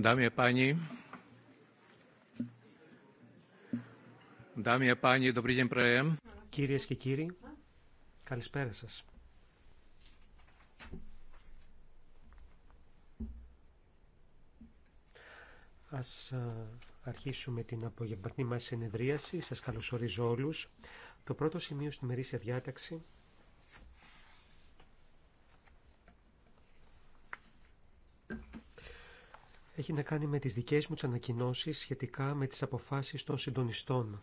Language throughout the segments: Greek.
Dámy a páni, dámy a páni, Κυρίες και κύριοι, καλησπέρα σας. Ας ε, αρχίσουμε την απογευματινή μας συνεδρίαση. Σας καλωσορίζω όλους. Το πρώτο σημείο στη μερίσια διάταξη έχει να κάνει με τις δικές μου τις ανακοινώσεις σχετικά με τις αποφάσεις των συντονιστών.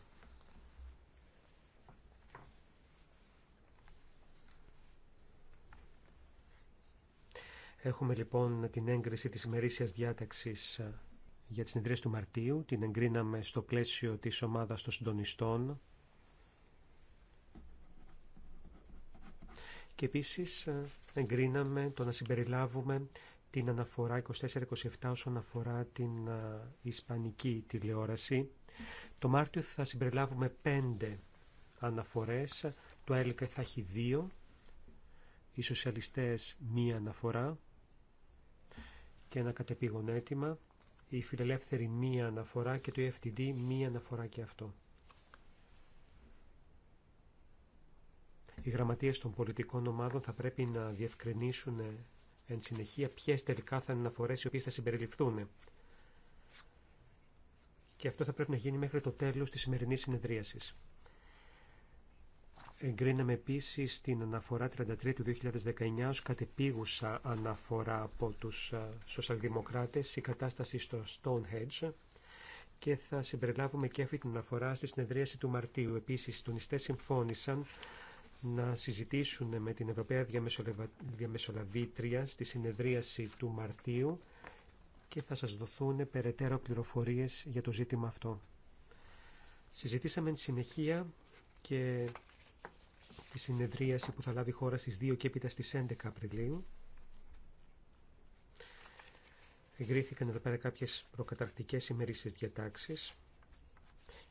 Έχουμε λοιπόν την έγκριση της ημερήσιας διάταξης ε, για τις συνεδρίες του Μαρτίου. Την εγκρίναμε στο πλαίσιο της ομάδας των συντονιστών. Και επίσης ε, εγκρίναμε το να συμπεριλάβουμε την αναφορά 24-27 όσον αφορά την ισπανική τηλεόραση. Το Μάρτιο θα συμπεριλάβουμε πέντε αναφορές, το ΆΕΛΚΕ θα έχει δύο, οι σοσιαλιστές μία αναφορά και ένα κατεπήγον αίτημα, η φιλελεύθερη μία αναφορά και το FTD μία αναφορά και αυτό. Οι γραμματείες των πολιτικών ομάδων θα πρέπει να διευκρινίσουν εν συνεχεία ποιε τελικά θα είναι αναφορέ οι οποίε θα συμπεριληφθούν. Και αυτό θα πρέπει να γίνει μέχρι το τέλο τη σημερινή συνεδρίαση. Εγκρίναμε επίση την αναφορά 33 του 2019 ω κατεπίγουσα αναφορά από του σοσιαλδημοκράτε η κατάσταση στο Stonehenge και θα συμπεριλάβουμε και αυτή την αναφορά στη συνεδρίαση του Μαρτίου. Επίση, οι συντονιστέ συμφώνησαν να συζητήσουν με την Ευρωπαία Διαμεσολαβήτρια στη συνεδρίαση του Μαρτίου και θα σας δοθούν περαιτέρω πληροφορίες για το ζήτημα αυτό. Συζητήσαμε τη συνεχεία και τη συνεδρίαση που θα λάβει η χώρα στις 2 και έπειτα στις 11 Απριλίου. Εγκρίθηκαν εδώ πέρα κάποιες προκαταρκτικές ημερήσεις διατάξεις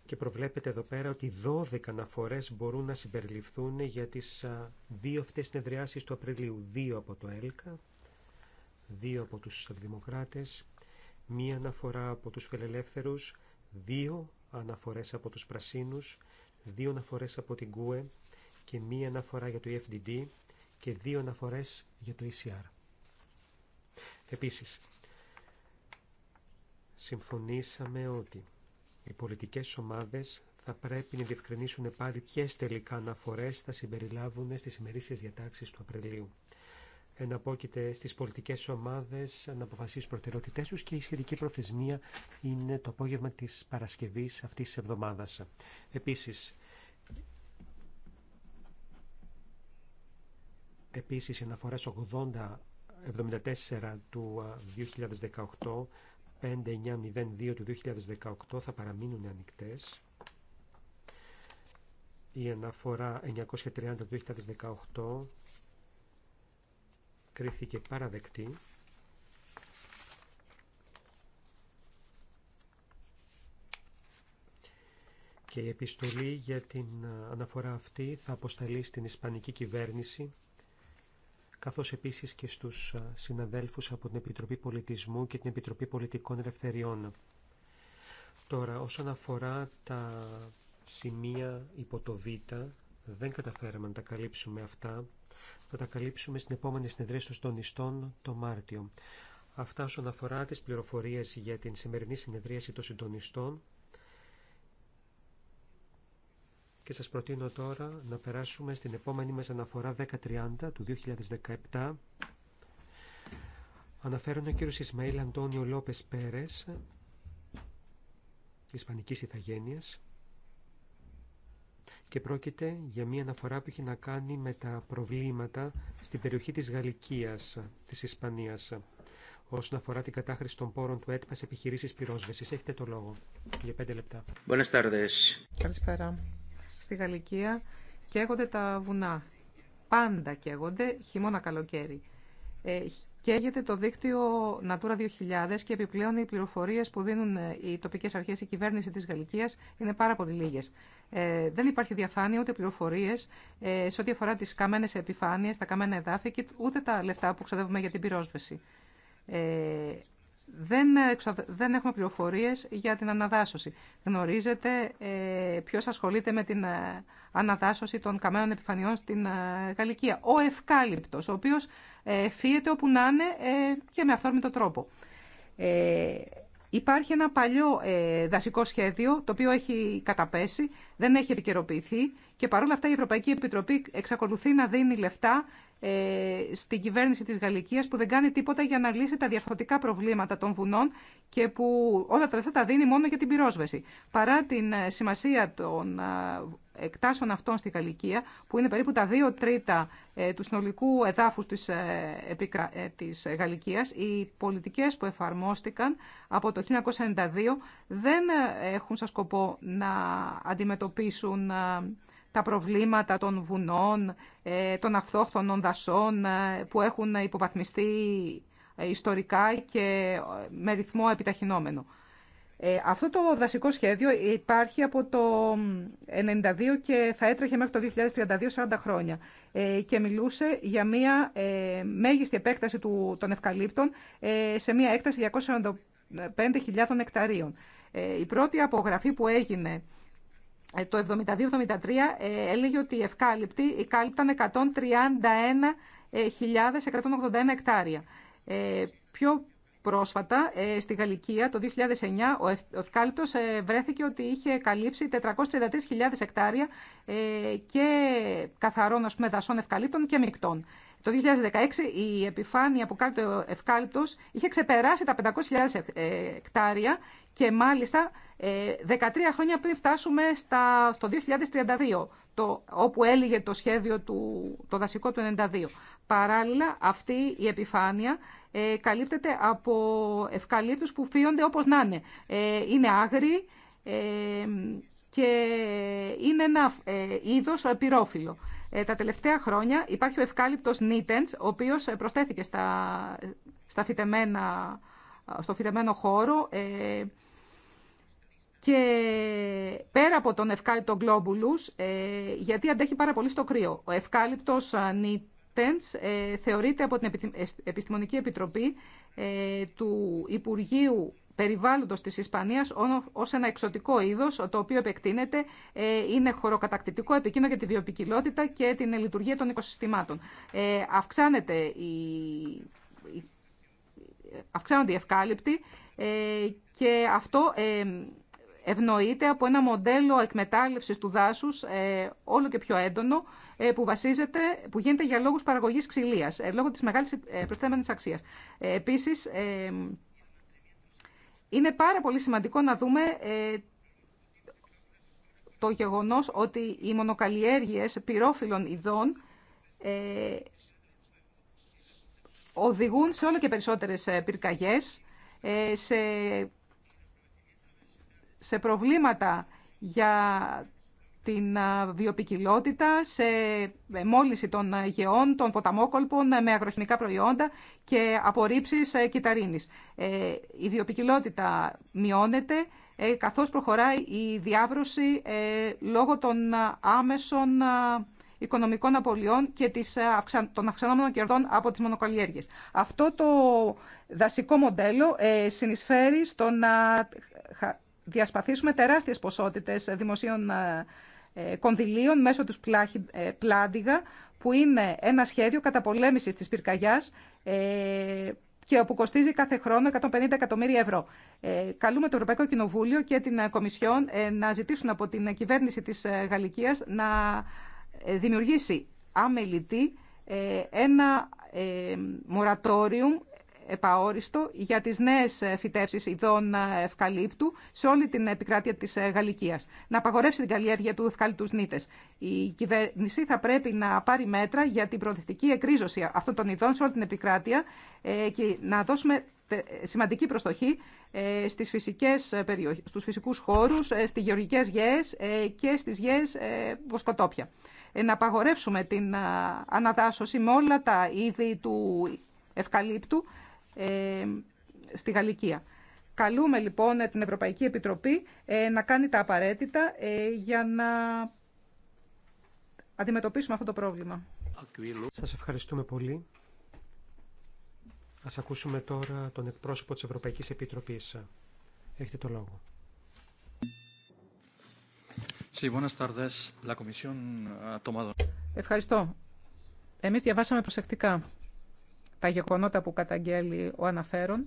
και προβλέπεται εδώ πέρα ότι 12 αναφορές μπορούν να συμπεριληφθούν για τις δύο αυτές συνεδριάσεις του Απριλίου. Δύο από το ΕΛΚΑ, δύο από τους Δημοκράτες, μία αναφορά από τους Φελελεύθερους, δύο αναφορές από τους Πρασίνους, δύο αναφορές από την ΚΟΕ και μία αναφορά για το EFDD και δύο αναφορές για το ECR. Επίσης, συμφωνήσαμε ότι οι πολιτικές ομάδες θα πρέπει να διευκρινίσουν πάλι ποιε τελικά αναφορές θα συμπεριλάβουν στις ημερήσιες διατάξεις του Απριλίου. Εναπόκειται στις πολιτικές ομάδες να αποφασίσουν προτεραιότητές τους και η σχετική προθεσμία είναι το απόγευμα της Παρασκευής αυτής της εβδομάδας. Επίσης, Επίσης, οι αναφορές 80 74 του 2018 5902 του 2018 θα παραμείνουν ανοιχτές. Η αναφορά 930 του 2018 κρίθηκε παραδεκτή. Και η επιστολή για την αναφορά αυτή θα αποσταλεί στην Ισπανική κυβέρνηση καθώς επίσης και στους συναδέλφους από την Επιτροπή Πολιτισμού και την Επιτροπή Πολιτικών Ελευθεριών. Τώρα, όσον αφορά τα σημεία υπό το Β, δεν καταφέραμε να τα καλύψουμε αυτά. Θα τα καλύψουμε στην επόμενη συνεδρία των συντονιστών το Μάρτιο. Αυτά όσον αφορά τις πληροφορίες για την σημερινή συνεδρίαση των συντονιστών. και σας προτείνω τώρα να περάσουμε στην επόμενη μας αναφορά 1030 του 2017. Αναφέρονται ο κύριος Ισμαήλ Αντώνιο Λόπες Πέρες, Ισπανικής Ιθαγένειας, και πρόκειται για μια αναφορά που έχει να κάνει με τα προβλήματα στην περιοχή της Γαλλικίας, της Ισπανίας, όσον αφορά την κατάχρηση των πόρων του ΕΤΠΑ σε επιχειρήσεις πυρόσβεσης. Έχετε το λόγο για πέντε λεπτά. Καλησπέρα στη Γαλλικία καίγονται τα βουνά. Πάντα καίγονται, χειμώνα καλοκαίρι. Ε, καίγεται το δίκτυο Natura 2000 και επιπλέον οι πληροφορίε που δίνουν ε, οι τοπικέ αρχέ, η κυβέρνηση τη Γαλλικίας είναι πάρα πολύ λίγε. Ε, δεν υπάρχει διαφάνεια ούτε πληροφορίε ε, σε ό,τι αφορά τι καμένε επιφάνειες, τα καμένα εδάφη και ούτε τα λεφτά που ξοδεύουμε για την πυρόσβεση. Ε, δεν, δεν έχουμε πληροφορίες για την αναδάσωση. Γνωρίζετε ε, ποιος ασχολείται με την ε, αναδάσωση των καμένων επιφανειών στην ε, Γαλλικία. Ο ευκάλυπτος, ο οποίος ε, φύεται όπου να είναι ε, και με αυθόρμητο τρόπο. Ε, υπάρχει ένα παλιό δασικό σχέδιο, το οποίο έχει καταπέσει, δεν έχει επικαιροποιηθεί και παρόλα αυτά η Ευρωπαϊκή Επιτροπή εξακολουθεί να δίνει λεφτά ε, στην κυβέρνηση της Γαλλικίας που δεν κάνει τίποτα για να λύσει τα διαφορετικά προβλήματα των βουνών και που όλα τα τα δίνει μόνο για την πυρόσβεση. Παρά την ε, σημασία των ε, εκτάσεων αυτών στη Γαλλικία, που είναι περίπου τα δύο τρίτα του συνολικού εδάφους της, της Γαλλικίας, οι πολιτικές που εφαρμόστηκαν από το 1992 δεν έχουν σαν σκοπό να αντιμετωπίσουν τα προβλήματα των βουνών, ε, των αυτόχθονων δασών ε, που έχουν υποβαθμιστεί ιστορικά και ε, με ρυθμό επιταχυνόμενο. Αυτό το δασικό σχέδιο υπάρχει από το 1992 και θα έτρεχε μέχρι το 2032 40 χρόνια και μιλούσε για μια μέγιστη επέκταση των ευκαλύπτων σε μια έκταση 245.000 εκταρίων. Η πρώτη απογραφή που έγινε ε, το 72-73 ε, έλεγε ότι οι ευκάλυπτοι κάλυπταν 131.181 ε, εκτάρια. Πιο πρόσφατα, στη Γαλλικία, το 2009, ο ευκάλυπτος βρέθηκε ότι είχε καλύψει 433.000 εκτάρια και καθαρών δασών ευκαλύπτων και μεικτών. Το 2016 η επιφάνεια που κάλυπτε ο ευκάλυπτος είχε ξεπεράσει τα 500.000 εκτάρια και μάλιστα 13 ε, χρόνια πριν φτάσουμε στα, στο 2032, το, όπου έλυγε το σχέδιο του, το δασικό του 92. Παράλληλα, αυτή η επιφάνεια ε, καλύπτεται από ευκαλύπτους που φύονται όπως να είναι. Ε, είναι άγριοι ε, και είναι ένα ε, είδος Ε, τα τελευταία χρόνια υπάρχει ο ευκάλυπτος νίτενς, ο οποίος προσθέθηκε στα, φυτεμένα, στο φυτεμένο χώρο και πέρα από τον ευκάλυπτο globulus, ε, γιατί αντέχει πάρα πολύ στο κρύο. Ο ευκάλυπτος ε, νίτενς ε, θεωρείται από την Επιστημονική Επιτροπή του Υπουργείου περιβάλλοντος της Ισπανίας ως ένα εξωτικό είδος, το οποίο επεκτείνεται, είναι χωροκατακτητικό, επικίνδυνο για τη βιοπικιλότητα και την λειτουργία των οικοσυστημάτων. αυξάνεται η... αυξάνονται οι ευκάλυπτοι και αυτό ευνοείται από ένα μοντέλο εκμετάλλευσης του δάσους ε, όλο και πιο έντονο ε, που, βασίζεται, που γίνεται για λόγους παραγωγής ξυλίας, ε, λόγω της μεγάλης προσθέμενης αξίας. Επίσης, είναι πάρα πολύ σημαντικό να δούμε το γεγονός ότι οι μονοκαλλιέργειες πυρόφυλων ειδών οδηγούν σε όλο και περισσότερες πυρκαγιές, σε σε προβλήματα για την βιοπικιλότητα, σε ε, μόλυνση των ε, γεών, των ποταμόκολπων ε, με αγροχημικά προϊόντα και απορρίψεις κυταρίνης. Η βιοπικιλότητα μειώνεται καθώς προχωράει η διάβρωση λόγω των άμεσων οικονομικών απολειών και των αυξανόμενων κερδών από τις μονοκαλλιέργειες. Αυτό το δασικό μοντέλο συνεισφέρει στο να διασπαθήσουμε τεράστιες ποσότητες δημοσίων ε, ε, κονδυλίων μέσω του Πλάντιγα, ε, που είναι ένα σχέδιο καταπολέμησης της πυρκαγιάς και όπου κοστίζει κάθε χρόνο 150 εκατομμύρια ευρώ. καλούμε το Ευρωπαϊκό Κοινοβούλιο και την Κομισιόν να ζητήσουν από την κυβέρνηση της Γαλλικίας να δημιουργήσει αμελητή ένα μορατόριο επαόριστο για τις νέες φυτεύσεις ειδών ευκαλύπτου σε όλη την επικράτεια της Γαλλικίας. Να απαγορεύσει την καλλιέργεια του ευκαλύπτους νήτες. Η κυβέρνηση θα πρέπει να πάρει μέτρα για την προοδευτική εκρίζωση αυτών των ειδών σε όλη την επικράτεια ε, και να δώσουμε σημαντική προστοχή ε, στις φυσικές περιοχές, στους φυσικούς χώρους, ε, στις γεωργικές γέες και στις γέες βοσκοτόπια. Να απαγορεύσουμε την αναδάσωση με όλα τα είδη του ευκαλύπτου ε, στη Γαλλικία. Καλούμε λοιπόν την Ευρωπαϊκή Επιτροπή ε, να κάνει τα απαραίτητα ε, για να αντιμετωπίσουμε αυτό το πρόβλημα. Σας ευχαριστούμε πολύ. Ας ακούσουμε τώρα τον εκπρόσωπο της Ευρωπαϊκής Επιτροπής. Έχετε το λόγο. Ευχαριστώ. Εμείς διαβάσαμε προσεκτικά τα γεγονότα που καταγγέλει ο αναφέρον.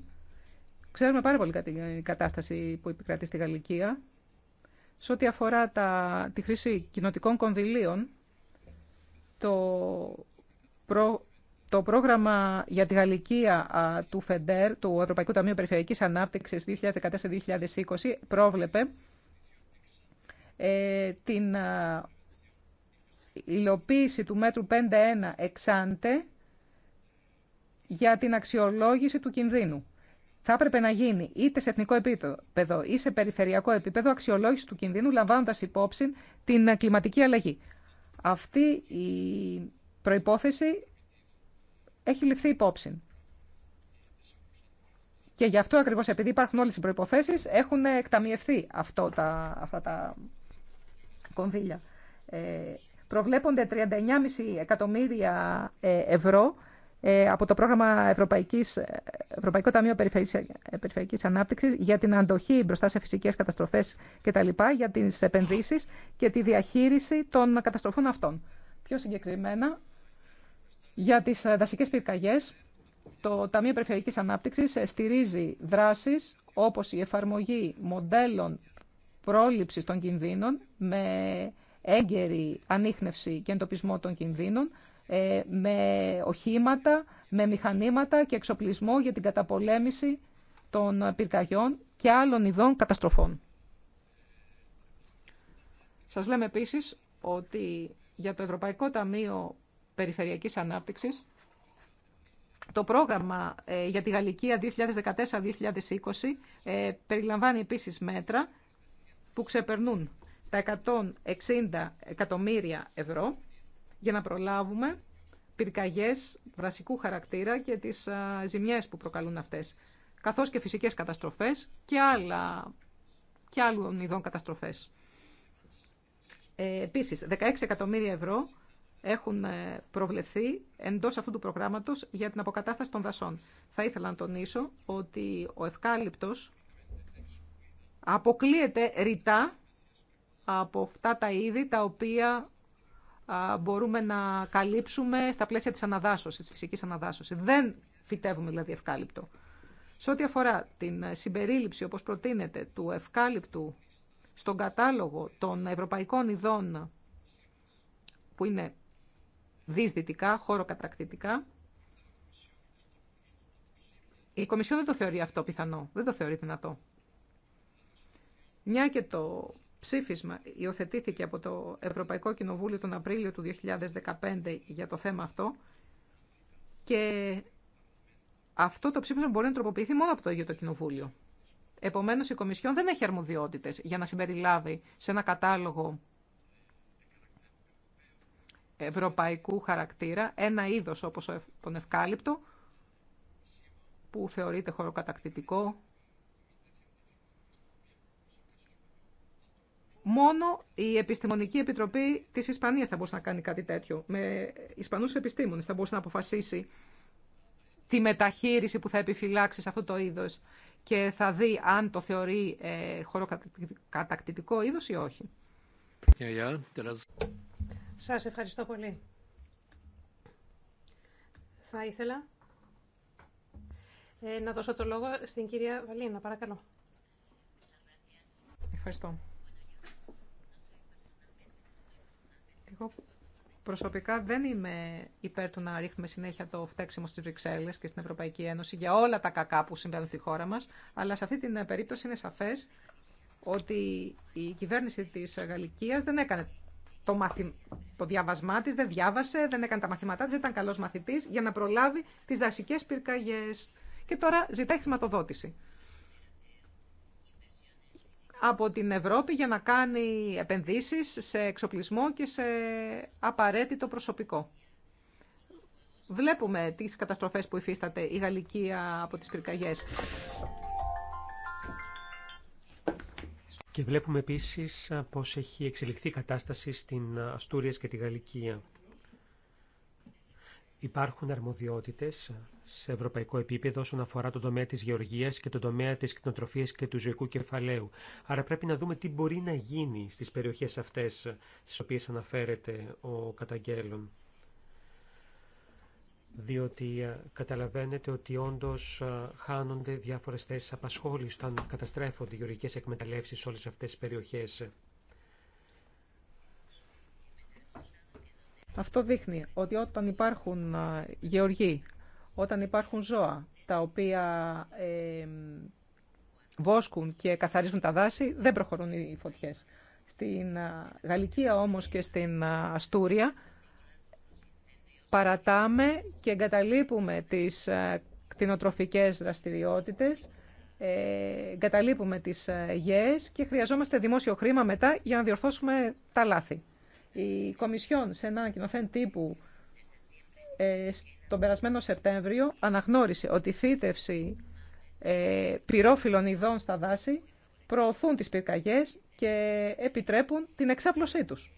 Ξέρουμε πάρα πολύ την κατάσταση που επικρατεί στη Γαλλικία. Σε ό,τι αφορά τα, τη χρήση κοινοτικών κονδυλίων, το, το πρόγραμμα για τη Γαλλικία του ΦΕΝΤΕΡ, του Ευρωπαϊκού Ταμείου Περιφερειακής Ανάπτυξης 2014-2020, πρόβλεπε ε, την υλοποίηση του μέτρου 5.1 εξάντε για την αξιολόγηση του κινδύνου. Θα έπρεπε να γίνει είτε σε εθνικό επίπεδο ή σε περιφερειακό επίπεδο αξιολόγηση του κινδύνου λαμβάνοντα υπόψη την κλιματική αλλαγή. Αυτή η προϋπόθεση έχει ληφθεί υπόψη. Και γι' αυτό ακριβώς επειδή υπάρχουν όλες οι προϋποθέσεις έχουν εκταμιευθεί αυτό τα, αυτά τα κονδύλια. Ε, προβλέπονται 39,5 εκατομμύρια ε, ευρώ ε, από το πρόγραμμα Ευρωπαϊκής, ε, Ευρωπαϊκό Ταμείο ε, Περιφερειακής Ανάπτυξης για την αντοχή μπροστά σε φυσικές καταστροφές κτλ. για τι επενδύσει και τη διαχείριση των καταστροφών αυτών. Πιο συγκεκριμένα, για τις δασικέ πυρκαγιέ, το Ταμείο Περιφερειακής Ανάπτυξης στηρίζει δράσεις όπω η εφαρμογή μοντέλων πρόληψη των κινδύνων με έγκαιρη ανείχνευση και εντοπισμό των κινδύνων, ε, με οχήματα, με μηχανήματα και εξοπλισμό για την καταπολέμηση των πυρκαγιών και άλλων ειδών καταστροφών. Σας λέμε επίσης ότι για το Ευρωπαϊκό Ταμείο Περιφερειακής Ανάπτυξης το πρόγραμμα ε, για τη Γαλλικία 2014-2020 ε, περιλαμβάνει επίσης μέτρα που ξεπερνούν τα 160 εκατομμύρια ευρώ για να προλάβουμε πυρκαγιές βρασικού χαρακτήρα και τις ζημιές που προκαλούν αυτές, καθώς και φυσικές καταστροφές και, άλλα, και άλλων ειδών καταστροφές. Ε, επίσης, 16 εκατομμύρια ευρώ έχουν ε, προβλεφθεί εντός αυτού του προγράμματος για την αποκατάσταση των δασών. Θα ήθελα να τονίσω ότι ο ευκάλυπτος αποκλείεται ρητά από αυτά τα είδη τα οποία μπορούμε να καλύψουμε στα πλαίσια της αναδάσωσης, της φυσικής αναδάσωσης. Δεν φυτεύουμε δηλαδή ευκάλυπτο. Σε ό,τι αφορά την συμπερίληψη, όπως προτείνεται, του ευκάλυπτου στον κατάλογο των ευρωπαϊκών ειδών που είναι δυσδυτικά, χωροκατρακτητικά, η Κομισιόν δεν το θεωρεί αυτό πιθανό, δεν το θεωρεί δυνατό. Μια και το ψήφισμα υιοθετήθηκε από το Ευρωπαϊκό Κοινοβούλιο τον Απρίλιο του 2015 για το θέμα αυτό και αυτό το ψήφισμα μπορεί να τροποποιηθεί μόνο από το ίδιο το Κοινοβούλιο. Επομένω, η Κομισιόν δεν έχει αρμοδιότητε για να συμπεριλάβει σε ένα κατάλογο ευρωπαϊκού χαρακτήρα ένα είδο όπω τον ευκάλυπτο, που θεωρείται χωροκατακτητικό Μόνο η Επιστημονική Επιτροπή της Ισπανίας θα μπορούσε να κάνει κάτι τέτοιο. Με Ισπανούς επιστήμονες θα μπορούσε να αποφασίσει τη μεταχείριση που θα επιφυλάξει σε αυτό το είδος και θα δει αν το θεωρεί ε, χωροκατακτητικό είδος ή όχι. Yeah, Σας ευχαριστώ πολύ. Θα ήθελα ε, να δώσω το λόγο στην κυρία Βαλίνα, παρακαλώ. Ευχαριστώ. Εγώ προσωπικά δεν είμαι υπέρ του να ρίχνουμε συνέχεια το φταίξιμο στις Βρυξέλλες και στην Ευρωπαϊκή Ένωση για όλα τα κακά που συμβαίνουν στη χώρα μας, αλλά σε αυτή την περίπτωση είναι σαφές ότι η κυβέρνηση της Γαλλικίας δεν έκανε το, μαθη... διάβασμά τη, δεν διάβασε, δεν έκανε τα μαθήματά της, δεν ήταν καλός μαθητής για να προλάβει τις δασικές πυρκαγιές. Και τώρα ζητάει χρηματοδότηση από την Ευρώπη για να κάνει επενδύσεις σε εξοπλισμό και σε απαραίτητο προσωπικό. Βλέπουμε τις καταστροφές που υφίσταται η Γαλλικία από τις πυρκαγιές. Και βλέπουμε επίσης πώς έχει εξελιχθεί η κατάσταση στην Αστούρια και τη Γαλλικία. Υπάρχουν αρμοδιότητες σε ευρωπαϊκό επίπεδο όσον αφορά τον τομέα της γεωργίας και τον τομέα της κτηνοτροφίας και του ζωικού κεφαλαίου. Άρα πρέπει να δούμε τι μπορεί να γίνει στις περιοχές αυτές στις οποίες αναφέρεται ο καταγγέλων. Διότι ε, καταλαβαίνετε ότι όντως ε, χάνονται διάφορε θέσει απασχόληση όταν καταστρέφονται γεωργικές εκμεταλλεύσεις σε όλε αυτέ τι περιοχέ. Αυτό δείχνει ότι όταν υπάρχουν ε, γεωργοί, όταν υπάρχουν ζώα τα οποία βόσκουν και καθαρίζουν τα δάση, δεν προχωρούν οι φωτιές. Στην ε, Γαλλικία όμως και στην ε, Αστούρια παρατάμε και εγκαταλείπουμε τις κτηνοτροφικές δραστηριότητες, εγκαταλείπουμε τις γέες και χρειαζόμαστε δημόσιο χρήμα μετά για να διορθώσουμε τα λάθη. Η Κομισιόν σε ένα ανακοινωθέν τύπου ε, τον περασμένο Σεπτέμβριο αναγνώρισε ότι η φύτευση ε, ειδών στα δάση προωθούν τις πυρκαγιές και επιτρέπουν την εξάπλωσή τους.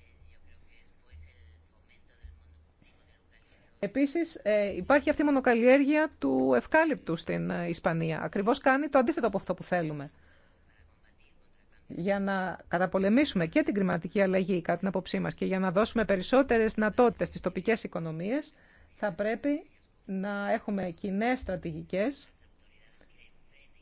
Επίσης ε, υπάρχει αυτή η μονοκαλλιέργεια του ευκάλυπτου στην ε, Ισπανία. Ακριβώς κάνει το αντίθετο από αυτό που θέλουμε για να καταπολεμήσουμε και την κλιματική αλλαγή κατά την απόψή μας και για να δώσουμε περισσότερες δυνατότητε στις τοπικές οικονομίες, θα πρέπει να έχουμε κοινέ στρατηγικές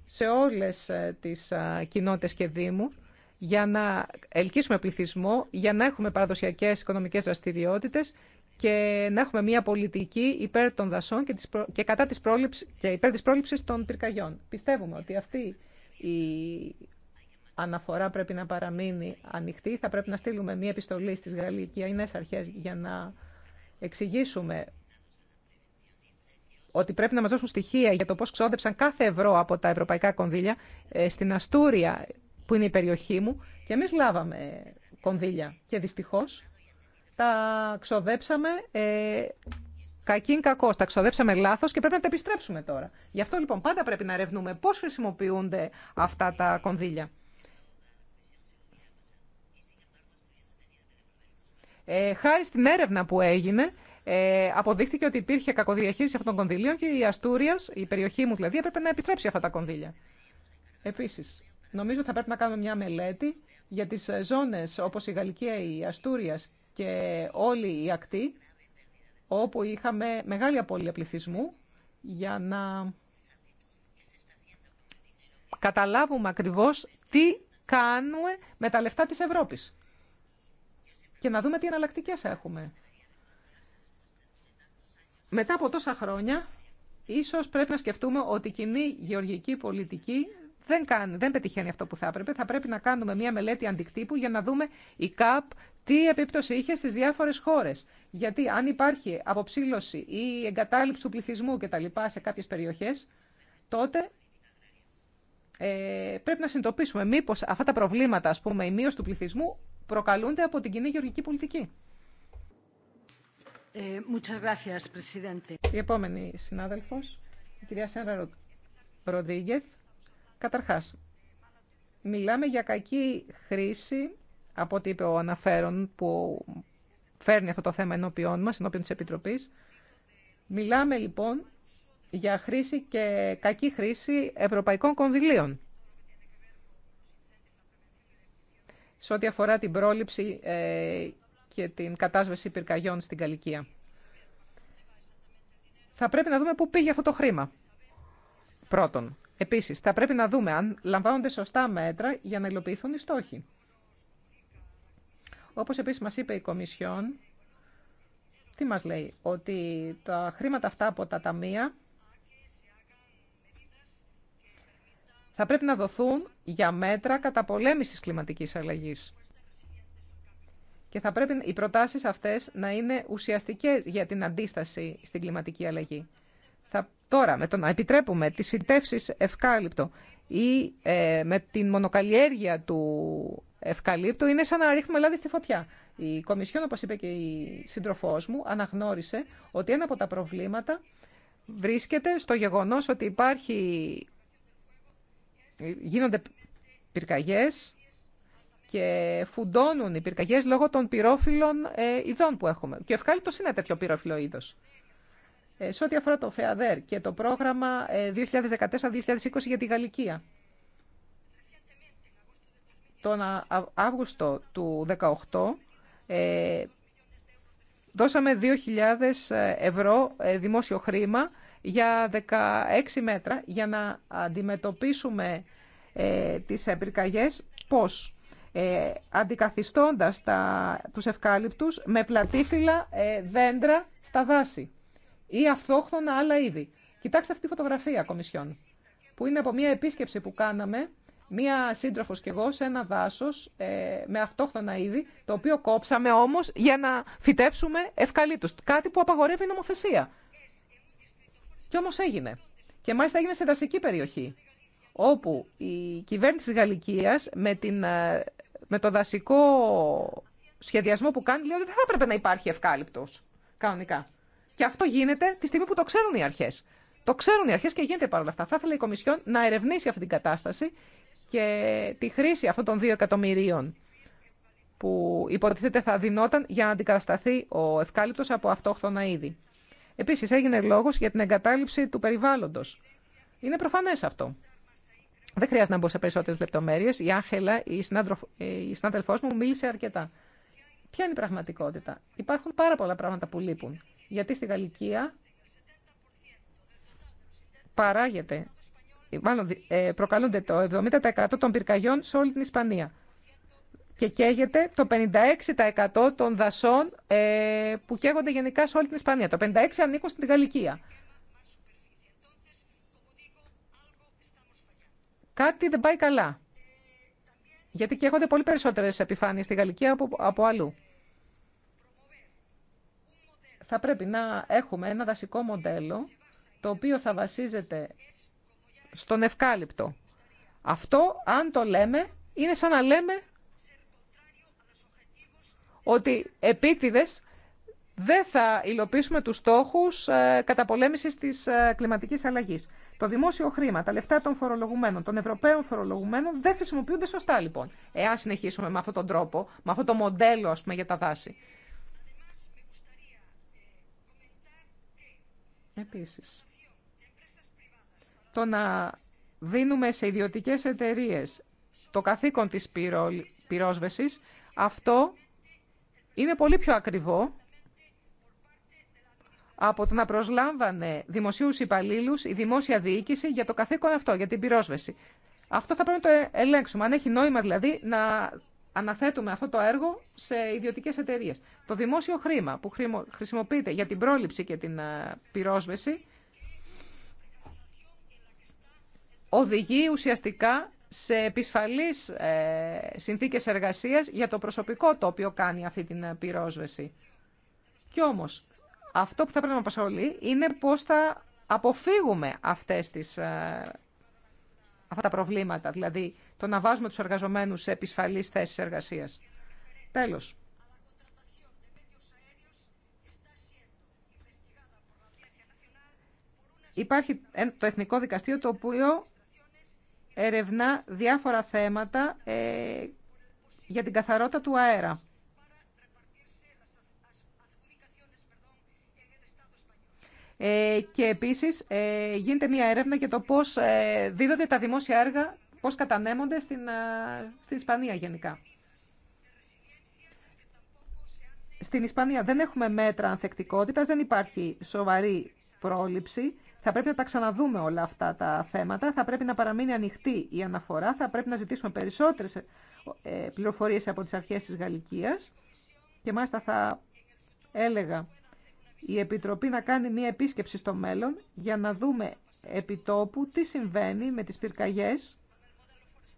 σε όλες ε, τις ε, κοινότητες και δήμου για να ελκύσουμε πληθυσμό, για να έχουμε παραδοσιακές οικονομικές δραστηριότητες και να έχουμε μια πολιτική υπέρ των δασών και, κατά της πρόληψης... και υπέρ της πρόληψης των πυρκαγιών. Πιστεύουμε ότι αυτή η αναφορά πρέπει να παραμείνει ανοιχτή. Θα πρέπει να στείλουμε μία επιστολή στις γαλλικιανές αρχές για να εξηγήσουμε ότι πρέπει να μας δώσουν στοιχεία για το πώς ξόδεψαν κάθε ευρώ από τα ευρωπαϊκά κονδύλια ε, στην Αστούρια που είναι η περιοχή μου και εμείς λάβαμε κονδύλια και δυστυχώς τα ξοδέψαμε ε, κακήν κακό, τα ξοδέψαμε λάθος και πρέπει να τα επιστρέψουμε τώρα. Γι' αυτό λοιπόν πάντα πρέπει να ερευνούμε πώς χρησιμοποιούνται αυτά τα κονδύλια. Ε, χάρη στην έρευνα που έγινε, ε, αποδείχθηκε ότι υπήρχε κακοδιαχείριση αυτών των κονδυλίων και η Αστούρια, η περιοχή μου δηλαδή, έπρεπε να επιτρέψει αυτά τα κονδύλια. Επίση, νομίζω θα πρέπει να κάνουμε μια μελέτη για τι ζώνε όπω η Γαλλικία, η Αστούρια και όλη η ακτή, όπου είχαμε μεγάλη απώλεια πληθυσμού, για να καταλάβουμε ακριβώς τι κάνουμε με τα λεφτά της Ευρώπης και να δούμε τι εναλλακτικέ έχουμε. Μετά από τόσα χρόνια, ίσω πρέπει να σκεφτούμε ότι η κοινή γεωργική πολιτική δεν, κάνει, δεν πετυχαίνει αυτό που θα έπρεπε. Θα πρέπει να κάνουμε μια μελέτη αντικτύπου για να δούμε η ΚΑΠ τι επίπτωση είχε στι διάφορε χώρε. Γιατί αν υπάρχει αποψήλωση ή εγκατάλειψη του πληθυσμού κτλ. σε κάποιε περιοχέ, τότε ε, πρέπει να συνειδητοποιήσουμε μήπως αυτά τα προβλήματα, ας πούμε, η μείωση του πληθυσμού προκαλούνται από την κοινή γεωργική πολιτική. Ε, gracias, Η επόμενη συνάδελφος, η κυρία Σέρα Ροδρίγεθ. Καταρχάς, μιλάμε για κακή χρήση, από ό,τι είπε ο αναφέρον που φέρνει αυτό το θέμα ενώπιόν μας, ενώπιον της Επιτροπής. Μιλάμε λοιπόν για χρήση και κακή χρήση ευρωπαϊκών κονδυλίων. σε ό,τι αφορά την πρόληψη ε, και την κατάσβεση πυρκαγιών στην Καλικία. Θα πρέπει να δούμε πού πήγε αυτό το χρήμα. Πρώτον. Επίση, θα πρέπει να δούμε αν λαμβάνονται σωστά μέτρα για να υλοποιηθούν οι στόχοι. Όπω επίση μα είπε η Κομισιόν, τι μα λέει, ότι τα χρήματα αυτά από τα ταμεία θα πρέπει να δοθούν για μέτρα κατά καταπολέμησης κλιματικής αλλαγής. Και θα πρέπει οι προτάσεις αυτές να είναι ουσιαστικές για την αντίσταση στην κλιματική αλλαγή. Θα, τώρα, με το να επιτρέπουμε τις φυτεύσεις ευκάλυπτο ή ε, με την μονοκαλλιέργεια του ευκαλύπτου, είναι σαν να ρίχνουμε λάδι στη φωτιά. Η Κομισιόν, όπως είπε και η συντροφός μου, αναγνώρισε ότι ένα από τα προβλήματα βρίσκεται στο γεγονός ότι υπάρχει γίνονται πυρκαγιές και φουντώνουν οι πυρκαγιές λόγω των πυρόφιλων ε, ειδών που έχουμε. Και ο ευκάλυπτος είναι τέτοιο πυρόφιλο είδος. Ε, σε ό,τι αφορά το ΦΕΑΔΕΡ και το πρόγραμμα 2014-2020 ε, για τη Γαλλικία. Τον Αύγουστο του 2018 δώσαμε 2.000 ευρώ δημόσιο χρήμα για 16 μέτρα για να αντιμετωπίσουμε ε, τις πω, πώς. Ε, αντικαθιστώντας τα, τους ευκάλυπτους με πλατήφυλλα ε, δέντρα στα δάση ή αυτόχθονα άλλα είδη. Κοιτάξτε αυτή τη φωτογραφία, Κομισιόν, που είναι από μια επίσκεψη που κάναμε, μια σύντροφος και εγώ, σε ένα δάσος ε, με αυτόχθονα είδη, το οποίο κόψαμε όμως για να φυτέψουμε ευκαλύπτους. Κάτι που απαγορεύει η νομοθεσία. Και όμως έγινε. Και μάλιστα έγινε σε δασική περιοχή, όπου η κυβέρνηση της Γαλλικίας με, ε, με το δασικό σχεδιασμό που κάνει λέει ότι δεν θα έπρεπε να υπάρχει ευκάλυπτος κανονικά. Και αυτό γίνεται τη στιγμή που το ξέρουν οι αρχές. Το ξέρουν οι αρχές και γίνεται παρόλα αυτά. Θα ήθελα η Κομισιόν να ερευνήσει αυτή την κατάσταση και τη χρήση αυτών των δύο εκατομμυρίων που υποτίθεται θα δινόταν για να αντικατασταθεί ο ευκάλυπτος από αυτόχθονα είδη. Επίσης έγινε λόγο για την εγκατάλειψη του περιβάλλοντος. Είναι προφανές αυτό. Δεν χρειάζεται να μπω σε περισσότερε λεπτομέρειε. Η Άγχελα, η, ε, συνάδελφο, μου, μίλησε αρκετά. Ποια είναι η πραγματικότητα. Υπάρχουν πάρα πολλά πράγματα που λείπουν. Γιατί στη Γαλλικία παράγεται, μάλλον ε, προκαλούνται το 70% των πυρκαγιών σε όλη την Ισπανία και καίγεται το 56% των δασών ε, που καίγονται γενικά σε όλη την Ισπανία. Το 56% ανήκουν στην Γαλλικία. Κάτι δεν πάει καλά. Γιατί καίγονται πολύ περισσότερες επιφάνειες στη Γαλλικία από, από αλλού. Θα πρέπει να έχουμε ένα δασικό μοντέλο το οποίο θα βασίζεται στον ευκάλυπτο. Αυτό, αν το λέμε, είναι σαν να λέμε ότι επίτηδες δεν θα υλοποιήσουμε τους στόχους ε, καταπολέμησης της ε, κλιματικής αλλαγής. Το δημόσιο χρήμα, τα λεφτά των φορολογουμένων, των Ευρωπαίων φορολογουμένων δεν χρησιμοποιούνται σωστά λοιπόν, εάν συνεχίσουμε με αυτόν τον τρόπο, με αυτό το μοντέλο ας πούμε, για τα δάση. Επίσης, το να δίνουμε σε ιδιωτικές εταιρείες το καθήκον της πυρόσβεσης, αυτό είναι πολύ πιο ακριβό από το να προσλάμβανε δημοσίου υπαλλήλου η δημόσια διοίκηση για το καθήκον αυτό, για την πυρόσβεση. Αυτό θα πρέπει να το ελέγξουμε. Αν έχει νόημα δηλαδή να αναθέτουμε αυτό το έργο σε ιδιωτικέ εταιρείε. Το δημόσιο χρήμα που χρησιμοποιείται για την πρόληψη και την ε, πυρόσβεση οδηγεί ουσιαστικά σε επισφαλείς ε, συνθήκες εργασίας για το προσωπικό το οποίο κάνει αυτή την ε, πυρόσβεση. Κι όμως, αυτό που θα πρέπει να μας είναι πώς θα αποφύγουμε αυτές τις, ε, αυτά τα προβλήματα, δηλαδή το να βάζουμε τους εργαζομένους σε επισφαλείς θέσεις εργασίας. Τέλος. Υπάρχει το Εθνικό Δικαστήριο το οποίο ερευνά διάφορα θέματα ε, για την καθαρότητα του αέρα. Ε, και επίσης ε, γίνεται μια έρευνα για το πώς δίδονται τα δημόσια έργα, πώς κατανέμονται στην, στην Ισπανία γενικά. Στην Ισπανία δεν έχουμε μέτρα ανθεκτικότητας, δεν υπάρχει σοβαρή πρόληψη θα πρέπει να τα ξαναδούμε όλα αυτά τα θέματα. Θα πρέπει να παραμείνει ανοιχτή η αναφορά. Θα πρέπει να ζητήσουμε περισσότερες ε, πληροφορίες από τις αρχές της Γαλλικίας. Και μάλιστα θα έλεγα η Επιτροπή να κάνει μία επίσκεψη στο μέλλον για να δούμε επιτόπου τι συμβαίνει με τις πυρκαγιές,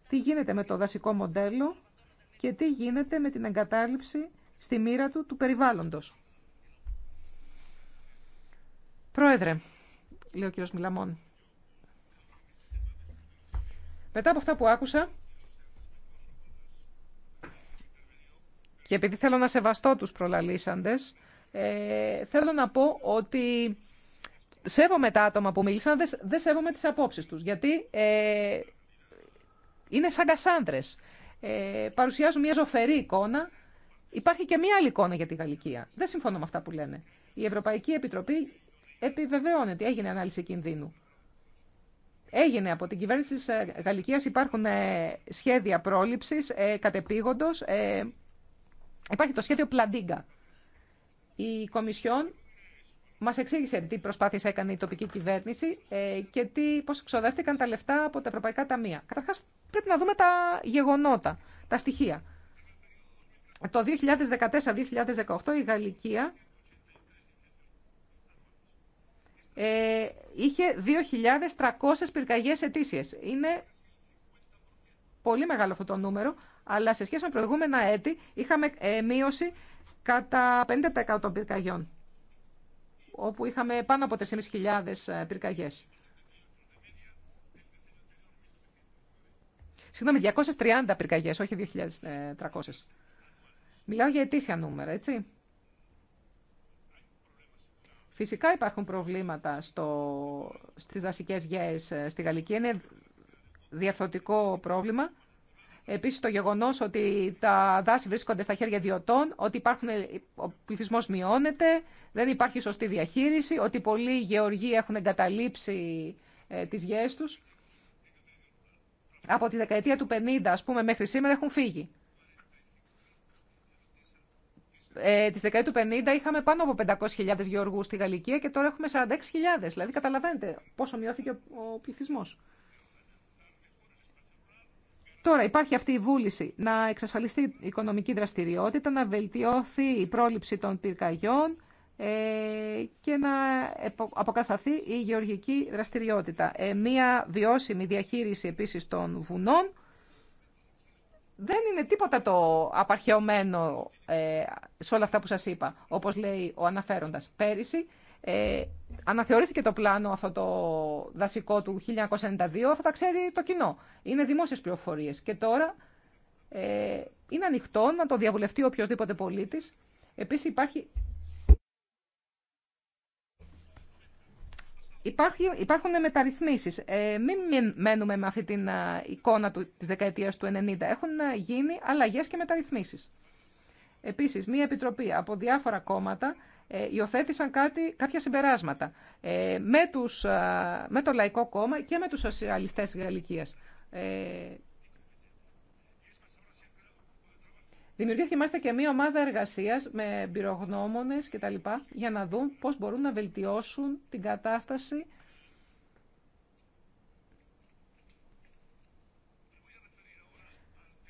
τι γίνεται με το δασικό μοντέλο και τι γίνεται με την εγκατάλειψη στη μοίρα του του περιβάλλοντος. Πρόεδρε, λέει ο κύριος Μιλαμών. Μετά από αυτά που άκουσα, και επειδή θέλω να σεβαστώ τους προλαλήσαντες, ε, θέλω να πω ότι σέβομαι τα άτομα που μίλησαν, δεν δε σέβομαι τις απόψεις τους, γιατί ε, είναι σαν κασάνδρες. Ε, παρουσιάζουν μια ζωφερή εικόνα. Υπάρχει και μια άλλη εικόνα για τη Γαλλικία. Δεν συμφωνώ με αυτά που λένε. Η Ευρωπαϊκή Επιτροπή επιβεβαιώνει ότι έγινε ανάλυση κινδύνου. Έγινε από την κυβέρνηση της ε, Γαλλικίας, υπάρχουν ε, σχέδια πρόληψης, ε, κατεπήγοντος, υπάρχει το σχέδιο Πλαντίγκα. Η Κομισιόν μας εξήγησε τι προσπάθειες έκανε η τοπική κυβέρνηση και τι, πώς εξοδεύτηκαν τα λεφτά από τα ευρωπαϊκά ταμεία. Καταρχάς πρέπει να δούμε τα γεγονότα, τα στοιχεία. Το 2014-2018 η Γαλλικία ε, είχε 2.300 πυρκαγιές ετήσιες. Είναι πολύ μεγάλο αυτό το νούμερο, αλλά σε σχέση με προηγούμενα έτη είχαμε ε, μείωση κατά 50% των πυρκαγιών, όπου είχαμε πάνω από 3.500 ε, πυρκαγιές. Συγγνώμη, 230 πυρκαγιές, όχι 2.300. Μιλάω για ετήσια νούμερα, έτσι. Φυσικά υπάρχουν προβλήματα στο, στις δασικές γέες ε, στη Γαλλική. Είναι διαφθορτικό πρόβλημα. Επίσης το γεγονός ότι τα δάση βρίσκονται στα χέρια διωτών, ότι υπάρχουν, ε, ο πληθυσμό μειώνεται, δεν υπάρχει σωστή διαχείριση, ότι πολλοί γεωργοί έχουν εγκαταλείψει ε, τις γέες τους. Από τη δεκαετία του 50 ας πούμε, μέχρι σήμερα έχουν φύγει ε, τη δεκαετία του 50 είχαμε πάνω από 500.000 γεωργού στη Γαλλική... και τώρα έχουμε 46.000. Δηλαδή καταλαβαίνετε πόσο μειώθηκε ο πληθυσμό. Τώρα υπάρχει αυτή η βούληση να εξασφαλιστεί η οικονομική δραστηριότητα, να βελτιώθει η πρόληψη των πυρκαγιών ε, και να αποκατασταθεί η γεωργική δραστηριότητα. Ε, μία βιώσιμη διαχείριση επίσης των βουνών δεν είναι τίποτα το απαρχαιωμένο ε, σε όλα αυτά που σας είπα. Όπως λέει ο αναφέροντας, πέρυσι ε, αναθεωρήθηκε το πλάνο αυτό το δασικό του 1992, θα τα ξέρει το κοινό. Είναι δημόσιες πληροφορίες και τώρα ε, είναι ανοιχτό να το διαβουλευτεί οποιοδήποτε πολίτης. Επίσης υπάρχει υπάρχουν μεταρρυθμίσεις. Ε, μην μένουμε με αυτή την ε, εικόνα του, της δεκαετίας του 90. Έχουν ε, γίνει αλλαγές και μεταρρυθμίσεις. Επίσης, μία επιτροπή από διάφορα κόμματα ε, υιοθέτησαν κάτι, κάποια συμπεράσματα ε, με, τους, με το Λαϊκό Κόμμα και με τους σοσιαλιστές της Γαλλικίας. Δημιουργήθηκε μάλιστα και μία ομάδα εργασία με πυρογνώμονε κτλ. για να δουν πώ μπορούν να βελτιώσουν την κατάσταση.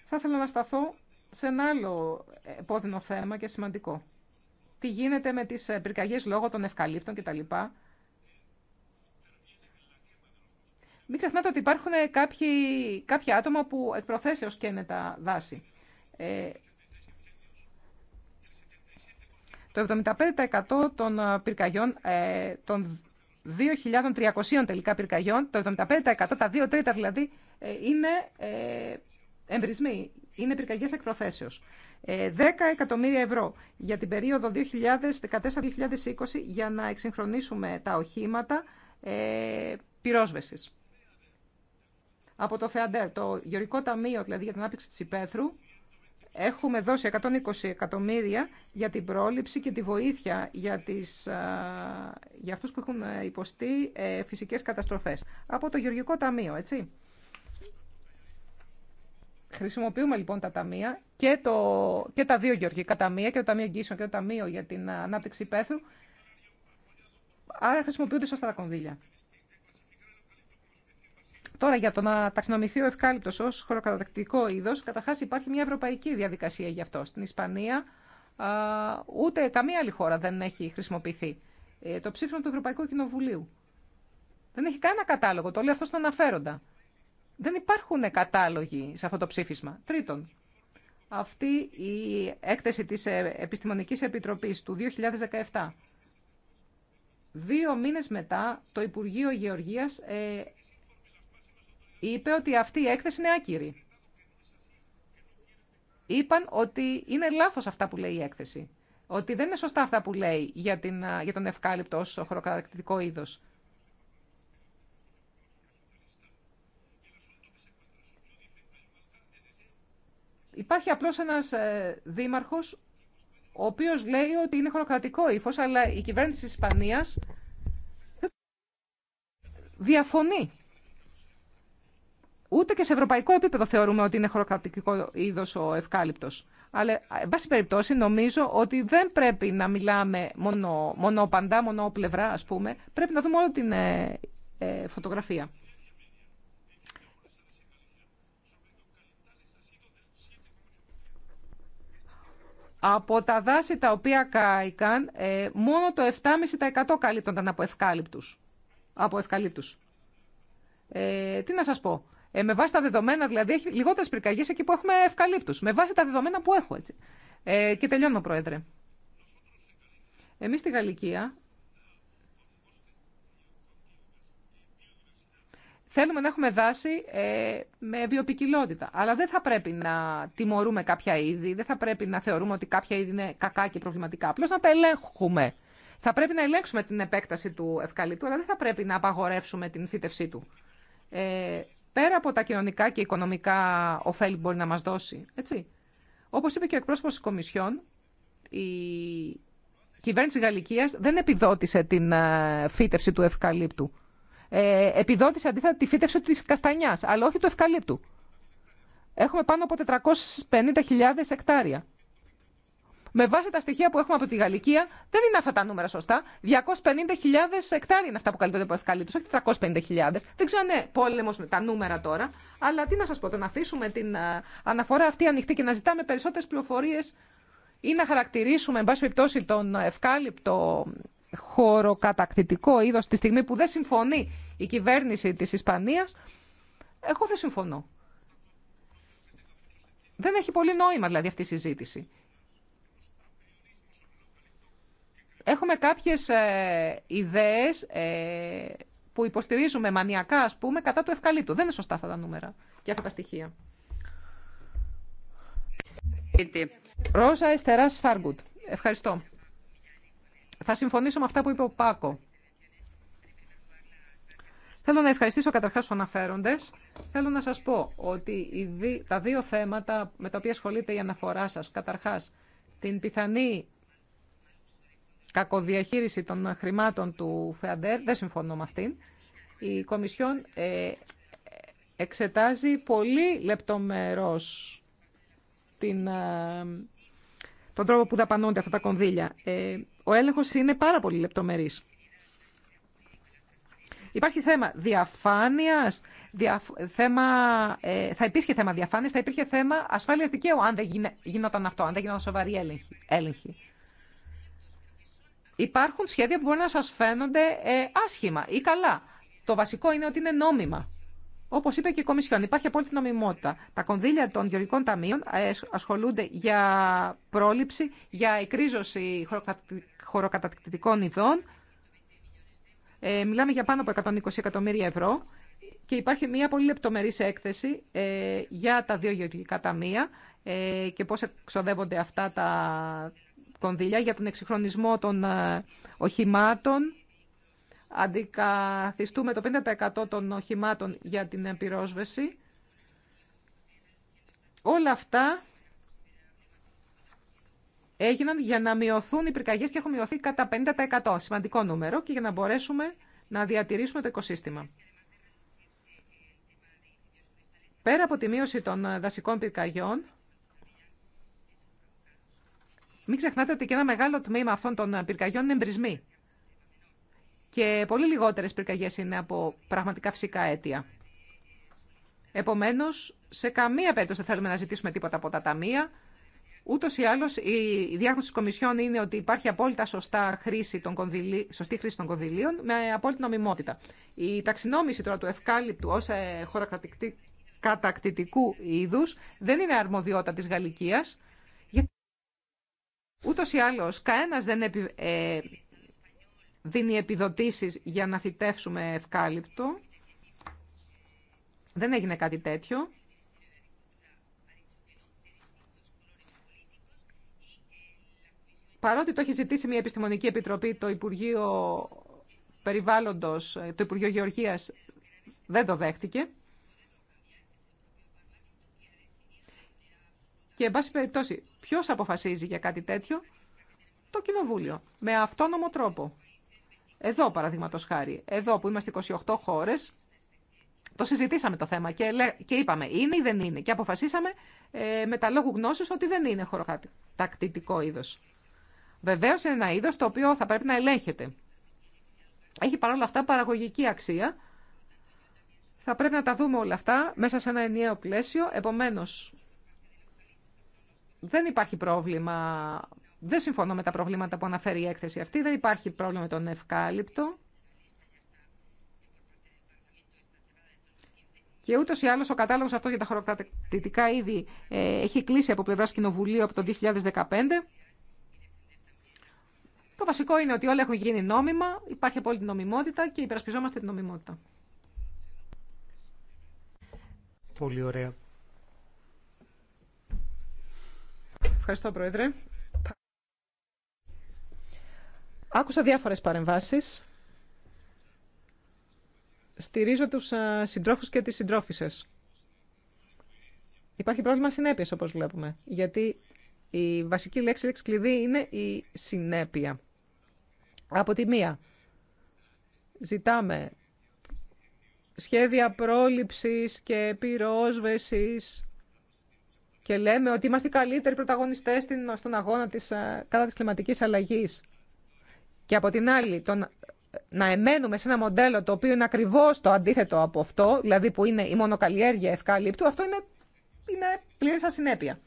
Θα ήθελα να σταθώ σε ένα άλλο επώδυνο θέμα και σημαντικό. Τι γίνεται με τις ε, πυρκαγιές λόγω των ευκαλύπτων κτλ. Μην ξεχνάτε ότι υπάρχουν κάποιοι, κάποια άτομα που εκ προθέσεως καίνε τα δάση. Ε, το 75% των ε, πυρκαγιών, ε, των 2.300 τελικά πυρκαγιών, το 75% τα 2 τρίτα δηλαδή, ε, είναι εμπρισμοί, είναι πυρκαγιές Ε, 10 εκατομμύρια ευρώ για την περίοδο 2014-2020 για να εξυγχρονίσουμε τα οχήματα πυρόσβεση. Από το ΦΕΑΝΤΕΡ, το Γεωργικό Ταμείο, δηλαδή για την άπτυξη της υπαίθρου, Έχουμε δώσει 120 εκατομμύρια για την πρόληψη και τη βοήθεια για, τις, για αυτούς που έχουν υποστεί ε, φυσικές καταστροφές. Από το Γεωργικό Ταμείο, έτσι. Χρησιμοποιούμε λοιπόν τα ταμεία και, το, και τα δύο γεωργικά ταμεία και το Ταμείο Εγγύσεων και το Ταμείο για την Ανάπτυξη Πέθρου. Άρα χρησιμοποιούνται σωστά τα κονδύλια. Τώρα για το να ταξινομηθεί ο ευκάλυπτος ως χωροκατακτικό είδος, καταρχάς υπάρχει μια ευρωπαϊκή διαδικασία γι' αυτό. Στην Ισπανία ούτε καμία άλλη χώρα δεν έχει χρησιμοποιηθεί. Ε, το ψήφισμα του Ευρωπαϊκού Κοινοβουλίου. Δεν έχει κανένα κατάλογο, το λέω αυτό στον αναφέροντα. Δεν υπάρχουν κατάλογοι σε αυτό το ψήφισμα. Τρίτον, αυτή η έκθεση της ε, Επιστημονικής Επιτροπής του 2017. Δύο μήνες μετά, το Υπουργείο Γεωργίας ε, είπε ότι αυτή η έκθεση είναι άκυρη. Είπαν ότι είναι λάθος αυτά που λέει η έκθεση. Ότι δεν είναι σωστά αυτά που λέει για, την, για τον ευκάλυπτο ως χωροκατακτητικό είδος. Υπάρχει απλώς ένας ε, δήμαρχος ο οποίος λέει ότι είναι χωροκρατικό ύφος, αλλά η κυβέρνηση της Ισπανίας διαφωνεί Ούτε και σε ευρωπαϊκό επίπεδο θεωρούμε ότι είναι χωροκρατικό είδο ο ευκάλυπτο. Αλλά, εν πάση περιπτώσει, νομίζω ότι δεν πρέπει να μιλάμε μόνο, παντά, μόνο πλευρά, α πούμε. Πρέπει να δούμε όλη την ε, ε, φωτογραφία. Από τα δάση τα οποία κάηκαν, ε, μόνο το 7,5% καλύπτονταν από ευκάλυπτους. Από ευκαλύπτους. Ε, τι να σας πω. Ε, με βάση τα δεδομένα, δηλαδή, έχει λιγότερε πυρκαγιέ εκεί που έχουμε ευκαλύπτου. Με βάση τα δεδομένα που έχω, έτσι. Ε, και τελειώνω, Πρόεδρε. Εμεί στη Γαλλικία Θέλουμε να έχουμε δάση ε, με βιοπικιλότητα. Αλλά δεν θα πρέπει να τιμωρούμε κάποια είδη, δεν θα πρέπει να θεωρούμε ότι κάποια είδη είναι κακά και προβληματικά. Απλώ να τα ελέγχουμε. Θα πρέπει να ελέγξουμε την επέκταση του ευκαλύπτου, αλλά δεν θα πρέπει να απαγορεύσουμε την φύτευσή του. Ε, πέρα από τα κοινωνικά και οικονομικά ωφέλη που μπορεί να μας δώσει. Έτσι. Όπως είπε και ο εκπρόσωπος της Κομισιόν, η κυβέρνηση Γαλλικίας δεν επιδότησε την ε, φύτευση του ευκαλύπτου. Ε, επιδότησε αντίθετα τη φύτευση της καστανιάς, αλλά όχι του ευκαλύπτου. Έχουμε πάνω από 450.000 εκτάρια με βάση τα στοιχεία που έχουμε από τη Γαλλικία, δεν είναι αυτά τα νούμερα σωστά. 250.000 εκτάρια είναι αυτά που καλύπτονται από ευκαλύπτου, όχι 350.000. Δεν ξέρω αν είναι πόλεμο με τα νούμερα τώρα, αλλά τι να σα πω, το να αφήσουμε την ε, αναφορά αυτή ανοιχτή και να ζητάμε περισσότερε πληροφορίε ή να χαρακτηρίσουμε, εν πάση περιπτώσει, τον ευκάλυπτο χώρο κατακτητικό είδο τη στιγμή που δεν συμφωνεί η κυβέρνηση τη Ισπανία. Εγώ δεν συμφωνώ. Δεν έχει πολύ νόημα δηλαδή αυτή η συζήτηση. Έχουμε κάποιες ε, ιδέες ε, που υποστηρίζουμε μανιακά, ας πούμε, κατά του ευκαλύτου. Δεν είναι σωστά αυτά τα νούμερα και αυτά τα στοιχεία. Ρόζα Εστερά Φάργκουτ. Ευχαριστώ. Θα συμφωνήσω με αυτά που είπε ο Πάκο. Θέλω να ευχαριστήσω καταρχάς του αναφέροντες. Θέλω να σας πω ότι τα δύο θέματα με τα οποία ασχολείται η αναφορά σα καταρχάς την πιθανή κακοδιαχείριση των χρημάτων του ΦΕΑΝΤΕΡ. Δεν συμφωνώ με αυτήν. Η Κομισιόν ε, εξετάζει πολύ λεπτομερώς την, ε, τον τρόπο που δαπανώνται αυτά τα κονδύλια. Ε, ο έλεγχος είναι πάρα πολύ λεπτομερής. Υπάρχει θέμα διαφάνειας, θέμα, θα υπήρχε θέμα διαφάνειας, θα υπήρχε θέμα ασφάλειας δικαίου αν δεν γινόταν αυτό, αν δεν γινόταν σοβαρή έλεγχη. Υπάρχουν σχέδια που μπορεί να σας φαίνονται ε, άσχημα ή καλά. Το βασικό είναι ότι είναι νόμιμα. Όπω είπε και η Κομισιόν, υπάρχει απόλυτη νομιμότητα. Τα κονδύλια των γεωργικών ταμείων ε, ασχολούνται για πρόληψη, για εκρίζωση χωροκατακτητικών ειδών. Ε, μιλάμε για πάνω από 120 εκατομμύρια ευρώ και υπάρχει μια πολύ λεπτομερή έκθεση ε, για τα δύο γεωργικά ταμεία ε, και πώς εξοδεύονται αυτά τα κονδύλια για τον εξυγχρονισμό των ε, οχημάτων. Αντικαθιστούμε το 50% των οχημάτων για την πυρόσβεση. Όλα αυτά έγιναν για να μειωθούν οι πυρκαγιές και έχουν μειωθεί κατά 50%. Σημαντικό νούμερο και για να μπορέσουμε να διατηρήσουμε το οικοσύστημα. Πέρα από τη μείωση των ε, δασικών πυρκαγιών, μην ξεχνάτε ότι και ένα μεγάλο τμήμα αυτών των ε, πυρκαγιών είναι εμπρισμοί. Και πολύ λιγότερε πυρκαγιέ είναι από πραγματικά φυσικά αίτια. Επομένω, σε καμία περίπτωση δεν θέλουμε να ζητήσουμε τίποτα από τα ταμεία. Ούτω ή άλλω, η διάγνωση τη Κομισιόν είναι ότι υπάρχει απόλυτα σωστά χρήση των κονδυλί... σωστή χρήση των κονδυλίων με απόλυτη νομιμότητα. Η ταξινόμηση τώρα του ευκάλυπτου ω ε, χωροκατακτητικού είδου δεν είναι αρμοδιότητα τη Γαλλικία. Ούτως ή άλλως, κανένας δεν ε, δίνει επιδοτήσεις για να φυτέψουμε ευκάλυπτο. Δεν έγινε κάτι τέτοιο. Παρότι το έχει ζητήσει μια επιστημονική επιτροπή, το Υπουργείο Περιβάλλοντος, ε, το Υπουργείο Γεωργίας δεν το δέχτηκε. Και, εν πάση περιπτώσει, ποιο αποφασίζει για κάτι τέτοιο, το Κοινοβούλιο, με αυτόνομο τρόπο. Εδώ, παραδείγματο χάρη, εδώ που είμαστε 28 χώρε, το συζητήσαμε το θέμα και, και είπαμε είναι ή δεν είναι. Και αποφασίσαμε ε, με τα λόγου γνώση ότι δεν είναι χωροτακτητικό είδο. Βεβαίω είναι ένα είδο το οποίο θα πρέπει να ελέγχεται. Έχει παρόλα αυτά παραγωγική αξία. Θα πρέπει να τα δούμε όλα αυτά μέσα σε ένα ενιαίο πλαίσιο. Επομένως, δεν υπάρχει πρόβλημα, δεν συμφωνώ με τα προβλήματα που αναφέρει η έκθεση αυτή, δεν υπάρχει πρόβλημα με τον ευκάλυπτο. Και ούτω ή άλλω ο κατάλογο αυτό για τα χωροκρατητικά είδη ε, έχει κλείσει από πλευρά Κοινοβουλίου από το 2015. Το βασικό είναι ότι όλα έχουν γίνει νόμιμα, υπάρχει απόλυτη νομιμότητα και υπερασπιζόμαστε την νομιμότητα. Πολύ ωραία. Ευχαριστώ, Πρόεδρε. Άκουσα διάφορες παρεμβάσεις. Στηρίζω τους συντρόφους και τις συντρόφισσες. Υπάρχει πρόβλημα συνέπειας, όπως βλέπουμε, γιατί η βασική λέξη, λέξη κλειδί είναι η συνέπεια. Από τη μία, ζητάμε σχέδια πρόληψης και πυρόσβεσης και λέμε ότι είμαστε οι καλύτεροι πρωταγωνιστές στον αγώνα της, ε, κατά της κλιματικής αλλαγής. Και από την άλλη, το να εμένουμε σε ένα μοντέλο το οποίο είναι ακριβώς το αντίθετο από αυτό, δηλαδή που είναι η μονοκαλλιέργεια ευκάλυπτου, αυτό είναι, είναι πλήρης ασυνέπεια.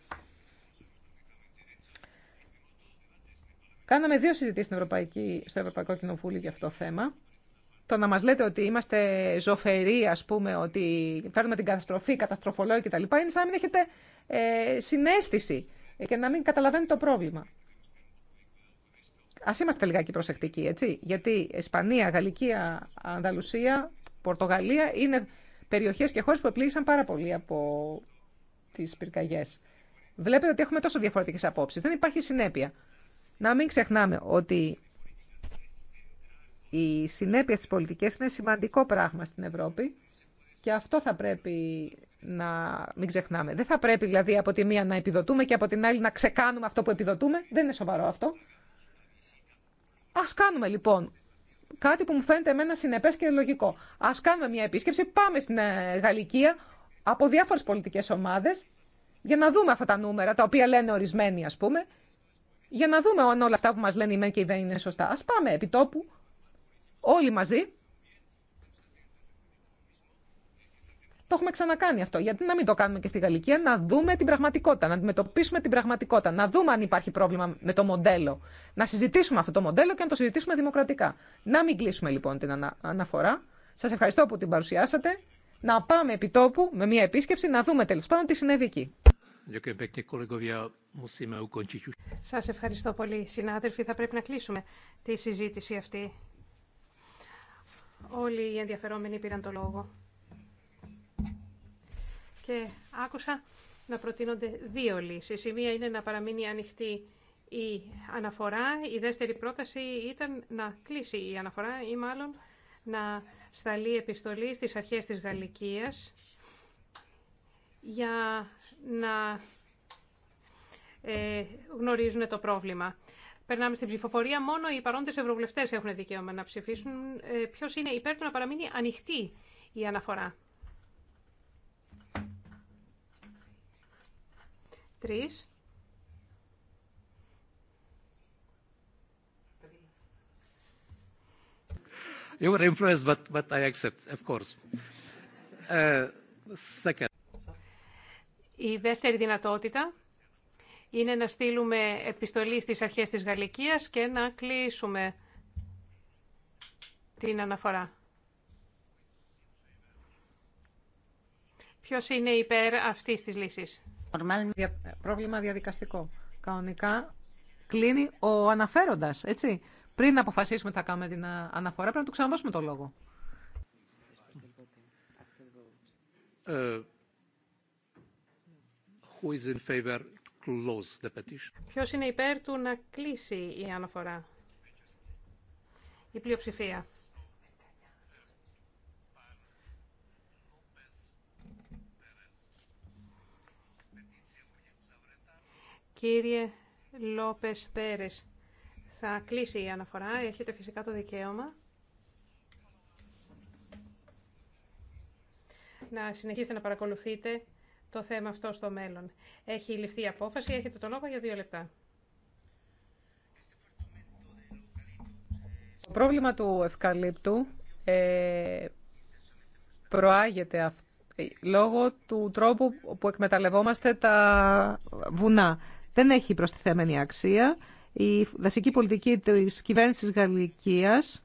Κάναμε δύο συζητήσεις στο Ευρωπαϊκό Κοινοβούλιο για αυτό το θέμα το να μας λέτε ότι είμαστε ζωφεροί, ας πούμε, ότι φέρνουμε την καταστροφή, καταστροφολόγοι κτλ. είναι σαν να μην έχετε ε, συνέστηση και να μην καταλαβαίνετε το πρόβλημα. Α είμαστε λιγάκι προσεκτικοί, έτσι. Γιατί Ισπανία, Γαλλικία, Ανδαλουσία, Πορτογαλία είναι περιοχές και χώρες που επλήγησαν πάρα πολύ από τις πυρκαγιές. Βλέπετε ότι έχουμε τόσο διαφορετικές απόψεις. Δεν υπάρχει συνέπεια. Να μην ξεχνάμε ότι οι συνέπειες της πολιτικής είναι σημαντικό πράγμα στην Ευρώπη και αυτό θα πρέπει να μην ξεχνάμε. Δεν θα πρέπει δηλαδή από τη μία να επιδοτούμε και από την άλλη να ξεκάνουμε αυτό που επιδοτούμε. Δεν είναι σοβαρό αυτό. Ας κάνουμε λοιπόν κάτι που μου φαίνεται εμένα συνεπές και λογικό. Ας κάνουμε μια επίσκεψη, πάμε στην ε, Γαλλικία από διάφορες πολιτικές ομάδες για να δούμε αυτά τα νούμερα, τα οποία λένε ορισμένοι ας πούμε, για να δούμε αν όλα αυτά που μας λένε οι μεν και οι δεν είναι σωστά. Α πάμε επί τόπου, όλοι μαζί. Το έχουμε ξανακάνει αυτό. Γιατί να μην το κάνουμε και στη Γαλλική να δούμε την πραγματικότητα, να αντιμετωπίσουμε την πραγματικότητα, να δούμε αν υπάρχει πρόβλημα με το μοντέλο, να συζητήσουμε αυτό το μοντέλο και να το συζητήσουμε δημοκρατικά. Να μην κλείσουμε λοιπόν την αναφορά. Σα ευχαριστώ που την παρουσιάσατε. Να πάμε επί τόπου με μια επίσκεψη, να δούμε τέλο πάντων τι συνέβη εκεί. Σα ευχαριστώ πολύ, συνάδελφοι. Θα πρέπει να κλείσουμε τη συζήτηση αυτή. Όλοι οι ενδιαφερόμενοι πήραν το λόγο. Και άκουσα να προτείνονται δύο λύσεις. Η μία είναι να παραμείνει ανοιχτή η αναφορά. Η δεύτερη πρόταση ήταν να κλείσει η αναφορά ή μάλλον να σταλεί επιστολή στις αρχές της Γαλλικίας για να ε, γνωρίζουν το πρόβλημα. Περνάμε στην ψηφοφορία. Μόνο οι παρόντε ευρωβουλευτέ έχουν δικαίωμα να ψηφίσουν. Ε, Ποιο είναι υπέρ του να παραμείνει ανοιχτή η αναφορά. Τρει. You were influenced, but, but uh, Η δεύτερη δυνατότητα είναι να στείλουμε επιστολή στις αρχές της Γαλλικίας και να κλείσουμε την αναφορά. Ποιος είναι υπέρ αυτής της λύσης. Πρόβλημα διαδικαστικό. Κανονικά κλείνει ο αναφέροντας, έτσι. Πριν αποφασίσουμε θα κάνουμε την ε, αναφορά, πρέπει να του ξαναδώσουμε το λόγο. Uh, who in close Ποιος είναι υπέρ του να κλείσει η αναφορά. Η πλειοψηφία. Κύριε Λόπες Πέρες, θα κλείσει η αναφορά. Έχετε φυσικά το δικαίωμα. Να συνεχίσετε να παρακολουθείτε το θέμα αυτό στο μέλλον. Έχει ληφθεί η απόφαση, έχετε το λόγο για δύο λεπτά. Το πρόβλημα του ευκαλύπτου ε, προάγεται αυ... λόγω του τρόπου που εκμεταλλευόμαστε τα βουνά. Δεν έχει προστιθέμενη αξία. Η δασική πολιτική της κυβέρνησης της Γαλλικίας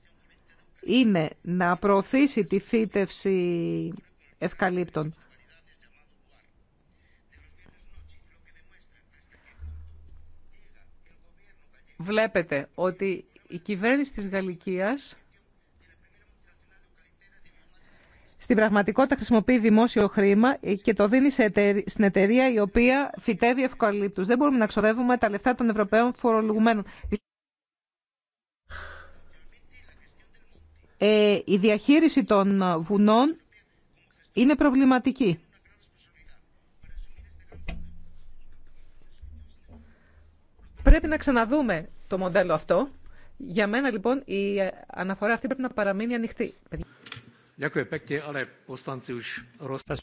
είναι να προωθήσει τη φύτευση ευκαλύπτων. βλέπετε ότι η κυβέρνηση της Γαλλικίας στην πραγματικότητα χρησιμοποιεί δημόσιο χρήμα και το δίνει σε στην εταιρεία η οποία φυτεύει ευκολύπτους. Δεν μπορούμε να ξοδεύουμε τα λεφτά των Ευρωπαίων φορολογουμένων. Ε, η διαχείριση των βουνών είναι προβληματική. Πρέπει να ξαναδούμε το μοντέλο αυτό. Για μένα λοιπόν η αναφορά αυτή πρέπει να παραμείνει ανοιχτή. Σα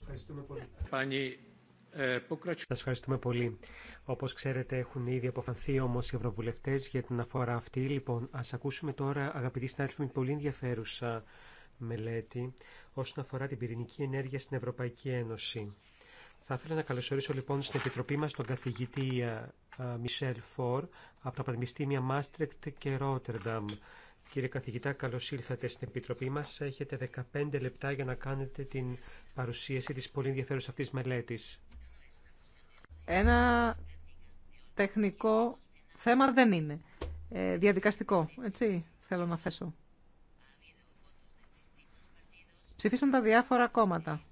ευχαριστούμε πολύ. E, Όπω ξέρετε, έχουν ήδη αποφανθεί όμω οι ευρωβουλευτέ για την αφορά αυτή. Λοιπόν, α ακούσουμε τώρα, αγαπητοί συνάδελφοι, μια πολύ ενδιαφέρουσα μελέτη όσον αφορά την πυρηνική ενέργεια στην Ευρωπαϊκή Ένωση. Θα ήθελα να καλωσορίσω λοιπόν στην Επιτροπή μας τον καθηγητή Μισελ Φορ ε, από τα Πανεπιστήμια Μάστρεκτ και Ρότερνταμ. Κύριε καθηγητά, καλώς ήλθατε στην Επιτροπή μας. Έχετε 15 λεπτά για να κάνετε την παρουσίαση της πολύ ενδιαφέρουσα αυτής μελέτης. Ένα τεχνικό θέμα δεν είναι. Ε, διαδικαστικό, έτσι, θέλω να θέσω. Ψηφίσαν τα διάφορα κόμματα.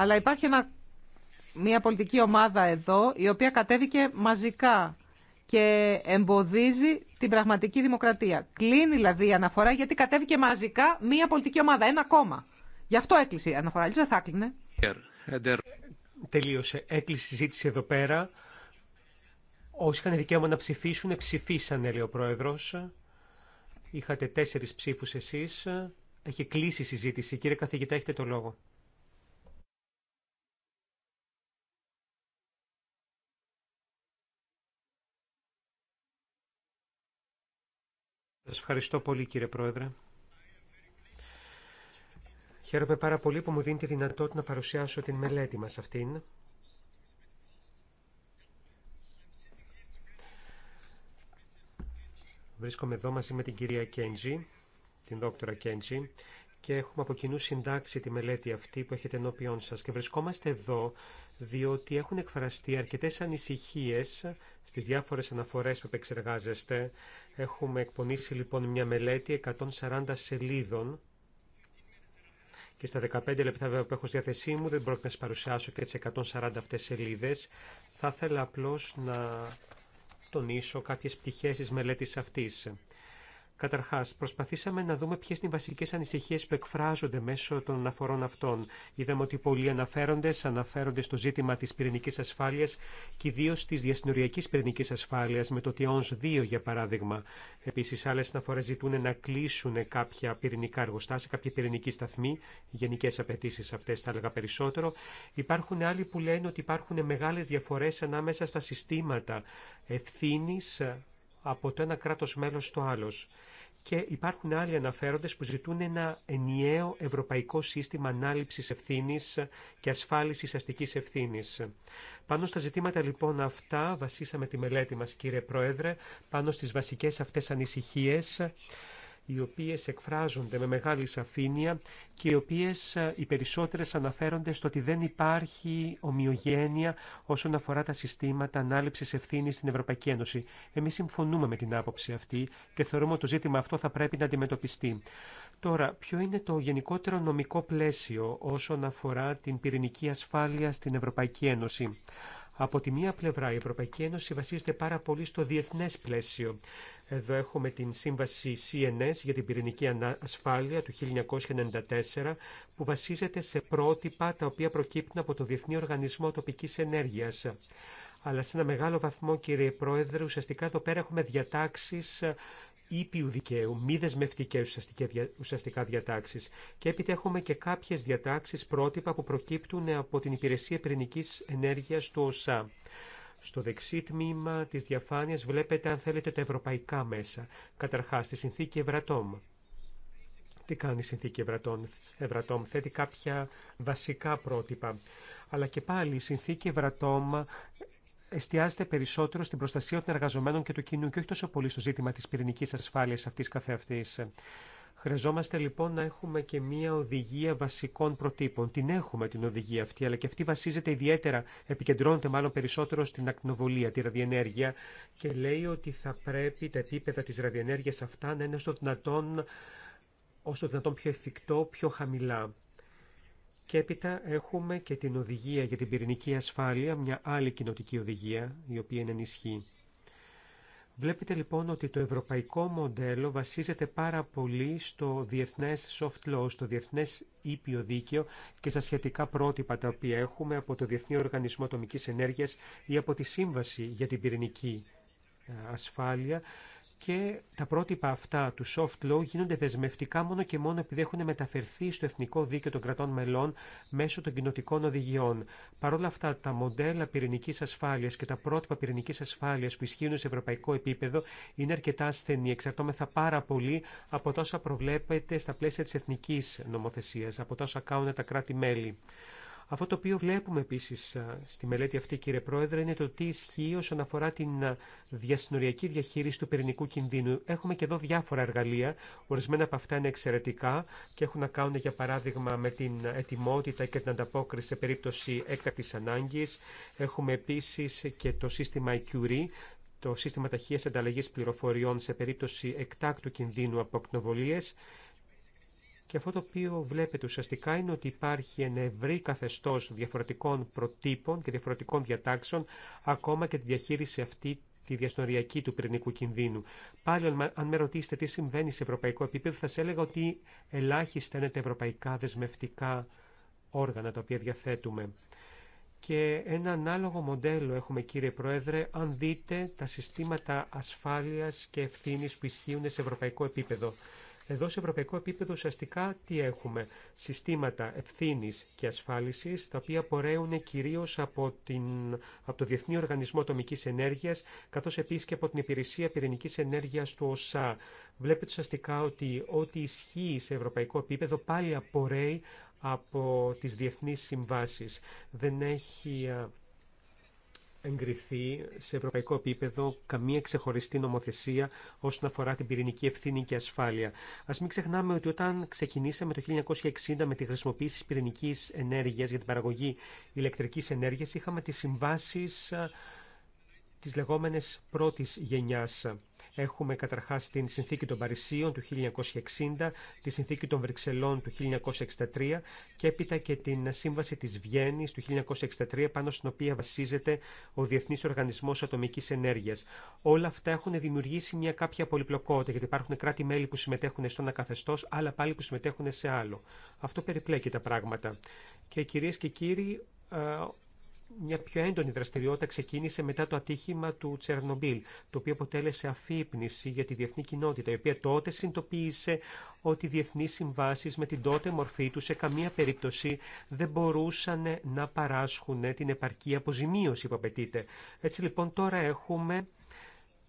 Αλλά υπάρχει μια πολιτική ομάδα εδώ η οποία κατέβηκε μαζικά και εμποδίζει την πραγματική δημοκρατία. Κλείνει δηλαδή η αναφορά γιατί κατέβηκε μαζικά μια πολιτική ομάδα, ένα κόμμα. Γι' αυτό έκλεισε η αναφορά. Αλλιώ δεν θα κλείνε. Τελείωσε. Έκλεισε η συζήτηση εδώ πέρα. Όσοι είχαν δικαίωμα να ψηφίσουν, ψηφίσανε, λέει ο πρόεδρο. Είχατε τέσσερι ψήφου εσεί. Έχει κλείσει η συζήτηση. Κύριε καθηγητά, έχετε το λόγο. Σας ευχαριστώ πολύ κύριε Πρόεδρε. Χαίρομαι πάρα πολύ που μου δίνει τη δυνατότητα να παρουσιάσω την μελέτη μας αυτήν. Βρίσκομαι εδώ μαζί με την κυρία Κέντζη, την δόκτωρα Κέντζη, και έχουμε από κοινού συντάξει τη μελέτη αυτή που έχετε ενώπιόν σας. Και βρισκόμαστε εδώ διότι έχουν εκφραστεί αρκετές ανησυχίες στις διάφορες αναφορές που επεξεργάζεστε. Έχουμε εκπονήσει λοιπόν μια μελέτη 140 σελίδων και στα 15 λεπτά που έχω στη διάθεσή μου δεν πρόκειται να σας παρουσιάσω και τις 140 αυτές σελίδες. Θα ήθελα απλώς να τονίσω κάποιες πτυχές της μελέτης αυτής. Καταρχά, προσπαθήσαμε να δούμε ποιε είναι οι βασικέ ανησυχίε που εκφράζονται μέσω των αναφορών αυτών. Είδαμε ότι πολλοί αναφέρονται, αναφέρονται στο ζήτημα τη πυρηνική ασφάλεια και ιδίω τη διασυνοριακή πυρηνική ασφάλεια, με το τιονς 2 για παράδειγμα. Επίση, άλλε αναφορέ ζητούν να κλείσουν κάποια πυρηνικά εργοστάσια, κάποια πυρηνική σταθμή. Γενικέ απαιτήσει αυτέ θα έλεγα περισσότερο. Υπάρχουν άλλοι που λένε ότι υπάρχουν μεγάλε διαφορέ ανάμεσα στα συστήματα ευθύνη από το ένα κράτος μέλος στο άλλο και υπάρχουν άλλοι αναφέροντες που ζητούν ένα ενιαίο ευρωπαϊκό σύστημα ανάληψης ευθύνης και ασφάλισης αστικής ευθύνης. Πάνω στα ζητήματα λοιπόν αυτά βασίσαμε τη μελέτη μας κύριε Πρόεδρε, πάνω στις βασικές αυτές ανησυχίες οι οποίες εκφράζονται με μεγάλη σαφήνεια και οι οποίες ε, οι περισσότερες αναφέρονται στο ότι δεν υπάρχει ομοιογένεια όσον αφορά τα συστήματα ανάληψης ευθύνης στην Ευρωπαϊκή Ένωση. Εμείς συμφωνούμε με την άποψη αυτή και θεωρούμε ότι το ζήτημα αυτό θα πρέπει να αντιμετωπιστεί. Τώρα, ποιο είναι το γενικότερο νομικό πλαίσιο όσον αφορά την πυρηνική ασφάλεια στην Ευρωπαϊκή Ένωση. Από τη μία πλευρά η Ευρωπαϊκή Ένωση βασίζεται πάρα πολύ στο διεθνές πλαίσιο. Εδώ έχουμε την σύμβαση CNS για την πυρηνική ασφάλεια του 1994 που βασίζεται σε πρότυπα τα οποία προκύπτουν από το Διεθνή Οργανισμό Τοπικής Ενέργειας. Αλλά σε ένα μεγάλο βαθμό, κύριε Πρόεδρε, ουσιαστικά εδώ πέρα έχουμε διατάξεις ε, ήπιου δικαίου, μη δεσμευτικέ ουσιαστικά διατάξει. Και έπειτα έχουμε και κάποιε διατάξει πρότυπα που προκύπτουν από την Υπηρεσία Πυρηνική Ενέργεια του ΟΣΑ. Στο δεξί τμήμα της διαφάνειας βλέπετε, αν θέλετε, τα ευρωπαϊκά μέσα. Καταρχάς, τη συνθήκη Ευρατόμ. Τι κάνει η συνθήκη ευρατόμ; Ευρατόμ, θέτει κάποια βασικά πρότυπα. Αλλά και πάλι η συνθήκη Ευρατόμ εστιάζεται περισσότερο στην προστασία των εργαζομένων και του κοινού και όχι τόσο πολύ στο ζήτημα της πυρηνικής ασφάλειας αυτής καθεαυτής. Χρειαζόμαστε λοιπόν να έχουμε και μία οδηγία βασικών προτύπων. Την έχουμε την οδηγία αυτή, αλλά και αυτή βασίζεται ιδιαίτερα, επικεντρώνεται μάλλον περισσότερο στην ακτινοβολία, τη ραδιενέργεια και λέει ότι θα πρέπει τα επίπεδα της ραδιενέργειας αυτά να είναι στο δυνατόν, όσο δυνατόν πιο εφικτό, πιο χαμηλά. Και έπειτα έχουμε και την οδηγία για την πυρηνική ασφάλεια, μια άλλη κοινοτική οδηγία, η οποία είναι ενισχύει. Βλέπετε λοιπόν ότι το ευρωπαϊκό μοντέλο βασίζεται πάρα πολύ στο διεθνές soft law, στο διεθνές ήπιο δίκαιο και στα σχετικά πρότυπα τα οποία έχουμε από το Διεθνή Οργανισμό Ατομικής Ενέργειας ή από τη Σύμβαση για την Πυρηνική ε, Ασφάλεια και τα πρότυπα αυτά του soft law γίνονται δεσμευτικά μόνο και μόνο επειδή έχουν μεταφερθεί στο εθνικό δίκαιο των κρατών μελών μέσω των κοινοτικών οδηγιών. Παρ' όλα αυτά, τα μοντέλα πυρηνική ασφάλεια και τα πρότυπα πυρηνική ασφάλεια που ισχύουν σε ευρωπαϊκό επίπεδο είναι αρκετά ασθενή. Εξαρτώμεθα πάρα πολύ από τόσα προβλέπεται στα πλαίσια τη εθνική νομοθεσία, από τόσα κάνουν τα κράτη-μέλη. Αυτό το οποίο βλέπουμε επίσης στη μελέτη αυτή, κύριε Πρόεδρε, είναι το τι ισχύει όσον αφορά την διασυνοριακή διαχείριση του πυρηνικού κινδύνου. Έχουμε και εδώ διάφορα εργαλεία. Ορισμένα από αυτά είναι εξαιρετικά και έχουν να κάνουν, για παράδειγμα, με την ετοιμότητα και την ανταπόκριση σε περίπτωση έκτακτης ανάγκης. Έχουμε επίσης και το σύστημα IQRI, το σύστημα ταχεία ανταλλαγή πληροφοριών σε περίπτωση εκτάκτου κινδύνου από ακτινοβολίες και αυτό το οποίο βλέπετε ουσιαστικά είναι ότι υπάρχει ένα ευρύ καθεστώ διαφορετικών προτύπων και διαφορετικών διατάξεων, ακόμα και τη διαχείριση αυτή τη διαστοριακή του πυρηνικού κινδύνου. Πάλι, αν με ρωτήσετε τι συμβαίνει σε ευρωπαϊκό επίπεδο, θα σα έλεγα ότι ελάχιστα είναι τα ευρωπαϊκά δεσμευτικά όργανα τα οποία διαθέτουμε. Και ένα ανάλογο μοντέλο έχουμε κύριε Πρόεδρε, αν δείτε τα συστήματα ασφάλειας και ευθύνης που ισχύουν σε ευρωπαϊκό επίπεδο. Εδώ σε ευρωπαϊκό επίπεδο ουσιαστικά τι έχουμε. Συστήματα ευθύνη και ασφάλιση, τα οποία πορέουν κυρίω από, την... από το Διεθνή Οργανισμό Ατομική Ενέργεια, καθώ επίση και από την Υπηρεσία Πυρηνική Ενέργεια του ΟΣΑ. Βλέπετε ουσιαστικά ότι ό,τι ισχύει σε ευρωπαϊκό επίπεδο πάλι απορρέει από τις διεθνείς συμβάσεις. Δεν έχει εγκριθεί σε ευρωπαϊκό επίπεδο καμία ξεχωριστή νομοθεσία όσον αφορά την πυρηνική ευθύνη και ασφάλεια. Α μην ξεχνάμε ότι όταν ξεκινήσαμε το 1960 με τη χρησιμοποίηση πυρηνική ενέργεια για την παραγωγή ηλεκτρική ενέργεια, είχαμε τι συμβάσει ε, τη λεγόμενη πρώτη γενιά. Έχουμε καταρχάς την Συνθήκη των Παρισίων του 1960, τη Συνθήκη των Βρυξελών του 1963 και έπειτα και την Σύμβαση της Βιέννης του 1963 πάνω στην οποία βασίζεται ο Διεθνής Οργανισμός Ατομικής Ενέργειας. Όλα αυτά έχουν δημιουργήσει μια κάποια πολυπλοκότητα γιατί υπάρχουν κράτη-μέλη που συμμετέχουν στο ένα καθεστώς, αλλά πάλι που συμμετέχουν σε άλλο. Αυτό περιπλέκει τα πράγματα. Και κυρίε και κύριοι, ε, μια πιο έντονη δραστηριότητα ξεκίνησε μετά το ατύχημα του Τσερνομπίλ, το οποίο αποτέλεσε αφύπνιση για τη διεθνή κοινότητα, η οποία τότε συνειδητοποίησε ότι οι διεθνείς συμβάσεις με την τότε μορφή του σε καμία περίπτωση δεν μπορούσαν να παράσχουν την επαρκή αποζημίωση που απαιτείται. Έτσι λοιπόν τώρα έχουμε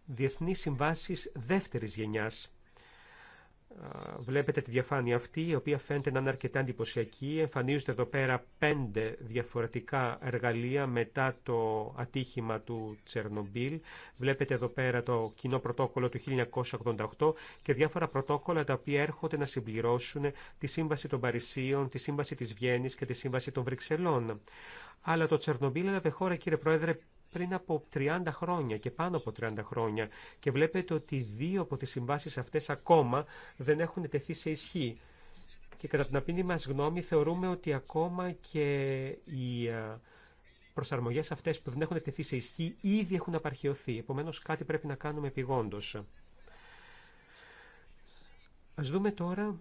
διεθνείς συμβάσεις δεύτερης γενιάς. Βλέπετε τη διαφάνεια αυτή, η οποία φαίνεται να είναι αρκετά εντυπωσιακή. Εμφανίζονται εδώ πέρα πέντε διαφορετικά εργαλεία μετά το ατύχημα του Τσερνομπίλ. Βλέπετε εδώ πέρα το κοινό πρωτόκολλο του 1988 και διάφορα πρωτόκολλα τα οποία έρχονται να συμπληρώσουν τη Σύμβαση των Παρισίων, τη Σύμβαση της Βιέννης και τη Σύμβαση των Βρυξελών. Αλλά το Τσερνομπίλ έλαβε χώρα, κύριε Πρόεδρε, πριν από 30 χρόνια και πάνω από 30 χρόνια και βλέπετε ότι δύο από τις συμβάσεις αυτές ακόμα δεν έχουν τεθεί σε ισχύ. Και κατά την απίνη μας γνώμη θεωρούμε ότι ακόμα και οι ε, προσαρμογές αυτές που δεν έχουν τεθεί σε ισχύ ήδη έχουν απαρχαιωθεί. Επομένως κάτι πρέπει να κάνουμε επιγόντως. Ας δούμε τώρα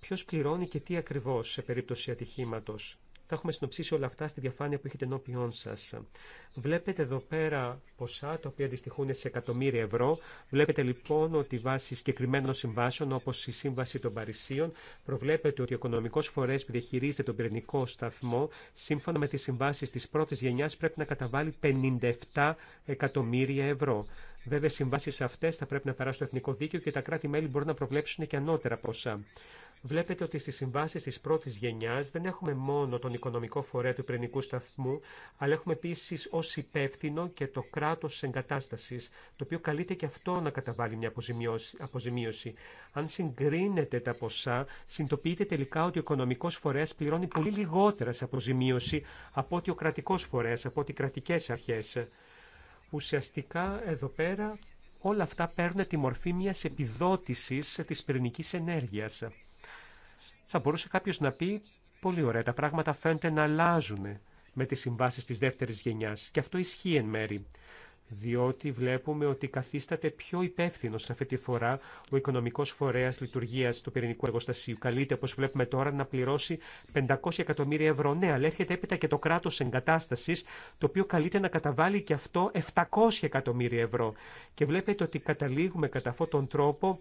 ποιος πληρώνει και τι ακριβώς σε περίπτωση ατυχήματος. Τα έχουμε συνοψίσει όλα αυτά στη διαφάνεια που έχετε ενώπιόν σα. Βλέπετε εδώ πέρα ποσά τα οποία αντιστοιχούν σε εκατομμύρια ευρώ. Βλέπετε λοιπόν ότι βάσει συγκεκριμένων συμβάσεων όπω η Σύμβαση των Παρισίων προβλέπεται ότι ο οικονομικό φορέα που διαχειρίζεται τον πυρηνικό σταθμό σύμφωνα με τι συμβάσει τη πρώτη γενιά πρέπει να καταβάλει 57 εκατομμύρια ευρώ. Βέβαια, οι συμβάσει αυτέ θα πρέπει να περάσουν στο εθνικό δίκαιο και τα κράτη-μέλη μπορούν να προβλέψουν και ανώτερα ποσά βλέπετε ότι στι συμβάσει τη πρώτη γενιά δεν έχουμε μόνο τον οικονομικό φορέα του πυρηνικού σταθμού, αλλά έχουμε επίση ω υπεύθυνο και το κράτος εγκατάσταση, το οποίο καλείται και αυτό να καταβάλει μια αποζημίωση. Αν συγκρίνετε τα ποσά, συνειδητοποιείτε τελικά ότι ο οικονομικό φορέα πληρώνει πολύ λιγότερα σε αποζημίωση από ότι ο κρατικό φορέα, από ότι οι κρατικέ αρχέ. Ουσιαστικά εδώ πέρα όλα αυτά παίρνουν τη μορφή μια επιδότηση τη πυρηνικής ενέργεια. Θα μπορούσε κάποιο να πει, πολύ ωραία, τα πράγματα φαίνεται να αλλάζουν με τις συμβάσεις της δεύτερης γενιάς. Και αυτό ισχύει εν μέρη διότι βλέπουμε ότι καθίσταται πιο υπεύθυνο αυτή τη φορά ο Οικονομικός Φορέας λειτουργία του πυρηνικού εργοστασίου. Καλείται, όπως βλέπουμε τώρα, να πληρώσει 500 εκατομμύρια ευρώ. Ναι, αλλά έρχεται έπειτα και το κράτος εγκατάσταση, το οποίο καλείται να καταβάλει και αυτό 700 εκατομμύρια ευρώ. Και βλέπετε ότι καταλήγουμε κατά αυτόν τον τρόπο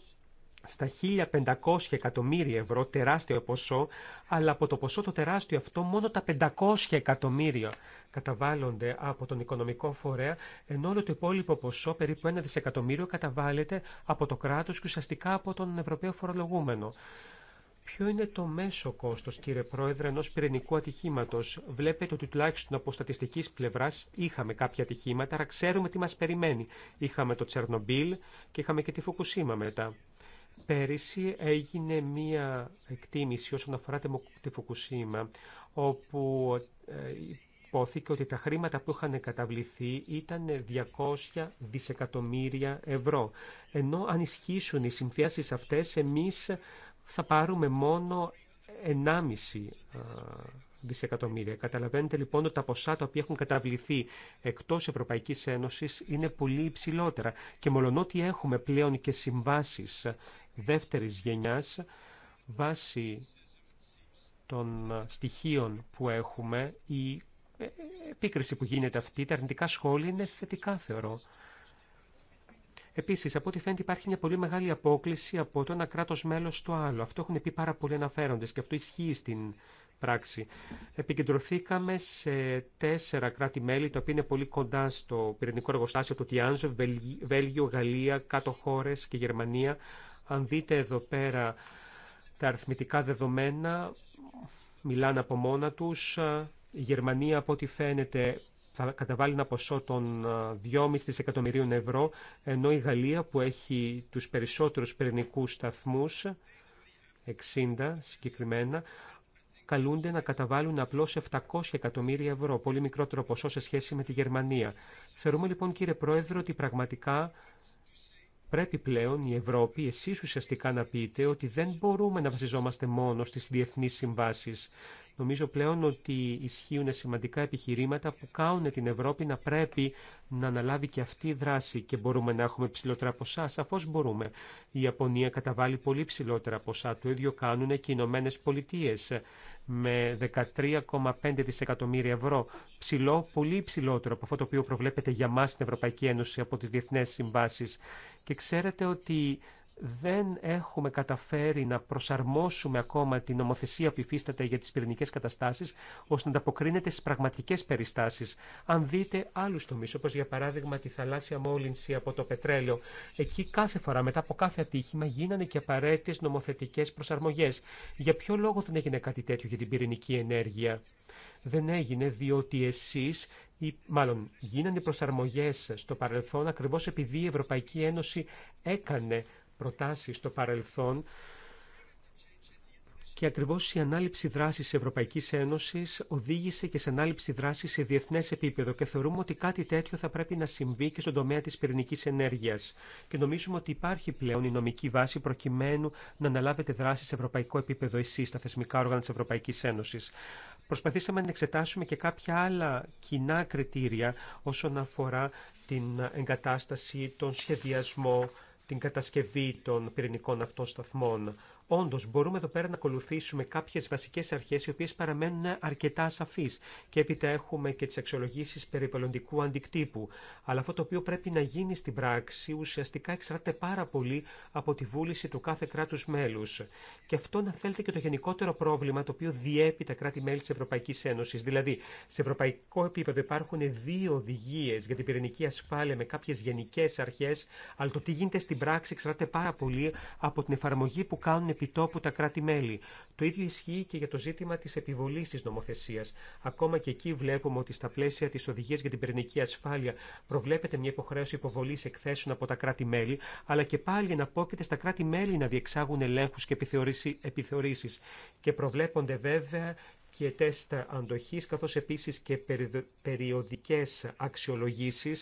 στα 1.500 εκατομμύρια ευρώ, τεράστιο ποσό, αλλά από το ποσό το τεράστιο αυτό μόνο τα 500 εκατομμύρια καταβάλλονται από τον οικονομικό φορέα, ενώ όλο το υπόλοιπο ποσό, περίπου 1 δισεκατομμύριο, καταβάλλεται από το κράτος και ουσιαστικά από τον Ευρωπαίο φορολογούμενο. Ποιο είναι το μέσο κόστο, κύριε Πρόεδρε, ενό πυρηνικού ατυχήματο. Βλέπετε ότι τουλάχιστον από στατιστική πλευρά είχαμε κάποια ατυχήματα, αλλά ξέρουμε τι μα περιμένει. Είχαμε το Τσερνομπίλ και είχαμε και τη Φουκουσίμα μετά. Πέρυσι έγινε μία εκτίμηση όσον αφορά τη Φουκουσίμα, όπου ε, υπόθηκε ότι τα χρήματα που είχαν καταβληθεί ήταν 200 δισεκατομμύρια ευρώ. Ενώ αν ισχύσουν οι συμφιάσεις αυτές, εμείς θα πάρουμε μόνο 1,5 ε, δισεκατομμύρια. Καταλαβαίνετε λοιπόν ότι τα ποσά τα οποία έχουν καταβληθεί εκτός Ευρωπαϊκής Ένωσης είναι πολύ υψηλότερα και μολονότι έχουμε πλέον και συμβάσεις δεύτερης γενιάς βάσει των στοιχείων που έχουμε η επίκριση που γίνεται αυτή, τα αρνητικά σχόλια είναι θετικά θεωρώ. επίσης από ό,τι φαίνεται, υπάρχει μια πολύ μεγάλη απόκληση από το ένα κράτος μέλος στο άλλο. Αυτό έχουν πει πάρα πολλοί αναφέροντες και αυτό ισχύει στην πράξη. Επικεντρωθήκαμε σε τέσσερα κράτη-μέλη, τα οποία είναι πολύ κοντά στο πυρηνικό εργοστάσιο του Τιάνζο Βέλγιο, Γαλλία, κάτω χώρες και Γερμανία. Αν δείτε εδώ πέρα τα αριθμητικά δεδομένα, μιλάνε από μόνα τους. Η Γερμανία, από ό,τι φαίνεται, θα καταβάλει ένα ποσό των 2,5 ε, εκατομμυρίων ευρώ, ενώ η Γαλλία που έχει τους περισσότερους πυρηνικούς σταθμούς, 60 συγκεκριμένα, καλούνται να καταβάλουν απλώς 700 εκατομμύρια ευρώ, πολύ μικρότερο ποσό σε σχέση με τη Γερμανία. Θεωρούμε λοιπόν κύριε Πρόεδρο ότι πραγματικά Πρέπει πλέον η Ευρώπη, εσείς ουσιαστικά να πείτε ότι δεν μπορούμε να βασιζόμαστε μόνο στις διεθνείς συμβάσεις. Νομίζω πλέον ότι ισχύουν σημαντικά επιχειρήματα που κάνουν την Ευρώπη να πρέπει να αναλάβει και αυτή η δράση και μπορούμε να έχουμε ψηλότερα ποσά. Σαφώ μπορούμε. Η Ιαπωνία καταβάλει πολύ ψηλότερα ποσά. Το ίδιο κάνουν και οι Ηνωμένε Πολιτείε με 13,5 δισεκατομμύρια ευρώ. Ψηλό, πολύ ψηλότερο από αυτό το οποίο προβλέπεται για μα στην Ευρωπαϊκή Ένωση από τι διεθνέ συμβάσει και ξέρετε ότι δεν έχουμε καταφέρει να προσαρμόσουμε ακόμα την νομοθεσία που υφίσταται για τις πυρηνικές καταστάσεις, ώστε να ανταποκρίνεται στις πραγματικές περιστάσεις. Αν δείτε άλλους τομείς, όπως για παράδειγμα τη θαλάσσια μόλυνση από το πετρέλαιο, εκεί κάθε φορά μετά από κάθε ατύχημα γίνανε και απαραίτητες νομοθετικές προσαρμογές. Για ποιο λόγο δεν έγινε κάτι τέτοιο για την πυρηνική ενέργεια. Δεν έγινε διότι εσείς ή μάλλον γίνανε προσαρμογές στο παρελθόν ακριβώς επειδή η Ευρωπαϊκή Ένωση έκανε προτάσεις στο παρελθόν και ακριβώ η ανάληψη δράση της Ευρωπαϊκής Ένωσης οδήγησε και σε ανάληψη δράση σε διεθνέ επίπεδο και θεωρούμε ότι κάτι τέτοιο θα πρέπει να συμβεί και στον τομέα τη πυρηνική ενέργεια. και νομίζουμε ότι υπάρχει πλέον η νομική βάση προκειμένου να αναλάβετε δράση σε ευρωπαϊκό επίπεδο εσεί, τα θεσμικά όργανα τη Ευρωπαϊκή Ένωση. Προσπαθήσαμε να εξετάσουμε και κάποια άλλα κοινά κριτήρια όσον αφορά την εγκατάσταση, τον σχεδιασμό, την κατασκευή των πυρηνικών αυτών σταθμών. Όντω, μπορούμε εδώ πέρα να ακολουθήσουμε κάποιε βασικέ αρχέ, οι οποίε παραμένουν αρκετά ασαφεί. Και έπειτα έχουμε και τι αξιολογήσει περιβαλλοντικού αντικτύπου. Αλλά αυτό το οποίο πρέπει να γίνει στην πράξη ουσιαστικά εξαρτάται πάρα πολύ από τη βούληση του κάθε κράτου μέλου. Και αυτό, να θέλετε, και το γενικότερο πρόβλημα το οποίο διέπει τα κράτη-μέλη τη Ευρωπαϊκή Ένωση. Δηλαδή, σε ευρωπαϊκό επίπεδο υπάρχουν δύο οδηγίε για την πυρηνική ασφάλεια με κάποιε γενικέ αρχέ, αλλά το τι γίνεται στην πράξη εξαρτάται πάρα πολύ από την εφαρμογή που κάνουν επιτόπου τα κράτη-μέλη. Το ίδιο ισχύει και για το ζήτημα τη επιβολή τη νομοθεσία. Ακόμα και εκεί βλέπουμε ότι στα πλαίσια τη οδηγία για την πυρηνική ασφάλεια προβλέπεται μια υποχρέωση υποβολή εκθέσεων από τα κράτη-μέλη, αλλά και πάλι εναπόκειται στα κράτη-μέλη να διεξάγουν ελέγχου και επιθεωρήσει. Και προβλέπονται βέβαια και τεστ αντοχή, καθώς επίσης και περιοδικέ αξιολογήσει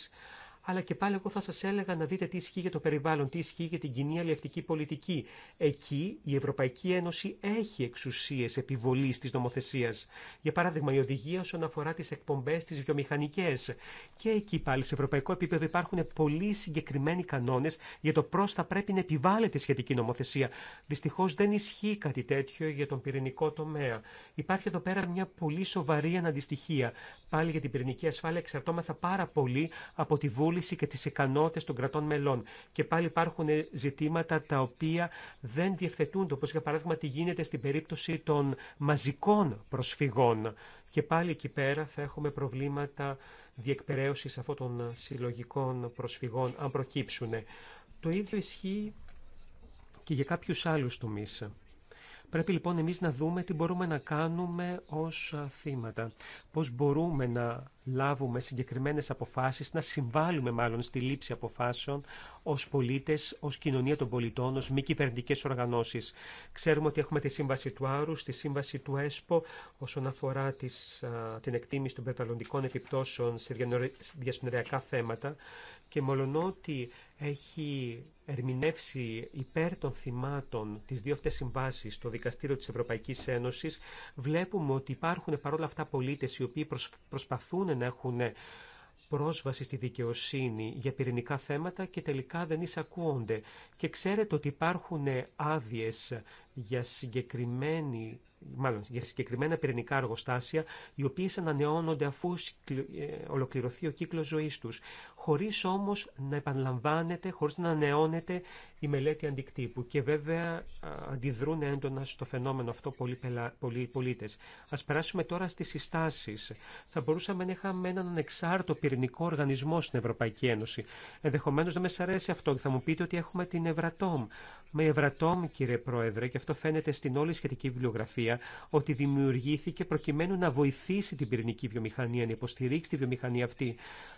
αλλά και πάλι εγώ θα σας έλεγα να δείτε τι ισχύει για το περιβάλλον, τι ισχύει για την κοινή αλληλευτική πολιτική. Εκεί η Ευρωπαϊκή Ένωση έχει εξουσίες επιβολής της νομοθεσίας. Για παράδειγμα, η οδηγία όσον αφορά τις εκπομπές, τις βιομηχανικές. Και εκεί πάλι σε ευρωπαϊκό επίπεδο υπάρχουν πολύ συγκεκριμένοι κανόνες για το πώς θα πρέπει να επιβάλλεται σχετική νομοθεσία. Δυστυχώς δεν ισχύει κάτι τέτοιο για τον πυρηνικό τομέα. Υπάρχει εδώ πέρα μια πολύ σοβαρή αναντιστοιχία. Πάλι για την πυρηνική ασφάλεια εξαρτώμεθα πάρα πολύ από τη και τις ικανότητες των κρατών μελών. Και πάλι υπάρχουν ζητήματα τα οποία δεν διευθετούνται, όπως για παράδειγμα τι γίνεται στην περίπτωση των μαζικών προσφυγών. Και πάλι εκεί πέρα θα έχουμε προβλήματα διεκπαιρέωσης αυτών των συλλογικών προσφυγών, αν προκύψουν. Το ίδιο ισχύει και για κάποιους άλλους τομείς. Πρέπει λοιπόν εμείς να δούμε τι μπορούμε να κάνουμε ως θύματα. Πώς μπορούμε να λάβουμε συγκεκριμένες αποφάσεις, να συμβάλλουμε μάλλον στη λήψη αποφάσεων ως πολίτες, ως κοινωνία των πολιτών, ως μη κυβερνητικέ οργανώσεις. Ξέρουμε ότι έχουμε τη σύμβαση του Άρου, τη σύμβαση του ΕΣΠΟ όσον αφορά τις, την εκτίμηση των περιβαλλοντικών επιπτώσεων σε διασυνοριακά θέματα και μολονότι έχει ερμηνεύσει υπέρ των θυμάτων τις δύο αυτές συμβάσεις στο Δικαστήριο της Ευρωπαϊκής Ένωσης, βλέπουμε ότι υπάρχουν παρόλα αυτά πολίτες οι οποίοι προσπαθούν να έχουν πρόσβαση στη δικαιοσύνη για πυρηνικά θέματα και τελικά δεν εισακούονται. Και ξέρετε ότι υπάρχουν άδειε για συγκεκριμένη μάλλον για συγκεκριμένα πυρηνικά εργοστάσια, οι οποίε ανανεώνονται αφού ε, ολοκληρωθεί ο κύκλο ζωή του, χωρί όμω να επαναλαμβάνεται, χωρί να ανανεώνεται η μελέτη αντικτύπου. Και βέβαια αντιδρούν έντονα στο φαινόμενο αυτό πολλοί, πολλοί πολίτε. Α περάσουμε τώρα στι συστάσει. Θα μπορούσαμε να είχαμε έναν ανεξάρτητο πυρηνικό οργανισμό στην Ευρωπαϊκή Ένωση. Ενδεχομένω δεν με αρέσει αυτό και θα μου πείτε ότι έχουμε την Ευρατόμ. Με Ευρατόμ, κύριε Πρόεδρε, και αυτό φαίνεται στην όλη σχετική βιβλιογραφία ότι δημιουργήθηκε προκειμένου να βοηθήσει την πυρηνική βιομηχανία, να υποστηρίξει τη βιομηχανία αυτή.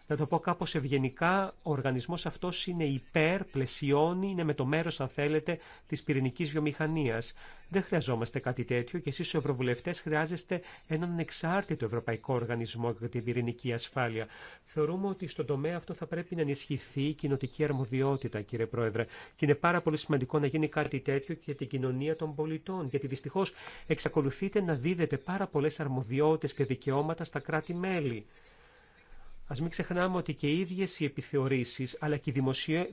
Να το πω κάπως ευγενικά, ο οργανισμός αυτός είναι υπέρ, πλαισιώνει, είναι με το μέρος αν θέλετε της πυρηνικής βιομηχανίας. Δεν χρειαζόμαστε κάτι τέτοιο και εσεί, οι Ευρωβουλευτέ, χρειάζεστε έναν εξάρτητο ευρωπαϊκό οργανισμό για την πυρηνική ασφάλεια. Θεωρούμε ότι στον τομέα αυτό θα πρέπει να ενισχυθεί η κοινοτική αρμοδιότητα, κύριε Πρόεδρε. Και είναι πάρα πολύ σημαντικό να γίνει κάτι τέτοιο και για την κοινωνία των πολιτών. Γιατί δυστυχώ εξακολουθείτε να δίδετε πάρα πολλέ αρμοδιότητε και δικαιώματα στα κράτη-μέλη. Ας μην ξεχνάμε ότι και οι ίδιες οι επιθεωρήσεις, αλλά και η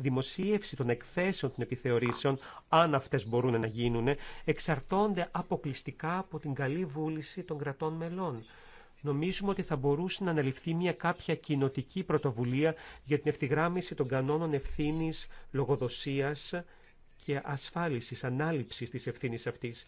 δημοσίευση των εκθέσεων των επιθεωρήσεων, αν αυτές μπορούν να γίνουν, εξαρτώνται αποκλειστικά από την καλή βούληση των κρατών μελών. Νομίζουμε ότι θα μπορούσε να αναλυφθεί μια κάποια κοινοτική πρωτοβουλία για την ευθυγράμμιση των κανόνων ευθύνη, λογοδοσία και ασφάλισης, ανάληψης της ευθύνης αυτής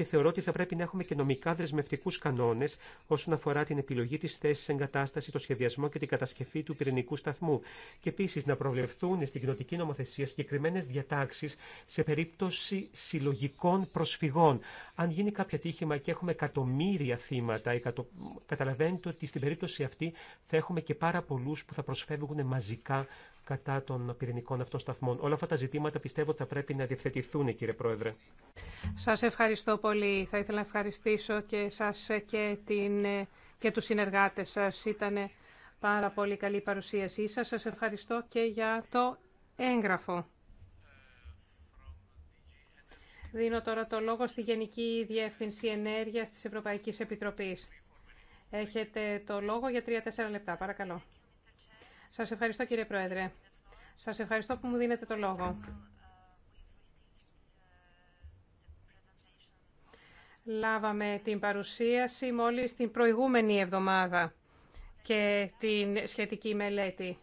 και θεωρώ ότι θα πρέπει να έχουμε και νομικά δεσμευτικού κανόνε όσον αφορά την επιλογή τη θέση εγκατάσταση, το σχεδιασμό και την κατασκευή του πυρηνικού σταθμού. Και επίση να προβλεφθούν στην κοινοτική νομοθεσία συγκεκριμένε διατάξει σε περίπτωση συλλογικών προσφυγών. Αν γίνει κάποια τύχημα και έχουμε εκατομμύρια θύματα, εκατο... καταλαβαίνετε ότι στην περίπτωση αυτή θα έχουμε και πάρα πολλού που θα προσφεύγουν μαζικά κατά των πυρηνικών αυτών σταθμών. Όλα αυτά τα ζητήματα πιστεύω ότι θα πρέπει να διευθετηθούν, κύριε Πρόεδρε. Σας ευχαριστώ πολύ. Θα ήθελα να ευχαριστήσω και σας και, την, και τους συνεργάτες σας. Ήταν πάρα πολύ καλή η παρουσίασή σας. Σας ευχαριστώ και για το έγγραφο. Δίνω τώρα το λόγο στη Γενική Διεύθυνση Ενέργειας της Ευρωπαϊκής Επιτροπής. Έχετε το λόγο για 3-4 λεπτά, παρακαλώ. Σας ευχαριστώ κύριε Πρόεδρε. Σας ευχαριστώ που μου δίνετε το λόγο. Λάβαμε την παρουσίαση μόλις την προηγούμενη εβδομάδα και την σχετική μελέτη.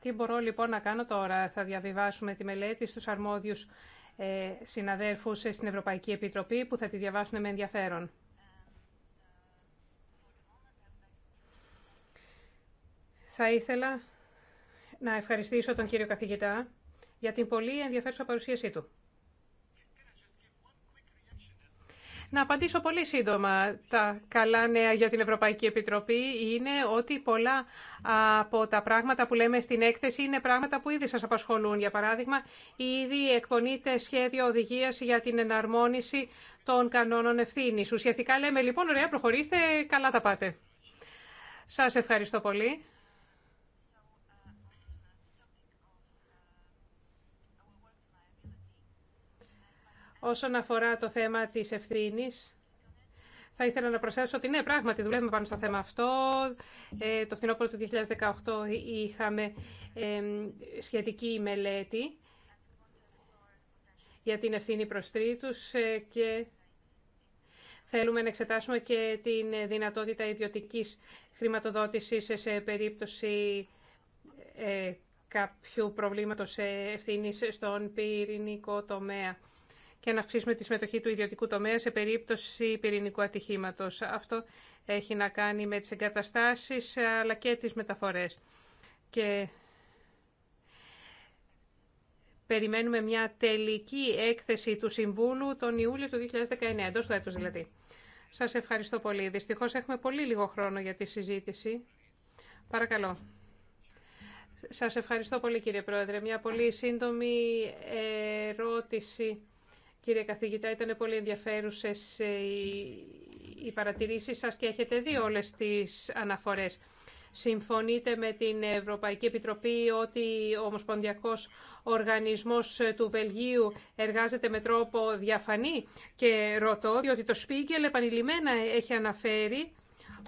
Τι μπορώ λοιπόν να κάνω τώρα. Θα διαβιβάσουμε τη μελέτη στους αρμόδιους ε, συναδέρφους ε, στην Ευρωπαϊκή Επιτροπή που θα τη διαβάσουν με ενδιαφέρον. Θα ήθελα να ευχαριστήσω τον κύριο καθηγητά για την πολύ ενδιαφέρουσα παρουσίασή του. Να απαντήσω πολύ σύντομα. Τα καλά νέα για την Ευρωπαϊκή Επιτροπή είναι ότι πολλά από τα πράγματα που λέμε στην έκθεση είναι πράγματα που ήδη σας απασχολούν. Για παράδειγμα, ήδη εκπονείται σχέδιο οδηγίας για την εναρμόνιση των κανόνων ευθύνη. Ουσιαστικά λέμε λοιπόν, ωραία, προχωρήστε, καλά τα πάτε. Σας ευχαριστώ πολύ. Όσον αφορά το θέμα της ευθύνης, θα ήθελα να προσθέσω ότι ναι, πράγματι δουλεύουμε πάνω στο θέμα αυτό. Ε, το φθινόπωρο του 2018 είχαμε σχετική μελέτη για την ευθύνη προς τρίτους ε, και θέλουμε να εξετάσουμε και την δυνατότητα ιδιωτικής χρηματοδότησης σε περίπτωση ε, κάποιου προβλήματος ε, ευθύνης στον πυρηνικό τομέα και να αυξήσουμε τη συμμετοχή του ιδιωτικού τομέα σε περίπτωση πυρηνικού ατυχήματος. Αυτό έχει να κάνει με τις εγκαταστάσεις αλλά και τι μεταφορές. Και περιμένουμε μια τελική έκθεση του Συμβούλου τον Ιούλιο του 2019, Εντό του έτου δηλαδή. Σας ευχαριστώ πολύ. Δυστυχώ έχουμε πολύ λίγο χρόνο για τη συζήτηση. Παρακαλώ. Σας ευχαριστώ πολύ κύριε Πρόεδρε. Μια πολύ σύντομη ερώτηση Κύριε καθηγητά, ήταν πολύ ενδιαφέρουσες ε, οι παρατηρήσεις σας και έχετε δει όλες τις αναφορές. Συμφωνείτε με την Ευρωπαϊκή Επιτροπή ότι ο Ομοσπονδιακός Οργανισμός ε, του Βελγίου εργάζεται με τρόπο διαφανή και ρωτώ, διότι το Σπίγκελ επανειλημμένα έχει αναφέρει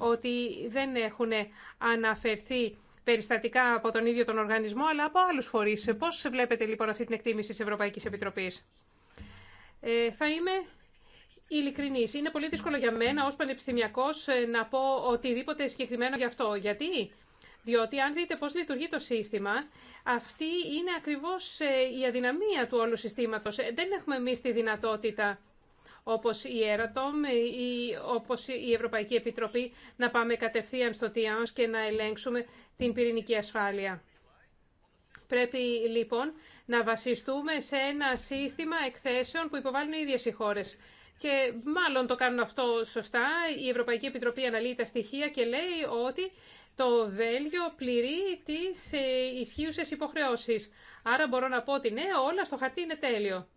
ότι δεν έχουν αναφερθεί περιστατικά από τον ίδιο τον οργανισμό, αλλά από άλλους φορείς. Πώς βλέπετε λοιπόν αυτή την εκτίμηση της Ευρωπαϊκής Επιτροπής. Ε, θα είμαι ειλικρινή. Είναι πολύ δύσκολο για μένα ω πανεπιστημιακό ε, να πω οτιδήποτε συγκεκριμένο γι' αυτό. Γιατί? Διότι αν δείτε πώς λειτουργεί το σύστημα, αυτή είναι ακριβώς ε, η αδυναμία του όλου συστήματος. Ε, δεν έχουμε εμεί τη δυνατότητα όπως η ΕΡΑΤΟΜ ή όπως η Ευρωπαϊκή Επιτροπή να πάμε κατευθείαν στο ΤΙΑΝΣ και να ελέγξουμε την πυρηνική ασφάλεια. Πρέπει λοιπόν να βασιστούμε σε ένα σύστημα εκθέσεων που υποβάλλουν οι ίδιες οι χώρες. Και μάλλον το κάνουν αυτό σωστά. Η Ευρωπαϊκή Επιτροπή αναλύει τα στοιχεία και λέει ότι το Βέλγιο πληρεί τις ε, ισχύουσες υποχρεώσεις. Άρα μπορώ να πω ότι ναι, όλα στο χαρτί είναι τέλειο.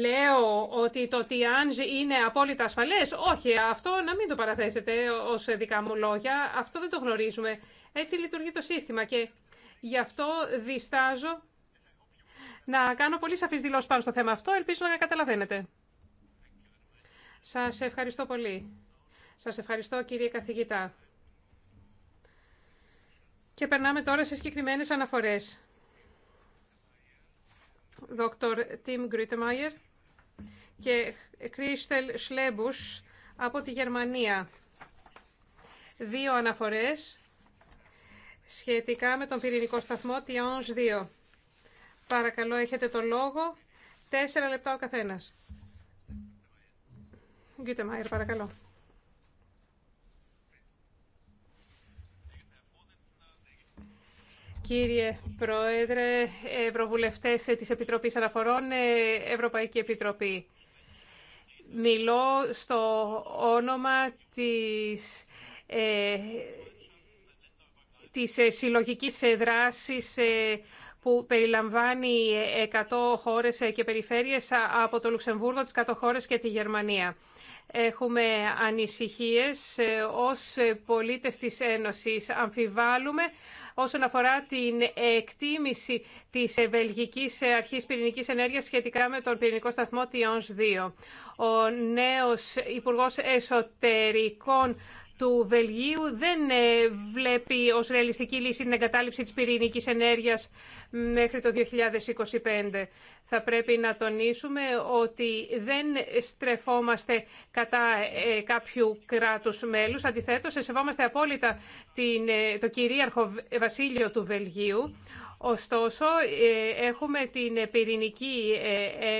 Λέω ότι το Τιάνζ είναι απόλυτα ασφαλές. Όχι, αυτό να μην το παραθέσετε ως δικά μου λόγια. Αυτό δεν το γνωρίζουμε. Έτσι λειτουργεί το σύστημα και Γι' αυτό διστάζω να κάνω πολύ σαφείς δηλώσεις πάνω στο θέμα αυτό. Ελπίζω να καταλαβαίνετε. Σας ευχαριστώ πολύ. Σας ευχαριστώ κύριε καθηγητά. Και περνάμε τώρα σε συγκεκριμένες αναφορές. Δόκτωρ Τιμ Γκρίτεμαγερ και Κρίστελ Σλέμπους από τη Γερμανία. Δύο αναφορές σχετικά με τον πυρηνικό σταθμό Τιόνς 2. Παρακαλώ, έχετε το λόγο. Τέσσερα λεπτά ο καθένας. Γκίτε Μάιρ, παρακαλώ. Κύριε Πρόεδρε, Ευρωβουλευτές της Επιτροπής Αναφορών, ε, Ευρωπαϊκή Επιτροπή. Μιλώ στο όνομα της ε, της ε, συλλογικής ε, δράσης ε, που περιλαμβάνει 100 χώρες και περιφέρειες από το Λουξεμβούργο, τις 100 χώρες και τη Γερμανία. Έχουμε ανησυχίες ως πολίτες της Ένωσης. Αμφιβάλλουμε όσον αφορά την εκτίμηση της Βελγικής Αρχής Πυρηνικής Ενέργειας σχετικά με τον πυρηνικό σταθμό Τιόνς 2. Ο νέος Υπουργός Εσωτερικών του Βελγίου δεν ε, βλέπει ως ρεαλιστική λύση την εγκατάλειψη της πυρηνικής ενέργειας μέχρι το 2025. Θα πρέπει να τονίσουμε ότι δεν στρεφόμαστε κατά ε, κάποιου κράτους μέλους. Αντιθέτως, σεβόμαστε απόλυτα την, ε, το κυρίαρχο βασίλειο του Βελγίου. Ωστόσο, έχουμε την πυρηνική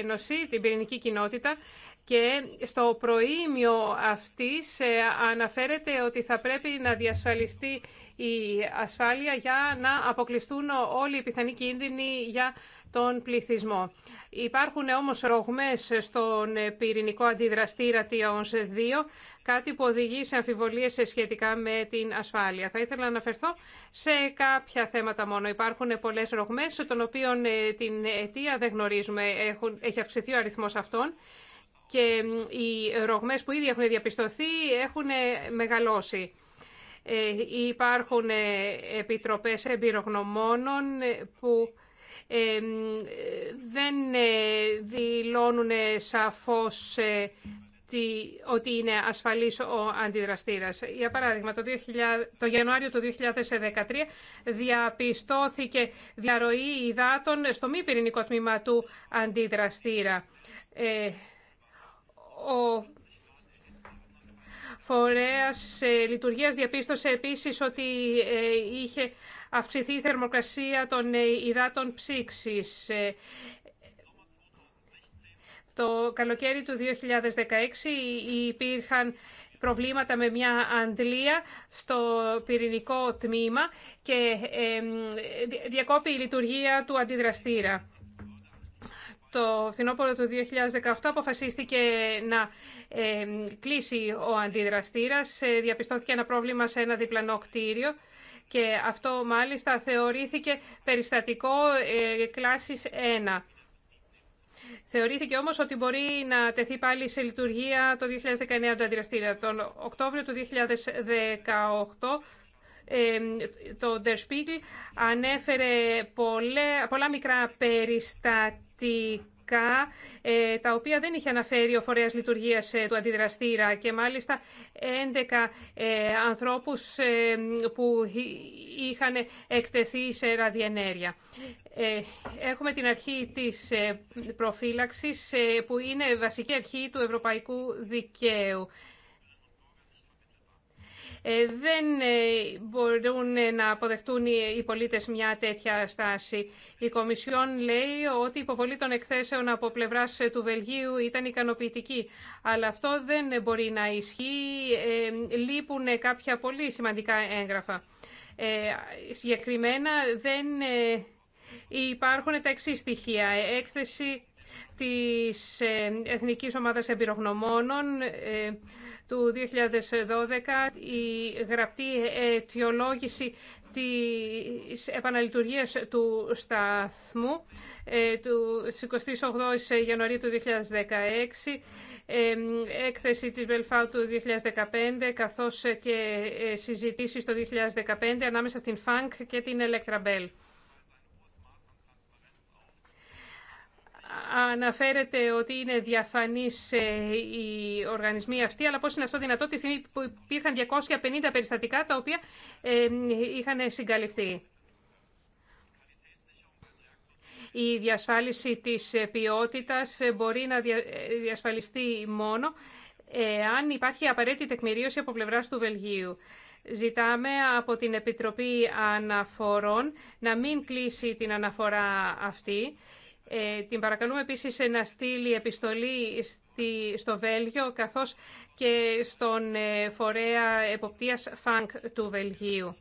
ένωση, την πυρηνική κοινότητα, και στο προήμιο αυτής ε, αναφέρεται ότι θα πρέπει να διασφαλιστεί η ασφάλεια για να αποκλειστούν όλοι οι πιθανοί κίνδυνοι για τον πληθυσμό. Υπάρχουν όμως ρογμές στον πυρηνικό αντιδραστήρα TIONS-2, κάτι που οδηγεί σε αμφιβολίες σχετικά με την ασφάλεια. Θα ήθελα να αναφερθώ σε κάποια θέματα μόνο. Υπάρχουν πολλές ρογμές, των οποίων ε, την αιτία δεν γνωρίζουμε. Έχουν, έχει αυξηθεί ο αριθμός αυτών και οι ρογμές που ήδη έχουν διαπιστωθεί έχουν ε, μεγαλώσει. Ε, υπάρχουν ε, επιτροπές εμπειρογνωμόνων που δεν δηλώνουν σαφώς ότι είναι ασφαλής ο αντιδραστήρας. Για παράδειγμα, το, 2000, το Ιανουάριο του 2013 διαπιστώθηκε διαρροή υδάτων στο μη πυρηνικό τμήμα του αντιδραστήρα. Ο φορέας ε, λειτουργίας διαπίστωσε επίσης ότι ε, είχε αυξηθεί η θερμοκρασία των ε, υδάτων ψήξης. Το καλοκαίρι του 2016 υπήρχαν προβλήματα με μια αντλία στο πυρηνικό τμήμα και διακόπη η λειτουργία του αντιδραστήρα το φθινόπωρο του 2018 αποφασίστηκε να κλείσει ο αντιδραστήρας. Ε, διαπιστώθηκε ένα πρόβλημα σε ένα διπλανό κτίριο και αυτό μάλιστα θεωρήθηκε περιστατικό ε, κλάσης 1. Θεωρήθηκε όμως ότι μπορεί να τεθεί πάλι σε λειτουργία το 2019 το αντιδραστήριο. Τον Οκτώβριο του 2018 το Der Spiegel ανέφερε πολλά, πολλά μικρά περιστατικά ε, τα οποία δεν είχε αναφέρει ο φορέας λειτουργίας ε, του αντιδραστήρα και μάλιστα 11 ε, ανθρώπους ε, που είχαν εκτεθεί σε ραδιενέργεια. Έχουμε την αρχή της προφύλαξης που είναι βασική αρχή του ευρωπαϊκού δικαίου. Ε, δεν ε, μπορούν ε, να αποδεχτούν οι πολίτες μια τέτοια στάση. Η Κομισιόν λέει ότι η υποβολή των εκθέσεων από πλευράς του Βελγίου ήταν ικανοποιητική, αλλά αυτό δεν μπορεί να ισχύει. Λείπουν κάποια πολύ σημαντικά έγγραφα. Συγκεκριμένα δεν υπάρχουν τα εξή στοιχεία. Έκθεση της Εθνικής Ομάδας Εμπειρογνωμόνων, του 2012 η γραπτή αιτιολόγηση της επαναλειτουργίας του σταθμού ε, του 28 Ιανουαρίου του 2016 ε, έκθεση της Μπελφάου του 2015 καθώς και ε, συζητήσεις το 2015 ανάμεσα στην ΦΑΝΚ και την Ελεκτραμπέλ. αναφέρεται ότι είναι διαφανείς ε, οι οργανισμοί αυτοί, αλλά πώς είναι αυτό δυνατό τη στιγμή που υπήρχαν 250 περιστατικά τα οποία ε, είχαν συγκαλυφθεί. Η διασφάλιση της ε, ποιότητας μπορεί να διασφαλιστεί μόνο αν υπάρχει απαραίτητη τεκμηρίωση από πλευράς του Βελγίου. Ζητάμε από την Επιτροπή Αναφορών να μην κλείσει την αναφορά αυτή ε, την παρακαλούμε επίσης να στείλει επιστολή στη, στο Βέλγιο καθώς και στον ε, φορέα εποπτείας ΦΑΝΚ του Βελγίου.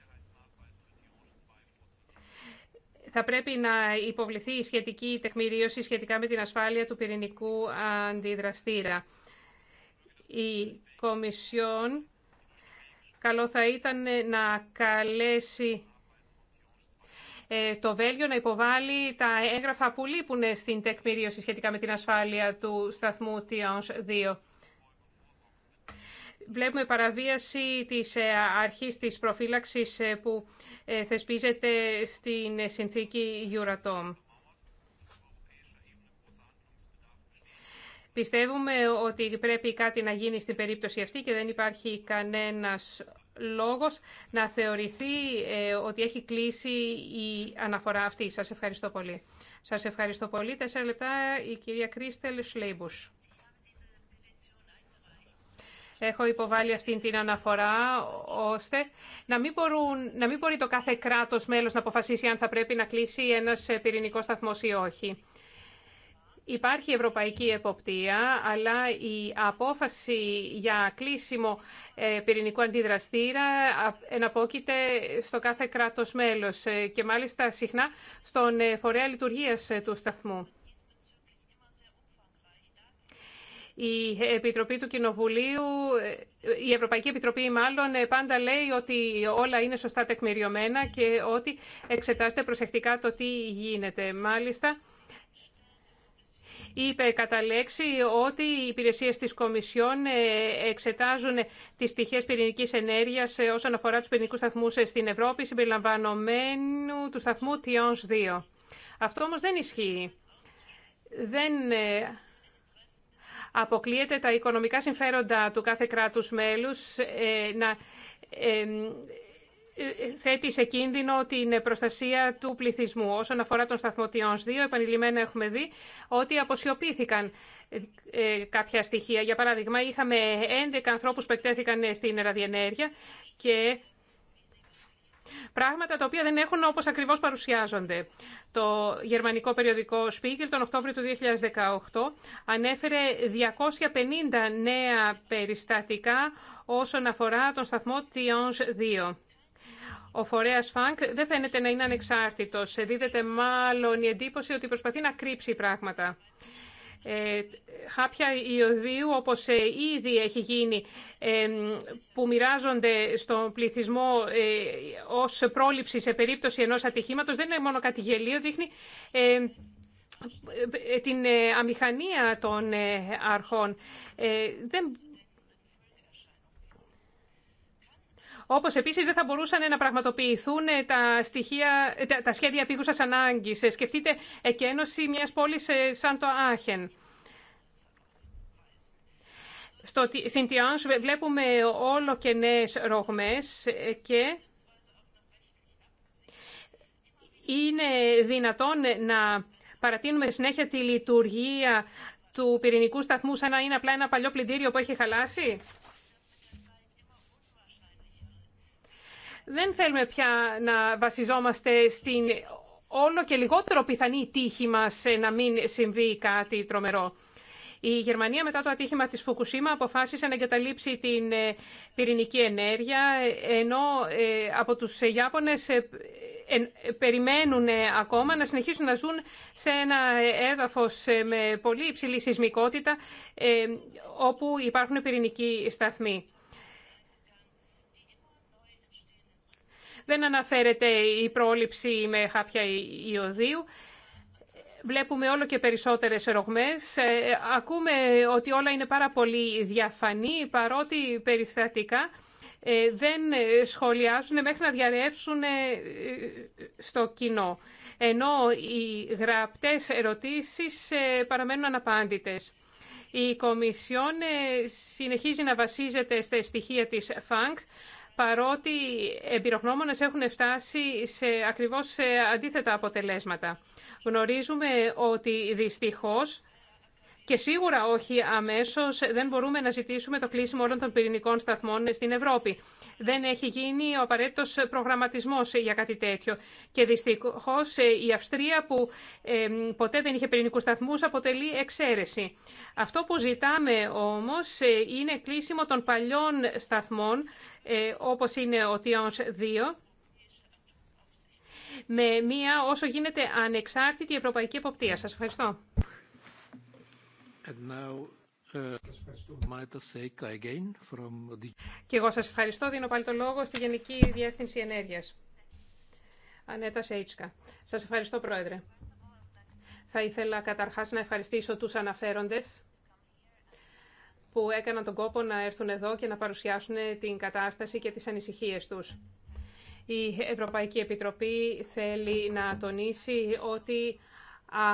Θα πρέπει να υποβληθεί η σχετική τεκμηρίωση σχετικά με την ασφάλεια του πυρηνικού αντιδραστήρα. Η Κομισιόν καλό θα ήταν να καλέσει ε, το Βέλγιο να υποβάλει τα έγγραφα που λείπουν στην τεκμηρίωση σχετικά με την ασφάλεια του σταθμού Τιόνς 2. Βλέπουμε παραβίαση της ε, αρχής της προφύλαξης ε, που θεσπίζεται στην συνθήκη Euratom. Πιστεύουμε ότι πρέπει κάτι να γίνει στην περίπτωση αυτή και δεν υπάρχει κανένας λόγος να θεωρηθεί ε, ότι έχει κλείσει η αναφορά αυτή. Σας ευχαριστώ πολύ. Σας ευχαριστώ πολύ. Τέσσερα λεπτά η κυρία Κρίστελ Σλέιμπους. Έχω υποβάλει αυτή την αναφορά ώστε να μην, να μπορεί το κάθε κράτος μέλος να αποφασίσει αν θα πρέπει να κλείσει ένας πυρηνικό σταθμός ή όχι. Υπάρχει ευρωπαϊκή εποπτεία, αλλά η απόφαση για κλείσιμο ε, πυρηνικού αντιδραστήρα εναπόκειται στο κάθε κράτος μέλος ε, και μάλιστα συχνά στον ε, φορέα λειτουργίας του σταθμού. Η Επιτροπή του Κοινοβουλίου, η Ευρωπαϊκή Επιτροπή μάλλον, πάντα λέει ότι όλα είναι σωστά τεκμηριωμένα και ότι εξετάζεται προσεκτικά το τι γίνεται. Μάλιστα, είπε κατά λέξη ότι οι υπηρεσίες της Κομισιόν ε, εξετάζουν τις στοιχείες πυρηνικής ενέργειας ε, όσον αφορά τους πυρηνικούς σταθμούς ε, στην Ευρώπη, συμπεριλαμβανομένου του σταθμού Τιόνς 2. Αυτό όμως δεν ισχύει. Δεν αποκλείεται τα οικονομικά συμφέροντα του κάθε κράτους μέλους να θέτει σε κίνδυνο την προστασία του πληθυσμού. Όσον αφορά τον σταθμό Τιόν 2, επανειλημμένα έχουμε δει ότι αποσιωπήθηκαν ε, κάποια στοιχεία. Για παράδειγμα, είχαμε 11 ανθρώπους που εκτέθηκαν στην ραδιενέργεια και Πράγματα τα οποία δεν έχουν όπως ακριβώς παρουσιάζονται. Το γερμανικό περιοδικό Spiegel τον Οκτώβριο του 2018 ανέφερε 250 νέα περιστατικά όσον αφορά τον σταθμό Tions 2. Ο φορέα ΦΑΝΚ δεν φαίνεται να είναι ανεξάρτητος. Δίδεται μάλλον η εντύπωση ότι προσπαθεί να κρύψει πράγματα. Ε, χάπια ιωδίου, όπως ε, ήδη έχει γίνει, που μοιράζονται στον πληθυσμό ε, ως πρόληψη σε περίπτωση ενός ατυχήματος, δεν είναι μόνο κάτι γελίο, δείχνει ε, την ε, αμηχανία των αρχών. Δεν Όπως επίσης δεν θα μπορούσαν να πραγματοποιηθούν ε, τα, στοιχεία, ε, τα, τα σχέδια επίγουσα ανάγκη. Ε, σκεφτείτε εκένωση μια πόλη σαν το Άχεν. Στο, στην Τιάνς βλέπουμε όλο και νέες ρογμές και είναι δυνατόν να παρατείνουμε συνέχεια τη λειτουργία του πυρηνικού σταθμού σαν να είναι απλά ένα παλιό πλυντήριο που έχει χαλάσει. Δεν θέλουμε πια να βασιζόμαστε στην όλο και λιγότερο πιθανή τύχη μας ε, να μην συμβεί κάτι τρομερό. Η Γερμανία μετά το ατύχημα της Φουκουσίμα αποφάσισε να εγκαταλείψει την ε, πυρηνική ενέργεια, ενώ ε, από τους Ιάπωνες περιμένουν ακόμα να συνεχίσουν να ζουν σε ένα έδαφος με πολύ υψηλή σεισμικότητα, όπου υπάρχουν πυρηνικοί σταθμοί. Δεν αναφέρεται η πρόληψη με χάπια ιωδίου. Βλέπουμε όλο και περισσότερες ρογμές. Ε, ακούμε ότι όλα είναι πάρα πολύ διαφανή, παρότι περιστατικά ε, δεν σχολιάζουν μέχρι να διαρρεύσουν ε, στο κοινό. Ενώ οι γραπτές ερωτήσεις παραμένουν αναπάντητες. Η Κομισιόν συνεχίζει να βασίζεται στα στοιχεία της ΦΑΝΚ, παρότι εμπειρογνώμονες έχουν φτάσει σε ακριβώς αντίθετα αποτελέσματα. Γνωρίζουμε ότι δυστυχώς και σίγουρα όχι αμέσως δεν μπορούμε να ζητήσουμε το κλείσιμο όλων των πυρηνικών σταθμών στην Ευρώπη. Δεν έχει γίνει ο απαραίτητο προγραμματισμός για κάτι τέτοιο. Και δυστυχώς η Αυστρία που ποτέ δεν είχε πυρηνικού σταθμούς αποτελεί εξαίρεση. Αυτό που ζητάμε όμως ε, είναι κλείσιμο των παλιών σταθμών ε, όπως είναι ο Τιόνς 2, με μία όσο γίνεται ανεξάρτητη ευρωπαϊκή εποπτεία. Σας ευχαριστώ. Uh, Και εγώ σας ευχαριστώ. Δίνω πάλι το λόγο στη Γενική Διεύθυνση Ενέργειας. Ανέτα Σέιτσκα. Σας ευχαριστώ, Πρόεδρε. Θα ήθελα καταρχάς να ευχαριστήσω τους αναφέροντες που έκαναν τον κόπο να έρθουν εδώ και να παρουσιάσουν την κατάσταση και τις ανησυχίες τους. Η Ευρωπαϊκή Επιτροπή θέλει να τονίσει ότι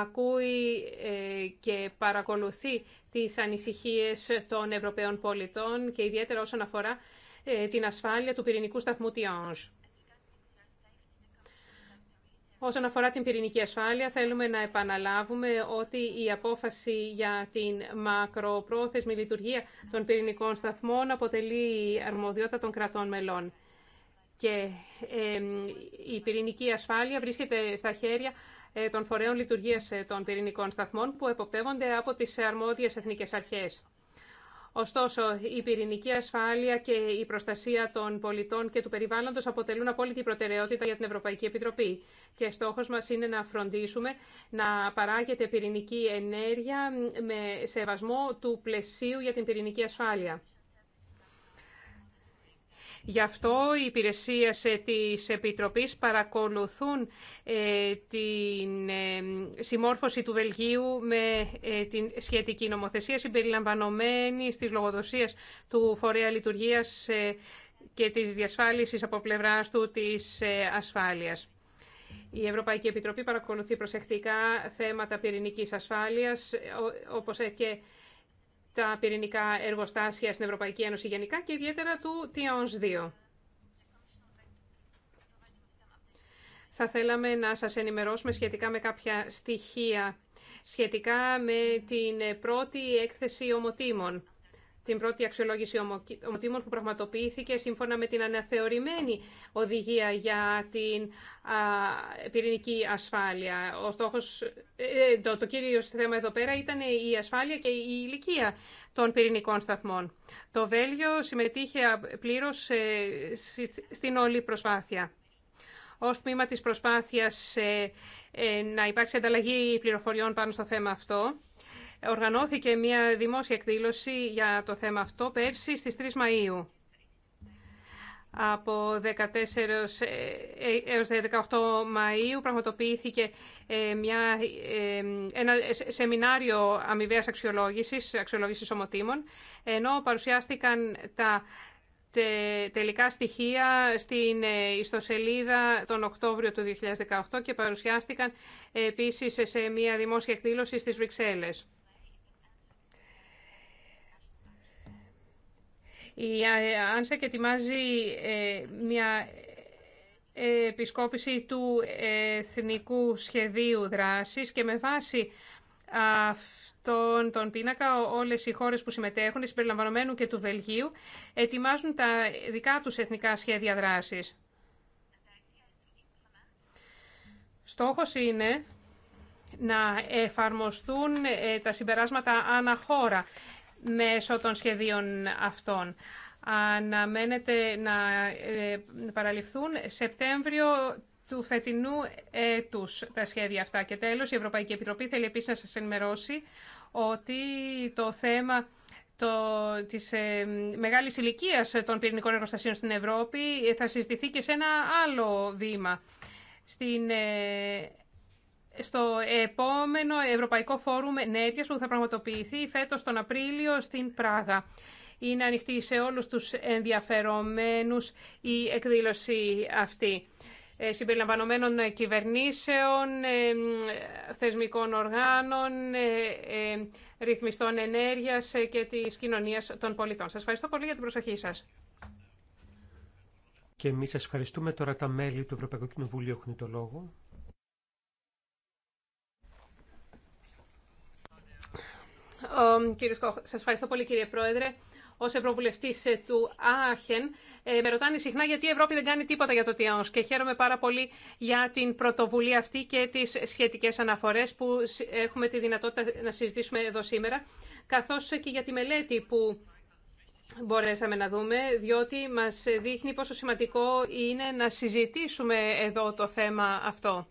ακούει ε, και παρακολουθεί τις ανησυχίες των Ευρωπαίων πολιτών και ιδιαίτερα όσον αφορά ε, την ασφάλεια του πυρηνικού σταθμού Τιόνς. Όσον αφορά την πυρηνική ασφάλεια, θέλουμε να επαναλάβουμε ότι η απόφαση για την μακροπρόθεσμη λειτουργία των πυρηνικών σταθμών αποτελεί αρμοδιότητα των κρατών μελών. Και η πυρηνική ασφάλεια βρίσκεται στα χέρια ε, των φορέων λειτουργίας ε, των πυρηνικών σταθμών που εποπτεύονται από τις αρμόδιες εθνικές αρχές. Ωστόσο, η πυρηνική ασφάλεια και η προστασία των πολιτών και του περιβάλλοντος αποτελούν απόλυτη προτεραιότητα για την Ευρωπαϊκή Επιτροπή. Και στόχος μας είναι να φροντίσουμε να παράγεται πυρηνική ενέργεια με σεβασμό του πλαισίου για την πυρηνική ασφάλεια. Γι' αυτό οι υπηρεσίες ε, της Επιτροπής παρακολουθούν ε, την ε, συμμόρφωση του Βελγίου με την σχετική νομοθεσία συμπεριλαμβανομένη στις λογοδοσίες του Φορέα Λειτουργίας και της διασφάλισης από πλευράς του της ασφάλειας. Η Ευρωπαϊκή Επιτροπή παρακολουθεί προσεκτικά θέματα πυρηνικής ασφάλειας, όπως και τα πυρηνικά εργοστάσια στην Ευρωπαϊκή Ένωση γενικά και ιδιαίτερα του TIONS 2. Θα θέλαμε να σας ενημερώσουμε σχετικά με κάποια στοιχεία, σχετικά με την πρώτη έκθεση ομοτήμων την πρώτη αξιολόγηση ομοτήμων που πραγματοποιήθηκε σύμφωνα με την αναθεωρημένη οδηγία για την πυρηνική ασφάλεια. Ο στόχος, ε, ε, το, το κύριο θέμα εδώ πέρα ήταν η ασφάλεια και η ηλικία των πυρηνικών σταθμών. Το Βέλγιο συμμετείχε πλήρως ε, στην όλη προσπάθεια. Ως τμήμα της προσπάθειας να υπάρξει ανταλλαγή πληροφοριών πάνω στο θέμα αυτό, οργανώθηκε μια δημόσια εκδήλωση για το θέμα αυτό πέρσι στις 3 Μαΐου. Από 14 ε, ε, έως 18 Μαΐου πραγματοποιήθηκε ε, μια, ένα σεμινάριο αμοιβαίας αξιολόγησης, αξιολόγησης ομοτήμων, ενώ παρουσιάστηκαν τα τελικά στοιχεία στην ιστοσελίδα τον Οκτώβριο του 2018 και παρουσιάστηκαν επίσης σε μια δημόσια εκδήλωση στις Βρυξέλλες. Η Άνσακ ε, ετοιμάζει ε, μια επισκόπηση του Εθνικού Σχεδίου Δράσης και με βάση αυτόν τον πίνακα όλες οι χώρες που συμμετέχουν, συμπεριλαμβανομένου και του Βελγίου, ετοιμάζουν τα δικά τους εθνικά σχέδια δράσης. Στόχος είναι να εφαρμοστούν ε, τα συμπεράσματα αναχώρα μέσω των σχεδίων αυτών. Αναμένεται ε, να παραληφθούν Σεπτέμβριο του φετινού έτους τα σχέδια αυτά. Και τέλος, η Ευρωπαϊκή Επιτροπή θέλει επίσης να σας ενημερώσει ότι το θέμα το, της ε, μεγάλης ηλικία των πυρηνικών εργοστασίων στην Ευρώπη θα συζητηθεί και σε ένα άλλο βήμα. Στην ε, στο επόμενο Ευρωπαϊκό Φόρουμ Ενέργειας που θα πραγματοποιηθεί φέτος τον Απρίλιο στην Πράγα. Είναι ανοιχτή σε όλους τους ενδιαφερομένους η εκδήλωση αυτή ε, συμπεριλαμβανομένων κυβερνήσεων, ε, θεσμικών οργάνων, ε, ρυθμιστών ενέργειας και της κοινωνίας των πολιτών. Σας ευχαριστώ πολύ για την προσοχή σας. Και εμείς σας ευχαριστούμε. Τώρα τα μέλη του Ευρωπαϊκού Κοινοβουλίου έχουν το λόγο. Κύριε Σκόχ, σας ευχαριστώ πολύ κύριε Πρόεδρε. Ω Ευρωβουλευτή ε, του Άχεν, με ρωτάνε συχνά γιατί η Ευρώπη δεν κάνει τίποτα για το ΤΙΑΟΣ Και χαίρομαι πάρα πολύ για την πρωτοβουλία αυτή και τι σχετικέ αναφορέ που έχουμε τη δυνατότητα να συζητήσουμε εδώ σήμερα, καθώ και για τη μελέτη που μπορέσαμε να δούμε, διότι μας δείχνει πόσο σημαντικό είναι να συζητήσουμε εδώ το θέμα αυτό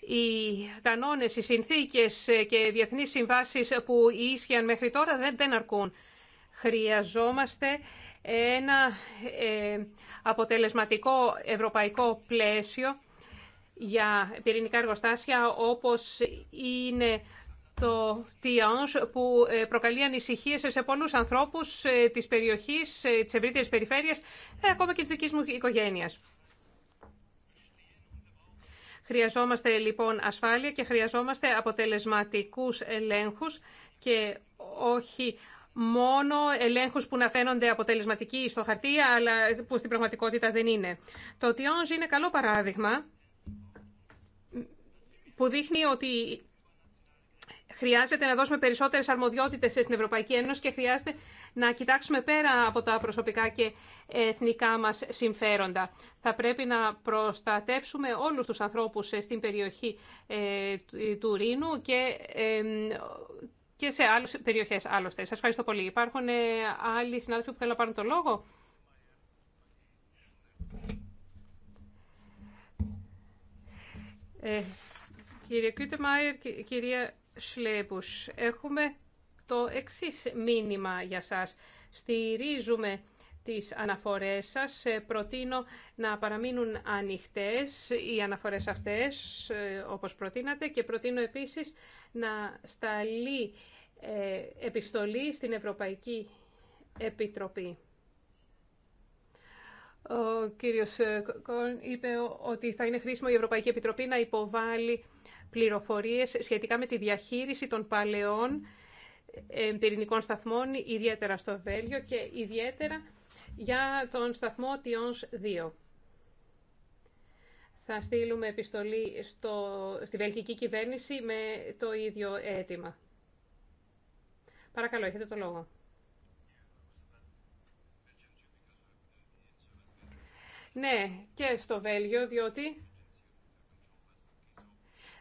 οι κανόνες, οι συνθήκες και διεθνείς συμβάσεις που ίσχυαν μέχρι τώρα δεν, αρκούν. Χρειαζόμαστε ένα ε, αποτελεσματικό ευρωπαϊκό πλαίσιο για πυρηνικά εργοστάσια όπως είναι το TIANS που ε, προκαλεί ανησυχίε σε πολλού ανθρώπους ε, τη περιοχής, της ευρύτερης περιφέρειας, ακόμα και τη δική μου οικογένεια. Χρειαζόμαστε λοιπόν ασφάλεια και χρειαζόμαστε αποτελεσματικούς ελέγχους και όχι μόνο ελέγχους που να φαίνονται αποτελεσματικοί στο χαρτί, αλλά που στην πραγματικότητα δεν είναι. Το Τιόνζ είναι καλό παράδειγμα που δείχνει ότι Χρειάζεται να δώσουμε περισσότερες αρμοδιότητες στην Ευρωπαϊκή Ένωση και χρειάζεται να κοιτάξουμε πέρα από τα προσωπικά και εθνικά μας συμφέροντα. Θα πρέπει να προστατεύσουμε όλους τους ανθρώπους ε, στην περιοχή ε, του Ρήνου και ε, και σε άλλες περιοχές άλλωστε. Σας ευχαριστώ πολύ. Υπάρχουν άλλοι συνάδελφοι που θέλουν να πάρουν το λόγο. Ε, κύριε κυρία Σλέπους. Έχουμε το εξής μήνυμα για σας. Στηρίζουμε τις αναφορές σας. Ε, προτείνω να παραμείνουν ανοιχτές οι αναφορές αυτές, ε, όπως προτείνατε, και προτείνω επίσης να σταλεί ε, επιστολή στην Ευρωπαϊκή Επιτροπή. Ο κύριος είπε ότι θα είναι χρήσιμο η Ευρωπαϊκή Επιτροπή να υποβάλει πληροφορίες σχετικά με τη διαχείριση των παλαιών ε, πυρηνικών σταθμών, ιδιαίτερα στο Βέλγιο και ιδιαίτερα για τον σταθμό Τιόνς 2. Θα στείλουμε επιστολή στο, στη βελγική κυβέρνηση με το ίδιο αίτημα. Παρακαλώ, έχετε το λόγο. Ναι, και στο Βέλγιο, διότι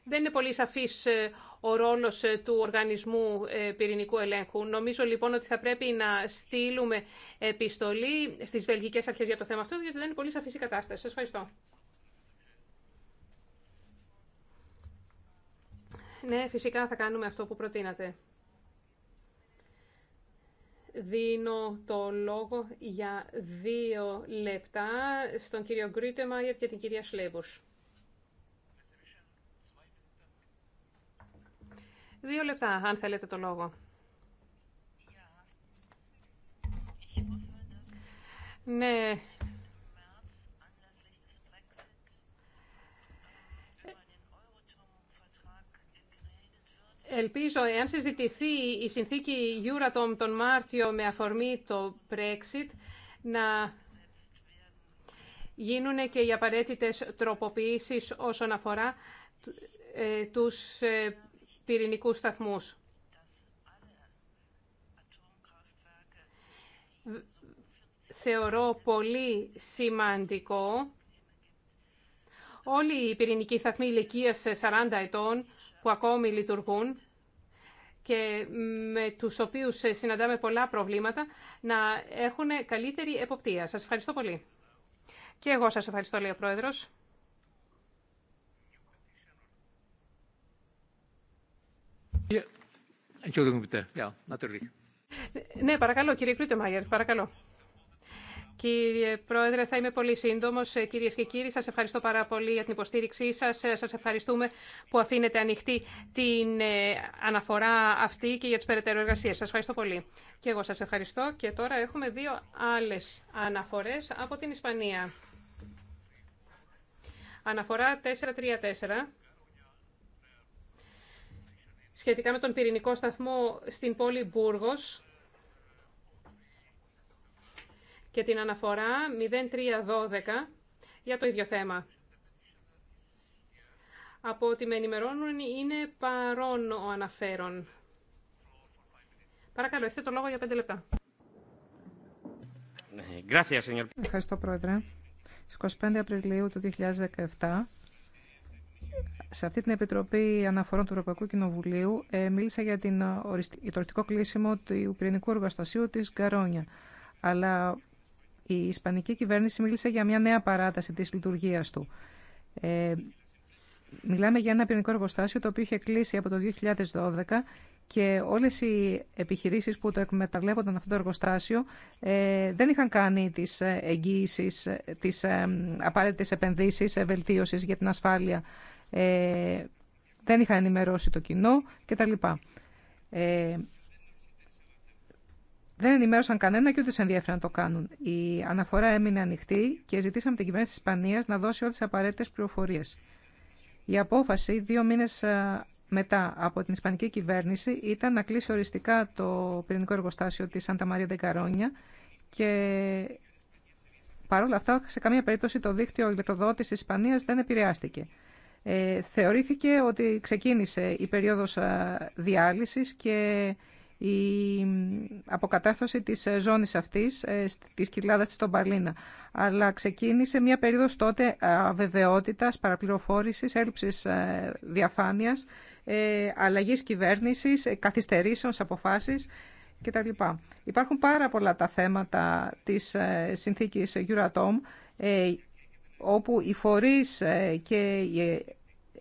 δεν είναι πολύ σαφής ε, ο ρόλος ε, του Οργανισμού ε, Πυρηνικού Ελέγχου. Νομίζω λοιπόν ότι θα πρέπει να στείλουμε επιστολή στις βελγικές αρχές για το θέμα αυτό, γιατί δεν είναι πολύ σαφής η κατάσταση. Σας ευχαριστώ. Ναι, φυσικά θα κάνουμε αυτό που προτείνατε. Δίνω το λόγο για δύο λεπτά στον κύριο Γκρίτεμαγερ και την κυρία Σλέβους. Δύο λεπτά, αν θέλετε το λόγο. Ναι. Ελπίζω, εάν συζητηθεί η συνθήκη Euratom τον Μάρτιο με αφορμή το Brexit, να γίνουν και οι απαραίτητες τροποποιήσεις όσον αφορά ε, τους ε, πυρηνικούς σταθμούς. Θεωρώ πολύ σημαντικό όλοι οι πυρηνικοί σταθμοί ηλικία 40 ετών που ακόμη λειτουργούν και με τους οποίους συναντάμε πολλά προβλήματα να έχουν καλύτερη εποπτεία. Σας ευχαριστώ πολύ. Και εγώ σας ευχαριστώ, λέει ο Πρόεδρος. Ε, ναι, παρακαλώ, κύριε Κρούτεμαγερ, παρακαλώ. Κύριε Πρόεδρε, θα είμαι πολύ σύντομο. Ε, Κυρίε και κύριοι, σα ευχαριστώ πάρα πολύ για την υποστήριξή σα. Ε, σα ευχαριστούμε που αφήνετε ανοιχτή την αναφορά αυτή και για τι περαιτέρω εργασίε. Σα ευχαριστώ πολύ. Και εγώ σα ευχαριστώ. Και τώρα έχουμε δύο άλλε αναφορέ από την Ισπανία. Αναφορά 434 σχετικά με τον πυρηνικό σταθμό στην πόλη Μπούργος και την αναφορά 0312 για το ίδιο θέμα. Από ό,τι με ενημερώνουν είναι παρόν ο αναφέρον. Παρακαλώ, έχετε το λόγο για πέντε λεπτά. Ευχαριστώ, Πρόεδρε. Στις 25 Απριλίου του 2017 σε αυτή την Επιτροπή Αναφορών του Ευρωπαϊκού Κοινοβουλίου ε, μίλησα για, την, ε, το οριστικό κλείσιμο του πυρηνικού εργοστασίου της Γκαρόνια. Αλλά η Ισπανική κυβέρνηση μίλησε για μια νέα παράταση της λειτουργίας του. Ε, μιλάμε για ένα πυρηνικό εργοστάσιο το οποίο είχε κλείσει από το 2012 και όλες οι επιχειρήσεις που το εκμεταλλεύονταν αυτό το εργοστάσιο ε, δεν είχαν κάνει τις ε, εγγύησεις, τις ε, απαραίτητες επενδύσεις, για την ασφάλεια ε, δεν είχαν ενημερώσει το κοινό κτλ. Ε, δεν ενημέρωσαν κανένα και ούτε σε ενδιαφέρει να το κάνουν. Η αναφορά έμεινε ανοιχτή και ζητήσαμε την κυβέρνηση της Ισπανίας να δώσει όλες τις απαραίτητες πληροφορίες. Η απόφαση δύο μήνες ε, μετά από την Ισπανική κυβέρνηση ήταν να κλείσει οριστικά το πυρηνικό εργοστάσιο της Σάντα Μαρία Ντεκαρόνια και παρόλα αυτά σε καμία περίπτωση το δίκτυο ηλεκτροδότης τη Ισπανίας δεν επηρεάστηκε. Ε, θεωρήθηκε ότι ξεκίνησε η περίοδος διάλυσης και η αποκατάσταση της ε, ζώνης αυτής, ε, της κοιλάδας στον Παλίνα. Αλλά ξεκίνησε μια περίοδος τότε αβεβαιότητας, παραπληροφόρησης, έλλειψης διαφάνειας, αλλαγής κυβέρνησης, καθυστερήσεων σε αποφάσεις κτλ. Υπάρχουν πάρα πολλά τα θέματα της συνθήκης Euratom, όπου οι φορείς και οι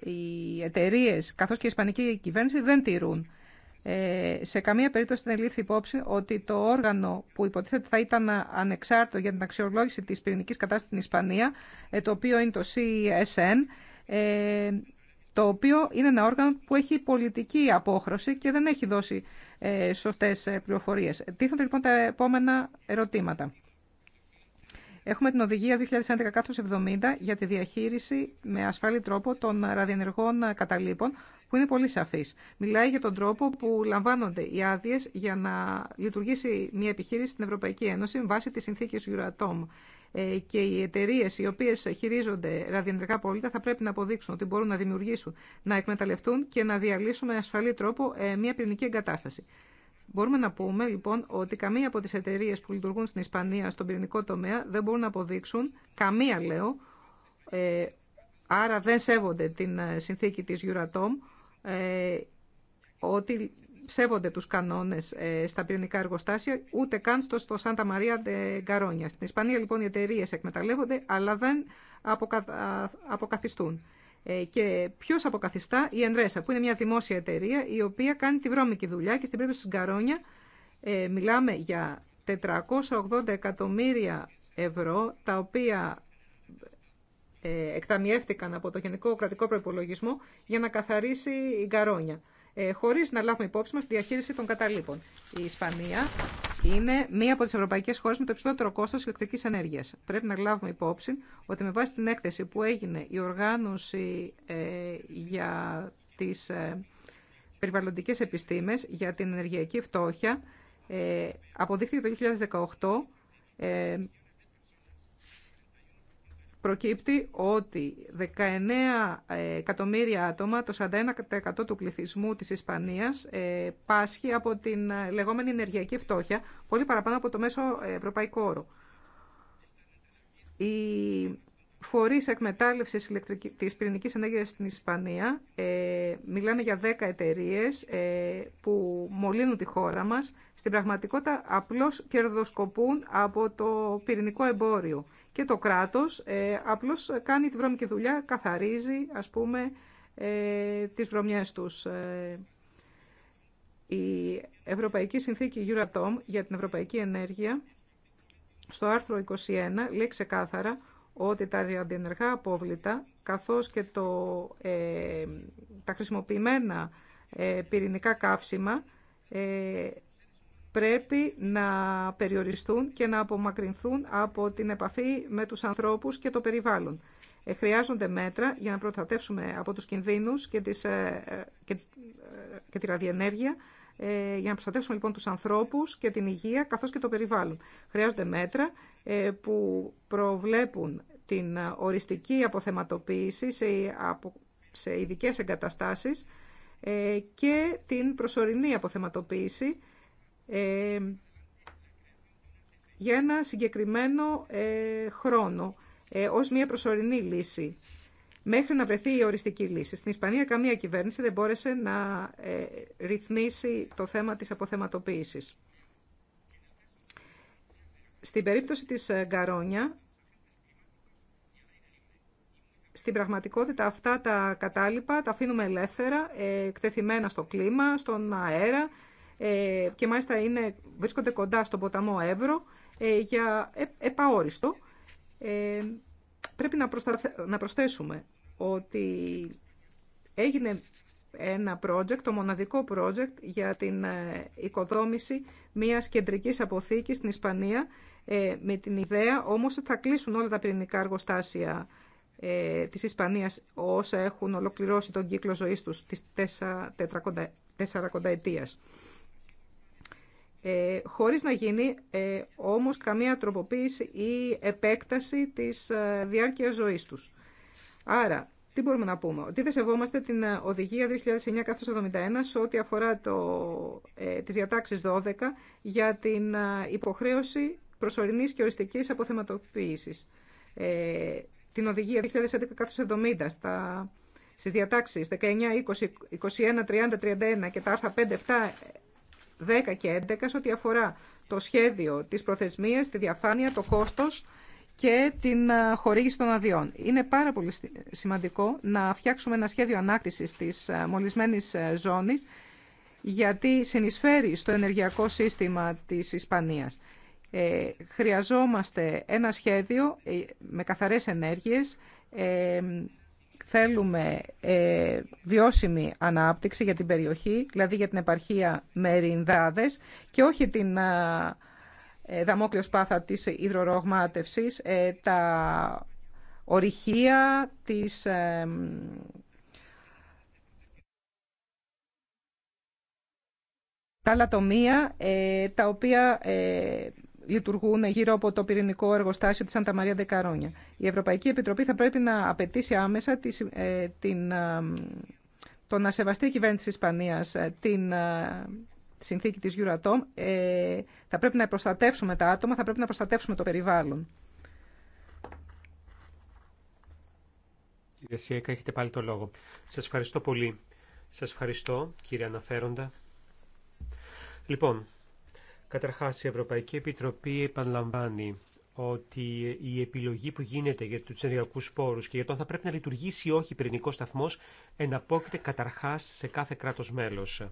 οι εταιρείε καθώς και η Ισπανική κυβέρνηση δεν τηρούν. Ε, σε καμία περίπτωση δεν λήφθη υπόψη ότι το όργανο που υποτίθεται θα ήταν ανεξάρτητο για την αξιολόγηση της πυρηνική κατάστασης στην Ισπανία, ε, το οποίο είναι το CSN, ε, το οποίο είναι ένα όργανο που έχει πολιτική απόχρωση και δεν έχει δώσει ε, σωστές ε, πληροφορίες. Τίθονται λοιπόν τα επόμενα ερωτήματα. Έχουμε την οδηγία 2011-70 για τη διαχείριση με ασφαλή τρόπο των ραδιενεργών καταλήπων, που είναι πολύ σαφή. Μιλάει για τον τρόπο που λαμβάνονται οι άδειε για να λειτουργήσει μια επιχείρηση στην Ευρωπαϊκή Ένωση βάσει τη συνθήκη Euratom. Ε, και οι εταιρείε οι οποίε χειρίζονται ραδιενεργά πόλητα θα πρέπει να αποδείξουν ότι μπορούν να δημιουργήσουν, να εκμεταλλευτούν και να διαλύσουν με ασφαλή τρόπο ε, μια πυρηνική εγκατάσταση. Μπορούμε να πούμε λοιπόν ότι καμία από τις εταιρείε που λειτουργούν στην Ισπανία στον πυρηνικό τομέα δεν μπορούν να αποδείξουν, καμία λέω, ε, άρα δεν σέβονται την ε, συνθήκη της Euratom, ε, ότι σέβονται τους κανόνες ε, στα πυρηνικά εργοστάσια, ούτε καν στο, στο Σάντα Μαρία Γκαρόνια. Στην Ισπανία λοιπόν οι εταιρείε εκμεταλλεύονται, αλλά δεν αποκαθιστούν. Ε, και ποιο αποκαθιστά η Ενρέσα, που είναι μια δημόσια εταιρεία η οποία κάνει τη βρώμικη δουλειά και στην περίπτωση τη Γκαρόνια ε, μιλάμε για 480 εκατομμύρια ευρώ τα οποία ε, εκταμιεύτηκαν από το Γενικό Κρατικό Προπολογισμό για να καθαρίσει η Γκαρόνια, ε, χωρίς να λάβουμε υπόψη μας τη διαχείριση των καταλήπων. Η Ισπανία είναι μία από τι ευρωπαϊκέ χώρε με το υψηλότερο κόστο ηλεκτρική ενέργεια. Πρέπει να λάβουμε υπόψη ότι με βάση την έκθεση που έγινε η οργάνωση ε, για τι ε, περιβαλλοντικέ επιστήμε για την ενεργειακή φτώχεια, ε, αποδείχθηκε το 2018 προκύπτει ότι 19 εκατομμύρια άτομα, το 41% του πληθυσμού της Ισπανίας, ε, πάσχει από την ε, λεγόμενη ενεργειακή φτώχεια, πολύ παραπάνω από το μέσο ευρωπαϊκό όρο. Οι φορείς εκμετάλλευσης της πυρηνικής ενέργειας στην Ισπανία, ε, μιλάμε για 10 εταιρείε που μολύνουν τη χώρα μας, στην πραγματικότητα απλώς κερδοσκοπούν από το πυρηνικό εμπόριο και το κράτος ε, απλώς κάνει τη βρώμικη δουλειά, καθαρίζει ας πούμε ε, τις βρωμιές τους. Ε, η Ευρωπαϊκή Συνθήκη Euratom για την Ευρωπαϊκή Ενέργεια στο άρθρο 21 λέει ξεκάθαρα ότι τα ραδιενεργά απόβλητα καθώς και το, ε, τα χρησιμοποιημένα ε, πυρηνικά καύσιμα πρέπει να περιοριστούν και να απομακρυνθούν από την επαφή με τους ανθρώπους και το περιβάλλον. Ε, χρειάζονται μέτρα για να προστατεύσουμε από τους κινδύνους και, τις, ε, ε, τη ραδιενέργεια, για να προστατεύσουμε λοιπόν τους ανθρώπους και την υγεία καθώς και το περιβάλλον. Χρειάζονται μέτρα που προβλέπουν την οριστική αποθεματοποίηση σε, από, σε ειδικές εγκαταστάσεις και την προσωρινή αποθεματοποίηση ε, για ένα συγκεκριμένο ε, χρόνο ε, ως μια προσωρινή λύση μέχρι να βρεθεί η οριστική λύση. Στην Ισπανία καμία κυβέρνηση δεν μπόρεσε να ε, ρυθμίσει το θέμα της αποθεματοποίησης. Στην περίπτωση της Γκαρόνια, στην πραγματικότητα αυτά τα κατάλοιπα τα αφήνουμε ελεύθερα, εκτεθειμένα στο κλίμα, στον αέρα, ε, και μάλιστα είναι, βρίσκονται κοντά στον ποταμό Εύρο ε, για ε, επαόριστο. πρέπει να, να προσθέσουμε ότι έγινε ένα project, το μοναδικό project για την οικοδόμηση μιας κεντρικής αποθήκης στην Ισπανία με την ιδέα όμως ότι θα κλείσουν όλα τα πυρηνικά εργοστάσια της Ισπανίας όσα έχουν ολοκληρώσει τον κύκλο ζωής τους της 4 ετίας ε, χωρίς να γίνει ε, όμως καμία τροποποίηση ή επέκταση της ε, διάρκειας ζωής τους. Άρα, τι μπορούμε να πούμε, ότι δεν σεβόμαστε την ε, οδηγία 2009-71 σε ό,τι αφορά το, ε, τις διατάξεις 12 για την ε, υποχρέωση προσωρινής και οριστικής αποθεματοποίησης. Ε, την οδηγία 2011-70 στα στις διατάξεις 19, 20, 21, 30, 31 και τα άρθρα 5, 7, 10 και 11 σε ό,τι αφορά το σχέδιο, τις προθεσμίες, τη διαφάνεια, το κόστος και την χορήγηση των αδειών. Είναι πάρα πολύ σημαντικό να φτιάξουμε ένα σχέδιο ανάκτησης της μολυσμένης ζώνης γιατί συνεισφέρει στο ενεργειακό σύστημα της Ισπανίας. Ε, χρειαζόμαστε ένα σχέδιο ε, με καθαρές ενέργειες, ε, Θέλουμε ε, βιώσιμη ανάπτυξη για την περιοχή, δηλαδή για την επαρχία Μερινδάδες και όχι την ε, δαμόκλειο σπάθα της υδρορογμάτευσης, ε, τα ορυχεία, της ε, τα λατομεία, ε, τα οποία λειτουργούν γύρω από το πυρηνικό εργοστάσιο τη Σαντα Μαρία Δεκαρόνια. Η Ευρωπαϊκή Επιτροπή θα πρέπει να απαιτήσει άμεσα ε, την, ε, το να σεβαστεί η κυβέρνηση της Ισπανίας ε, την συνθήκη της Euratom. θα πρέπει να προστατεύσουμε τα άτομα, θα πρέπει να προστατεύσουμε το περιβάλλον. Κύριε Σιέκα, έχετε πάλι το λόγο. Σας ευχαριστώ πολύ. Σας ευχαριστώ, κύριε Αναφέροντα. Λοιπόν, Καταρχάς, η Ευρωπαϊκή Επιτροπή επαναλαμβάνει ότι η επιλογή που γίνεται για τους ενεργειακούς πόρους και για το αν θα πρέπει να λειτουργήσει ή όχι πυρηνικός σταθμός εναπόκειται καταρχάς σε κάθε κράτος μέλος.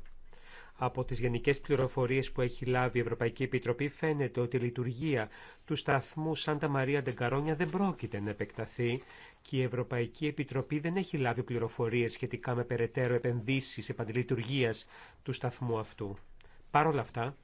Από τις γενικές πληροφορίες που έχει λάβει η Ευρωπαϊκή Επιτροπή φαίνεται ότι η λειτουργία του σταθμού Σάντα Μαρία Ντεγκαρόνια δεν πρόκειται να επεκταθεί και η Ευρωπαϊκή Επιτροπή δεν έχει λάβει πληροφορίες σχετικά με περαιτέρω επενδύσεις επαντηλειτουργίας του σταθμού αυτού. Παρ' όλα αυτά,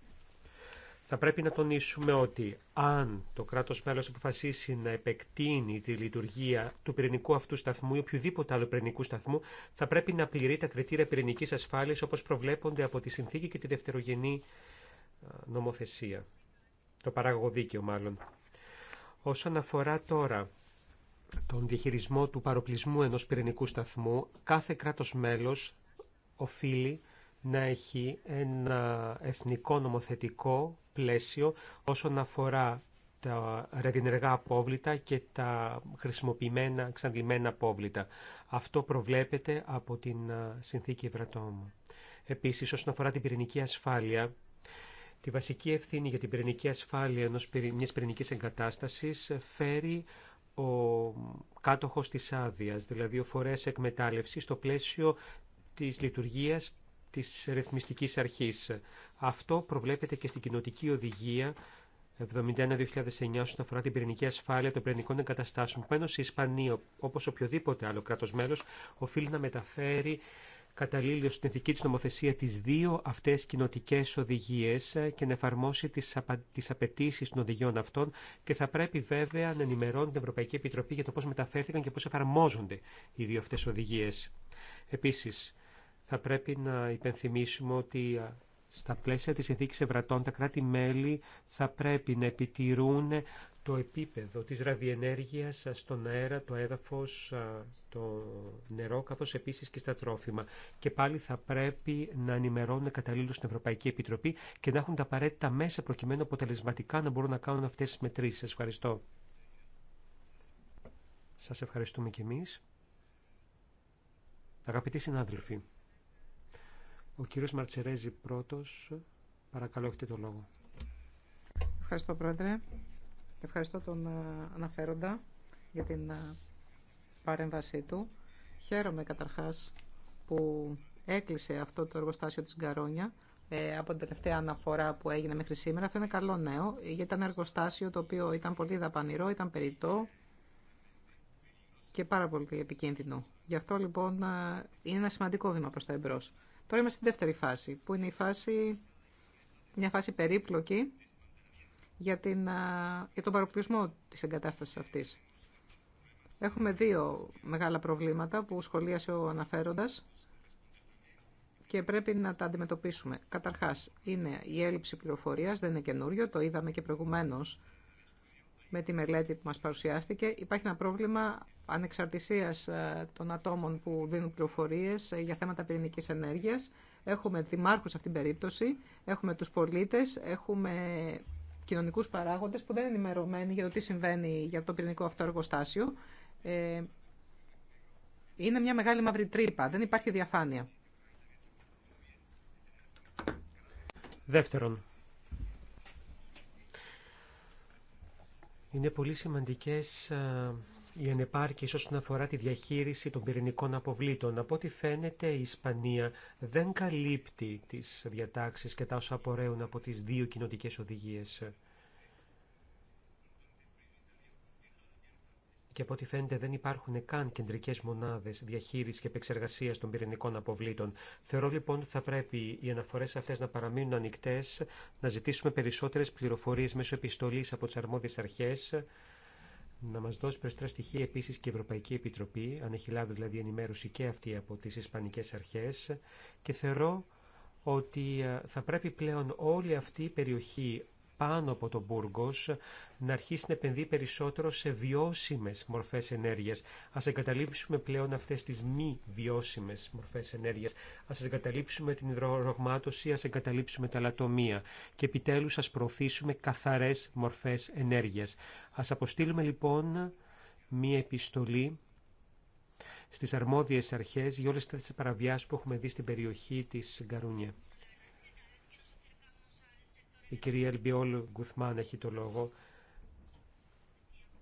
θα πρέπει να τονίσουμε ότι αν το κράτος μέλος αποφασίσει να επεκτείνει τη λειτουργία του πυρηνικού αυτού σταθμού ή οποιοδήποτε άλλο πυρηνικού σταθμού, θα πρέπει να πληρεί τα κριτήρια πυρηνικής ασφάλειας όπως προβλέπονται από τη συνθήκη και τη δευτερογενή νομοθεσία. Το παράγωγο δίκαιο μάλλον. Όσον αφορά τώρα τον διαχειρισμό του παροπλισμού ενός πυρηνικού σταθμού, κάθε κράτος μέλος οφείλει να έχει ένα εθνικό νομοθετικό όσον αφορά τα ρεδινεργά απόβλητα και τα χρησιμοποιημένα, ξαντλημένα απόβλητα. Αυτό προβλέπεται από την συνθήκη Ευρατόμου. Επίσης, όσον αφορά την πυρηνική ασφάλεια, τη βασική ευθύνη για την πυρηνική ασφάλεια ενός, μιας πυρηνικής εγκατάστασης φέρει ο κάτοχος της άδειας, δηλαδή ο φορέας εκμετάλλευση στο πλαίσιο της λειτουργίας της ρυθμιστικής αρχής. Αυτό προβλέπεται και στην κοινοτική οδηγία 71-2009 όσον αφορά την πυρηνική ασφάλεια των πυρηνικών εγκαταστάσεων. πάνω η Ισπανία, όπως οποιοδήποτε άλλο κράτος μέλος οφείλει να μεταφέρει καταλήλω στην δική της νομοθεσία τις δύο αυτές κοινοτικέ οδηγίες και να εφαρμόσει τις απα... απαιτήσει των οδηγιών αυτών και θα πρέπει βέβαια να ενημερώνει την Ευρωπαϊκή Επιτροπή για το πώ μεταφέρθηκαν και πώ εφαρμόζονται οι δύο αυτέ οδηγίε. Επίση, θα πρέπει να υπενθυμίσουμε ότι στα πλαίσια της συνθήκης Ευρατών τα κράτη-μέλη θα πρέπει να επιτηρούν το επίπεδο της ραδιενέργειας στον αέρα, το έδαφος, το νερό, καθώς επίσης και στα τρόφιμα. Και πάλι θα πρέπει να ενημερώνουν καταλήλως στην Ευρωπαϊκή Επιτροπή και να έχουν τα απαραίτητα μέσα προκειμένου αποτελεσματικά να μπορούν να κάνουν αυτές τις μετρήσεις. Σας ευχαριστώ. Σας ευχαριστούμε κι εμείς. Αγαπητοί συνάδελφοι, ο κύριος Μαρτσερέζη πρώτος. Παρακαλώ, έχετε το λόγο. Ευχαριστώ, Πρόεδρε. Ευχαριστώ τον ε, αναφέροντα για την ε, παρέμβασή του. Χαίρομαι καταρχάς που έκλεισε αυτό το εργοστάσιο της Γκαρόνια ε, από την τελευταία αναφορά που έγινε μέχρι σήμερα. Αυτό είναι καλό νέο, γιατί ήταν εργοστάσιο το οποίο ήταν πολύ δαπανηρό, ήταν περιττό και πάρα πολύ επικίνδυνο. Γι' αυτό λοιπόν είναι ένα σημαντικό βήμα προς τα εμπρός. Τώρα είμαστε στη δεύτερη φάση, που είναι η φάση, μια φάση περίπλοκη για, την, για τον παροπλισμό της εγκατάστασης αυτής. Έχουμε δύο μεγάλα προβλήματα που σχολίασε ο αναφέροντας και πρέπει να τα αντιμετωπίσουμε. Καταρχάς, είναι η έλλειψη πληροφορίας, δεν είναι καινούριο, το είδαμε και προηγουμένως με τη μελέτη που μας παρουσιάστηκε. Υπάρχει ένα πρόβλημα ανεξαρτησίας ε, των ατόμων που δίνουν πληροφορίες ε, για θέματα πυρηνικής ενέργειας. Έχουμε δημάρχους σε αυτήν την περίπτωση, έχουμε τους πολίτες, έχουμε κοινωνικούς παράγοντες που δεν είναι ενημερωμένοι για το τι συμβαίνει για το πυρηνικό αυτό εργοστάσιο. Ε, είναι μια μεγάλη μαύρη τρύπα, δεν υπάρχει διαφάνεια. Δεύτερον, είναι πολύ σημαντικές η ανεπάρκειες όσον αφορά τη διαχείριση των πυρηνικών αποβλήτων. Από ό,τι φαίνεται η Ισπανία δεν καλύπτει τις διατάξεις και τα όσα απορρέουν από τις δύο κοινοτικέ οδηγίες. Και από ό,τι φαίνεται δεν υπάρχουν καν κεντρικές μονάδες διαχείρισης και επεξεργασίας των πυρηνικών αποβλήτων. Θεωρώ λοιπόν ότι θα πρέπει οι αναφορές αυτές να παραμείνουν ανοιχτές, να ζητήσουμε περισσότερες πληροφορίες μέσω επιστολής από τις αρμόδιες αρχές να μας δώσει περισσότερα στοιχεία επίσης και η Ευρωπαϊκή Επιτροπή, αν έχει λάβει δηλαδή ενημέρωση και αυτή από τις Ισπανικές Αρχές και θεωρώ ότι ε, θα πρέπει πλέον όλη αυτή η περιοχή πάνω από τον Μπουργκος να αρχίσει να επενδύει περισσότερο σε βιώσιμες μορφές ενέργειας. Ας εγκαταλείψουμε πλέον αυτές τις μη βιώσιμες μορφές ενέργειας. Ας εγκαταλείψουμε την υδρορογμάτωση, ας εγκαταλείψουμε τα λατομία και επιτέλους ας προωθήσουμε καθαρές μορφές ενέργειας. Ας αποστείλουμε λοιπόν μία επιστολή στις αρμόδιες αρχές για όλες τις παραβιάσεις που έχουμε δει στην περιοχή της Γκαρούνια. Η κυρία Ελμπιόλ Γκουθμάν έχει το λόγο.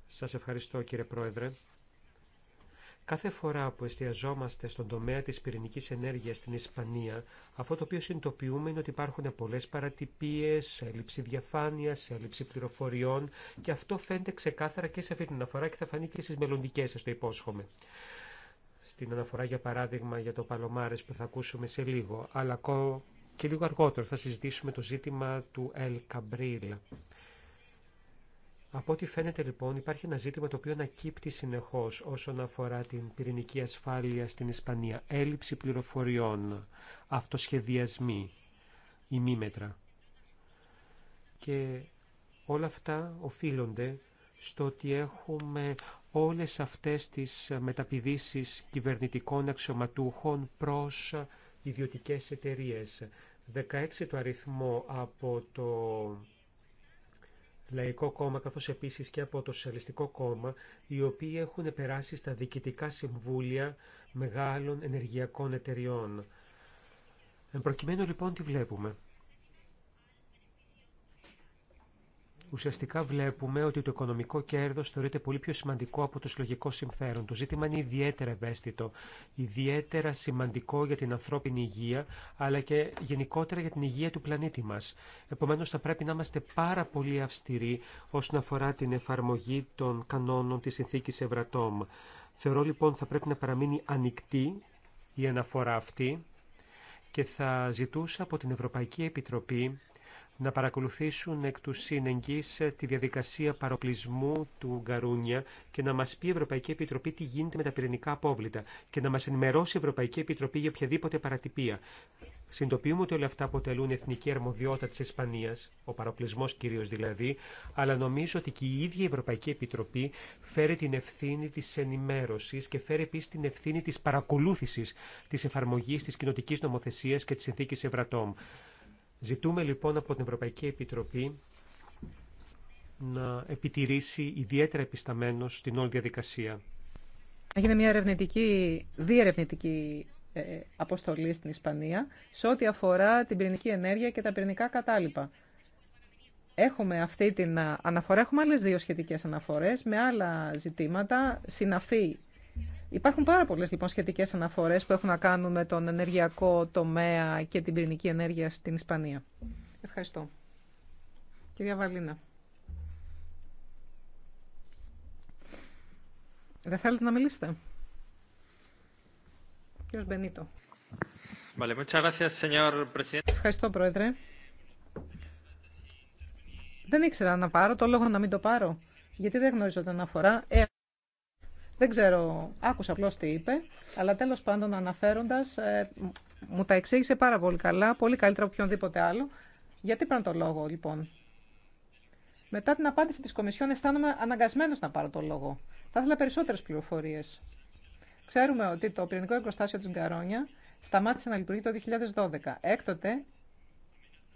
Σας ευχαριστώ κύριε Πρόεδρε. Κάθε φορά που εστιαζόμαστε στον τομέα της πυρηνικής ενέργειας στην Ισπανία, αυτό το οποίο συνειδητοποιούμε είναι ότι υπάρχουν πολλές παρατυπίες, έλλειψη διαφάνειας, έλλειψη πληροφοριών και αυτό φαίνεται ξεκάθαρα και σε αυτή την αναφορά και θα φανεί και στις μελλοντικές, σας το υπόσχομαι. Στην αναφορά για παράδειγμα για το παλωμάρες που θα ακούσουμε σε λίγο, αλλά και λίγο αργότερο θα συζητήσουμε το ζήτημα του El Καμπρίλ. Από ό,τι φαίνεται λοιπόν υπάρχει ένα ζήτημα το οποίο ανακύπτει συνεχώς όσον αφορά την πυρηνική ασφάλεια στην Ισπανία. Έλλειψη πληροφοριών, αυτοσχεδιασμοί, ημίμετρα. Και όλα αυτά οφείλονται στο ότι έχουμε όλες αυτές τις μεταπηδήσεις κυβερνητικών αξιωματούχων προς ιδιωτικές εταιρείες. 16 το αριθμό από το Λαϊκό Κόμμα καθώς επίσης και από το Σοσιαλιστικό Κόμμα οι οποίοι έχουν περάσει στα διοικητικά συμβούλια μεγάλων ενεργειακών εταιριών. Εν λοιπόν τι βλέπουμε. ουσιαστικά βλέπουμε ότι το οικονομικό κέρδος θεωρείται πολύ πιο σημαντικό από το συλλογικό συμφέρον. Το ζήτημα είναι ιδιαίτερα ευαίσθητο, ιδιαίτερα σημαντικό για την ανθρώπινη υγεία, αλλά και γενικότερα για την υγεία του πλανήτη μας. Επομένως, θα πρέπει να είμαστε πάρα πολύ αυστηροί όσον αφορά την εφαρμογή των κανόνων της συνθήκης Ευρατόμ. Θεωρώ λοιπόν θα πρέπει να παραμείνει ανοιχτή η αναφορά αυτή και θα ζητούσα από την Ευρωπαϊκή Επιτροπή να παρακολουθήσουν εκ του σύνεγγυς ε, τη διαδικασία παροπλισμού του Γκαρούνια και να μας πει η Ευρωπαϊκή Επιτροπή τι γίνεται με τα πυρηνικά απόβλητα και να μας ενημερώσει η Ευρωπαϊκή Επιτροπή για οποιαδήποτε παρατυπία. Συντοποιούμε ότι όλα αυτά αποτελούν εθνική αρμοδιότητα της Ισπανίας, ο παροπλισμός κυρίως δηλαδή, αλλά νομίζω ότι και η ίδια η Ευρωπαϊκή Επιτροπή φέρει την ευθύνη της ενημέρωσης και φέρει επίση την ευθύνη της παρακολούθησης της εφαρμογής της κοινοτικής νομοθεσίας και της συνθήκης Ευρατόμ. Ζητούμε λοιπόν από την Ευρωπαϊκή Επιτροπή να επιτηρήσει ιδιαίτερα επισταμένος την όλη διαδικασία. Έγινε μια ερευνητική, διερευνητική ε, αποστολή στην Ισπανία σε ό,τι αφορά την πυρηνική ενέργεια και τα πυρηνικά κατάλοιπα. Έχουμε αυτή την ε, αναφορά, έχουμε άλλες δύο σχετικές αναφορές με άλλα ζητήματα, συναφή Υπάρχουν πάρα πολλέ λοιπόν σχετικέ αναφορέ που έχουν να κάνουν με τον ενεργειακό τομέα και την πυρηνική ενέργεια στην Ισπανία. Ευχαριστώ. Κυρία Βαλίνα. Δεν θέλετε να μιλήσετε. Κύριος Μπενίτο. Ευχαριστώ, Πρόεδρε. Δεν ήξερα να πάρω το λόγο να μην το πάρω, γιατί δεν γνωρίζω την αναφορά. Ε, δεν ξέρω, άκουσα απλώ τι είπε, αλλά τέλο πάντων αναφέροντα, ε, μου τα εξήγησε πάρα πολύ καλά, πολύ καλύτερα από οποιονδήποτε άλλο. Γιατί παίρνω το λόγο, λοιπόν. Μετά την απάντηση τη Κομισιόν, αισθάνομαι αναγκασμένο να πάρω το λόγο. Θα ήθελα περισσότερε πληροφορίε. Ξέρουμε ότι το πυρηνικό εγκροστάσιο τη Γκαρόνια σταμάτησε να λειτουργεί το 2012. Έκτοτε,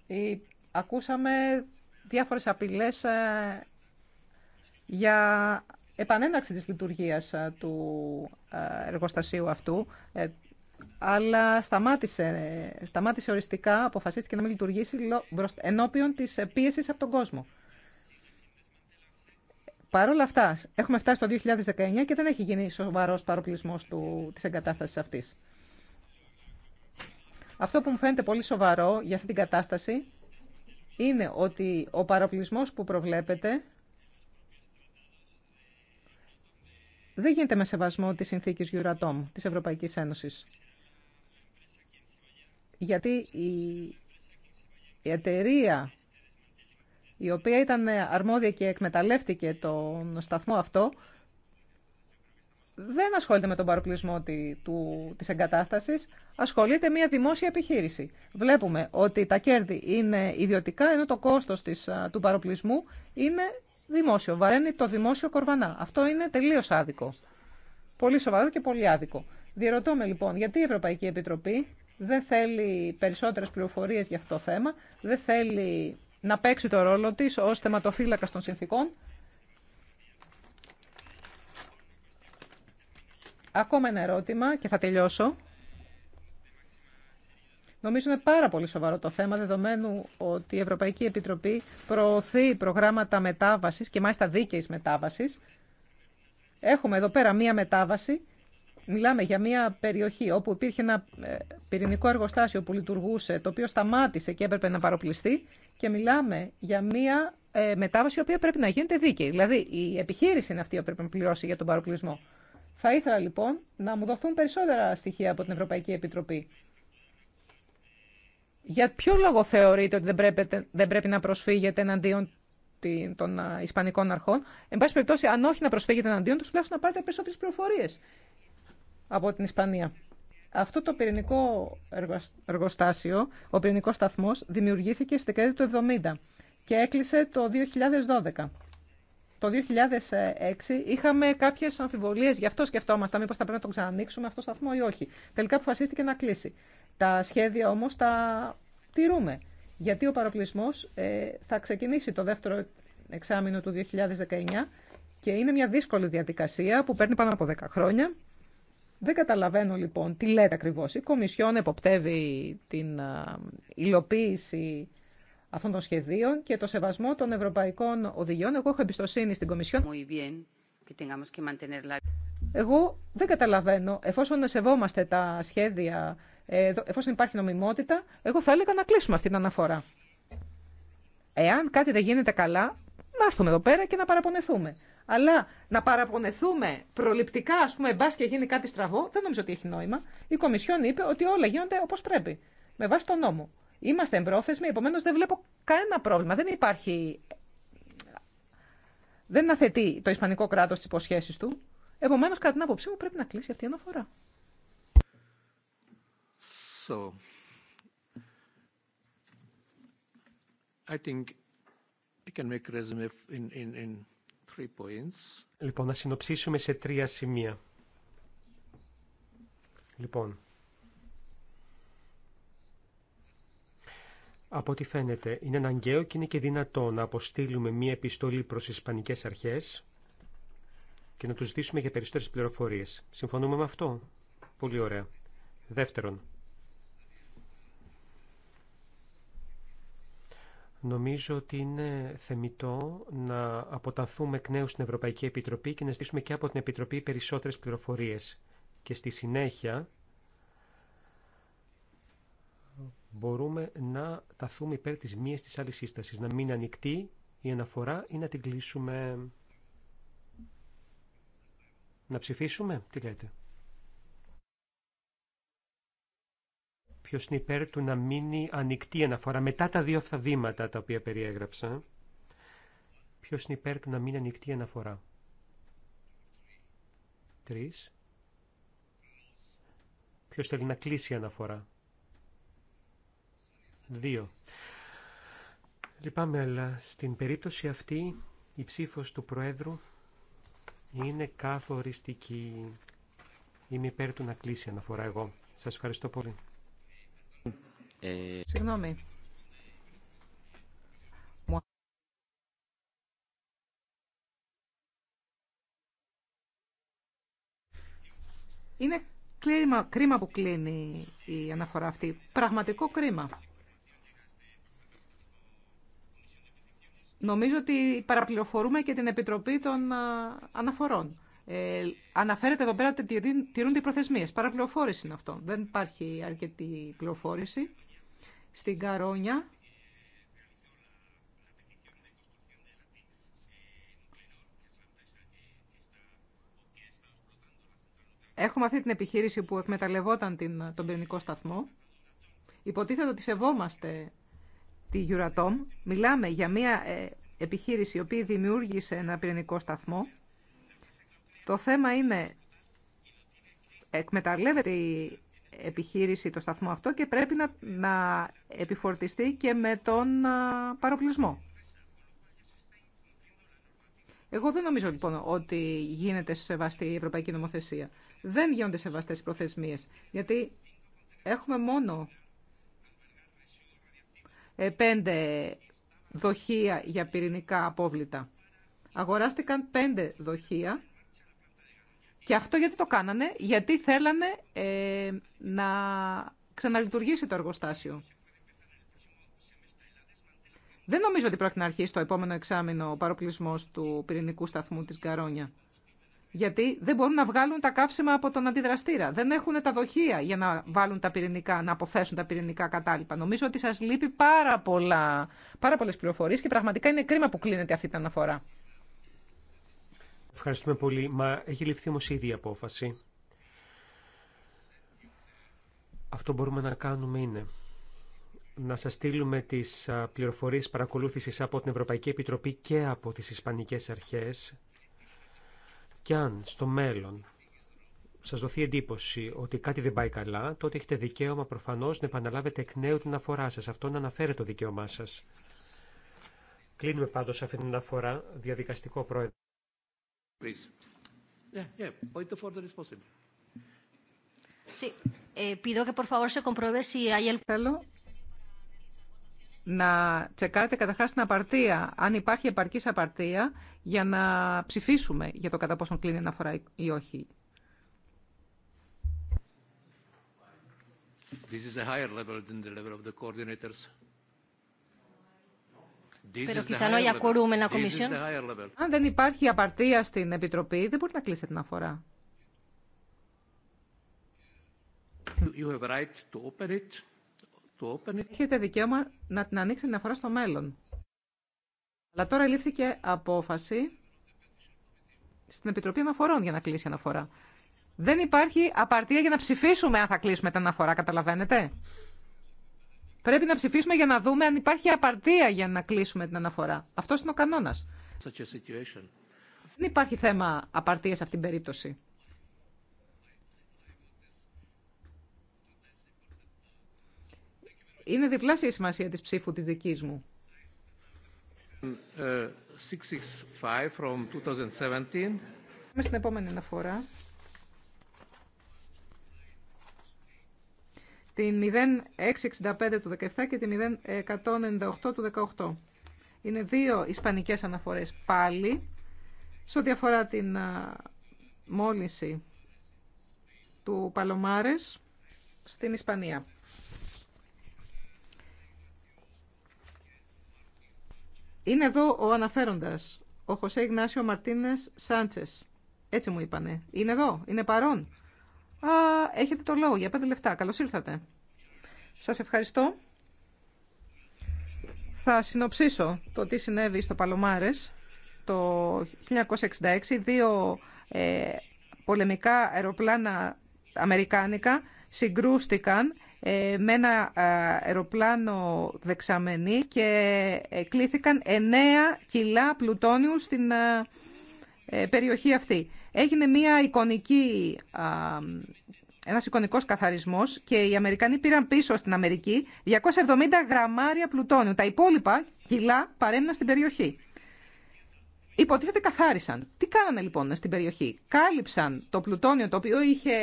η... ακούσαμε διάφορες απειλές ε, για επανέναρξη της λειτουργίας ε, του ε, εργοστασίου αυτού, ε, αλλά σταμάτησε, σταμάτησε οριστικά, αποφασίστηκε να μην λειτουργήσει ενώπιον της πίεσης από τον κόσμο. Παρ' όλα αυτά, έχουμε φτάσει το 2019 και δεν έχει γίνει σοβαρός παροπλισμός του, της εγκατάστασης αυτής. Αυτό που μου φαίνεται πολύ σοβαρό για αυτή την κατάσταση είναι ότι ο παροπλισμός που προβλέπεται δεν γίνεται με σεβασμό τη συνθήκη Euratom, της Ευρωπαϊκής Ένωσης. Γιατί η, εταιρεία η οποία ήταν αρμόδια και εκμεταλλεύτηκε τον σταθμό αυτό, δεν ασχολείται με τον παροπλισμό του, της εγκατάστασης, ασχολείται μια δημόσια επιχείρηση. Βλέπουμε ότι τα κέρδη είναι ιδιωτικά, ενώ το κόστος του παροπλισμού είναι δημόσιο. Βαραίνει το δημόσιο κορβανά. Αυτό είναι τελείω άδικο. Πολύ σοβαρό και πολύ άδικο. Διερωτώ με λοιπόν, γιατί η Ευρωπαϊκή Επιτροπή δεν θέλει περισσότερες πληροφορίες για αυτό το θέμα, δεν θέλει να παίξει το ρόλο της ως θεματοφύλακα των συνθήκων. Ακόμα ένα ερώτημα και θα τελειώσω. Νομίζω είναι πάρα πολύ σοβαρό το θέμα, δεδομένου ότι η Ευρωπαϊκή Επιτροπή προωθεί προγράμματα μετάβαση και μάλιστα δίκαιη μετάβαση. Έχουμε εδώ πέρα μία μετάβαση. Μιλάμε για μία περιοχή όπου υπήρχε ένα ε, πυρηνικό εργοστάσιο που λειτουργούσε, το οποίο σταμάτησε και έπρεπε να παροπληστεί. Και μιλάμε για μία ε, μετάβαση η οποία πρέπει να γίνεται δίκαιη. Δηλαδή η επιχείρηση είναι αυτή που πρέπει να πληρώσει για τον παροπλισμό. Θα ήθελα λοιπόν να μου δοθούν περισσότερα στοιχεία από την Ευρωπαϊκή Επιτροπή για ποιο λόγο θεωρείτε ότι δεν πρέπει, δεν πρέπει να προσφύγετε εναντίον των Ισπανικών αρχών. Εν πάση περιπτώσει, αν όχι να προσφύγετε εναντίον του, τουλάχιστον να πάρετε περισσότερε πληροφορίε από την Ισπανία. Αυτό το πυρηνικό εργοστάσιο, ο πυρηνικό σταθμό, δημιουργήθηκε στη δεκαετία του 70 και έκλεισε το 2012. Το 2006 είχαμε κάποιε αμφιβολίε, γι' αυτό σκεφτόμασταν μήπω θα πρέπει να τον ξανανοίξουμε αυτό το σταθμό ή όχι. Τελικά αποφασίστηκε να κλείσει. Τα σχέδια όμως τα τηρούμε, γιατί ο παροπλισμός ε, θα ξεκινήσει το δεύτερο εξάμεινο του 2019 και είναι μια δύσκολη διαδικασία που παίρνει πάνω από 10 χρόνια. Δεν καταλαβαίνω λοιπόν τι λέτε ακριβώς. Η Κομισιόν εποπτεύει την υλοποίηση αυτών των σχεδίων και το σεβασμό των ευρωπαϊκών οδηγιών. Εγώ έχω εμπιστοσύνη στην Κομισιόν. Εγώ δεν καταλαβαίνω, εφόσον σεβόμαστε τα σχέδια ε, εφόσον υπάρχει νομιμότητα, εγώ θα έλεγα να κλείσουμε αυτή την αναφορά. Εάν κάτι δεν γίνεται καλά, να έρθουμε εδώ πέρα και να παραπονεθούμε. Αλλά να παραπονεθούμε προληπτικά, α πούμε, μπα και γίνει κάτι στραβό, δεν νομίζω ότι έχει νόημα. Η Κομισιόν είπε ότι όλα γίνονται όπω πρέπει, με βάση τον νόμο. Είμαστε εμπρόθεσμοι, επομένω δεν βλέπω κανένα πρόβλημα. Δεν υπάρχει. Δεν αθετεί το Ισπανικό κράτο τι υποσχέσει του. Επομένω, κατά την άποψή μου, πρέπει να κλείσει αυτή η αναφορά. So I think can make resume in, in, in three points. Λοιπόν, να συνοψίσουμε σε τρία σημεία. Λοιπόν, από ό,τι φαίνεται, είναι αναγκαίο και είναι και δυνατό να αποστείλουμε μία επιστολή προς τις Ισπανικές Αρχές και να τους ζητήσουμε για περισσότερες πληροφορίες. Συμφωνούμε με αυτό. Πολύ ωραία. Δεύτερον, Νομίζω ότι είναι θεμητό να αποταθούμε εκ νέου στην Ευρωπαϊκή Επιτροπή και να ζητήσουμε και από την Επιτροπή περισσότερες πληροφορίες. Και στη συνέχεια μπορούμε να ταθούμε υπέρ της μίας της άλλης σύστασης, να μην ανοιχτεί η αναφορά ή να την κλείσουμε. Να ψηφίσουμε, τι λέτε. Ποιο είναι υπέρ του να μείνει ανοιχτή αναφορά μετά τα δύο αυτά βήματα τα οποία περιέγραψα. Ποιο είναι υπέρ του να μείνει ανοιχτή αναφορά. Τρει. Ποιο θέλει να κλείσει αναφορά. Δύο. Λυπάμαι, αλλά στην περίπτωση αυτή η ψήφος του Προέδρου είναι καθοριστική. Είμαι υπέρ του να κλείσει αναφορά εγώ. Σας ευχαριστώ πολύ. Ε, είναι κρίμα, κρίμα που κλείνει η αναφορά αυτή. Πραγματικό κρίμα. Νομίζω ότι παραπληροφορούμε και την Επιτροπή των Αναφορών. Ε, αναφέρεται εδώ πέρα ότι τηρούνται οι προθεσμίες. Παραπληροφόρηση είναι αυτό. Δεν υπάρχει αρκετή πληροφόρηση στην Καρόνια. Έχουμε αυτή την επιχείρηση που εκμεταλλευόταν τον πυρηνικό σταθμό. Υποτίθεται ότι σεβόμαστε τη Euratom. Μιλάμε για μια ε, επιχείρηση η οποία δημιούργησε ένα πυρηνικό σταθμό. Το θέμα είναι εκμεταλλεύεται η επιχείρηση το σταθμό αυτό και πρέπει να, να επιφορτιστεί και με τον παροπλισμό. Εγώ δεν νομίζω λοιπόν ότι γίνεται σεβαστή η Ευρωπαϊκή Νομοθεσία. Δεν γίνονται σεβαστές οι προθεσμίες, γιατί έχουμε μόνο ε, πέντε δοχεία για πυρηνικά απόβλητα. Αγοράστηκαν πέντε δοχεία και αυτό γιατί το κάνανε, γιατί θέλανε ε, να ξαναλειτουργήσει το εργοστάσιο. Δεν νομίζω ότι πρόκειται να αρχίσει το επόμενο εξάμεινο ο παροπλισμός του πυρηνικού σταθμού της Γκαρόνια. Γιατί δεν μπορούν να βγάλουν τα κάψιμα από τον αντιδραστήρα. Δεν έχουν τα δοχεία για να βάλουν τα πυρηνικά, να αποθέσουν τα πυρηνικά κατάλοιπα. Νομίζω ότι σας λείπει πάρα, πάρα πληροφορίες και πραγματικά είναι κρίμα που κλείνεται αυτή την αναφορά. Ευχαριστούμε πολύ. Μα έχει ληφθεί όμω ήδη η απόφαση. Αυτό μπορούμε να κάνουμε είναι να σας στείλουμε τις πληροφορίες παρακολούθησης από την Ευρωπαϊκή Επιτροπή και από τις Ισπανικές Αρχές και αν στο μέλλον σας δοθεί εντύπωση ότι κάτι δεν πάει καλά, τότε έχετε δικαίωμα προφανώς να επαναλάβετε εκ νέου την αφορά σας. Αυτό να αναφέρετε το δικαίωμά σας. Κλείνουμε πάντως αυτή την αναφορά διαδικαστικό πρόεδρο. Please. Yeah, yeah. Point of order is possible. Sí. Eh, pido que por favor se compruebe si hay el... Θέλω να τσεκάρετε καταρχάς την απαρτία, αν υπάρχει επαρκής απαρτία, για να ψηφίσουμε για το κατά πόσον κλείνει αναφορά ή όχι. This is a higher level than the level of the coordinators. Pero quizá no haya quórum en Αν δεν υπάρχει απαρτία στην Επιτροπή, δεν μπορεί να κλείσετε την αφορά. Έχετε δικαίωμα να την ανοίξετε την αφορά στο μέλλον. Αλλά τώρα λήφθηκε απόφαση στην Επιτροπή Αναφορών για να κλείσει η αναφορά. Δεν υπάρχει απαρτία για να ψηφίσουμε αν θα κλείσουμε την αναφορά, καταλαβαίνετε. Πρέπει να ψηφίσουμε για να δούμε αν υπάρχει απαρτία για να κλείσουμε την αναφορά. Αυτό είναι ο κανόνα. Δεν υπάρχει θέμα απαρτία σε αυτήν την περίπτωση. Είναι διπλάσια η σημασία της ψήφου της δικής μου. 665 ε, Είμαι στην επόμενη αναφορά. την 0665 του 17 και την 0198 του 18. Είναι δύο ισπανικές αναφορές πάλι. Σε ό,τι αφορά την μόλυνση του Παλομάρες στην Ισπανία. Είναι εδώ ο αναφέροντας, ο Χωσέ Γνάσιο Μαρτίνες Σάντσες. Έτσι μου είπανε. Είναι εδώ, είναι παρόν. Α, έχετε το λόγο για πέντε λεφτά. Καλώ ήρθατε. Σα ευχαριστώ. Θα συνοψίσω το τι συνέβη στο Παλομάρες το 1966. Δύο ε, πολεμικά αεροπλάνα αμερικάνικα συγκρούστηκαν ε, με ένα ε, αεροπλάνο δεξαμενή και κλήθηκαν 9 κιλά πλουτόνιου στην περιοχή αυτή. Έγινε μια εικονική, ένας εικονικός καθαρισμός και οι Αμερικανοί πήραν πίσω στην Αμερική 270 γραμμάρια πλουτόνιου. Τα υπόλοιπα κιλά παρέμειναν στην περιοχή. Υποτίθεται καθάρισαν. Τι κάνανε λοιπόν στην περιοχή. Κάλυψαν το πλουτόνιο το οποίο είχε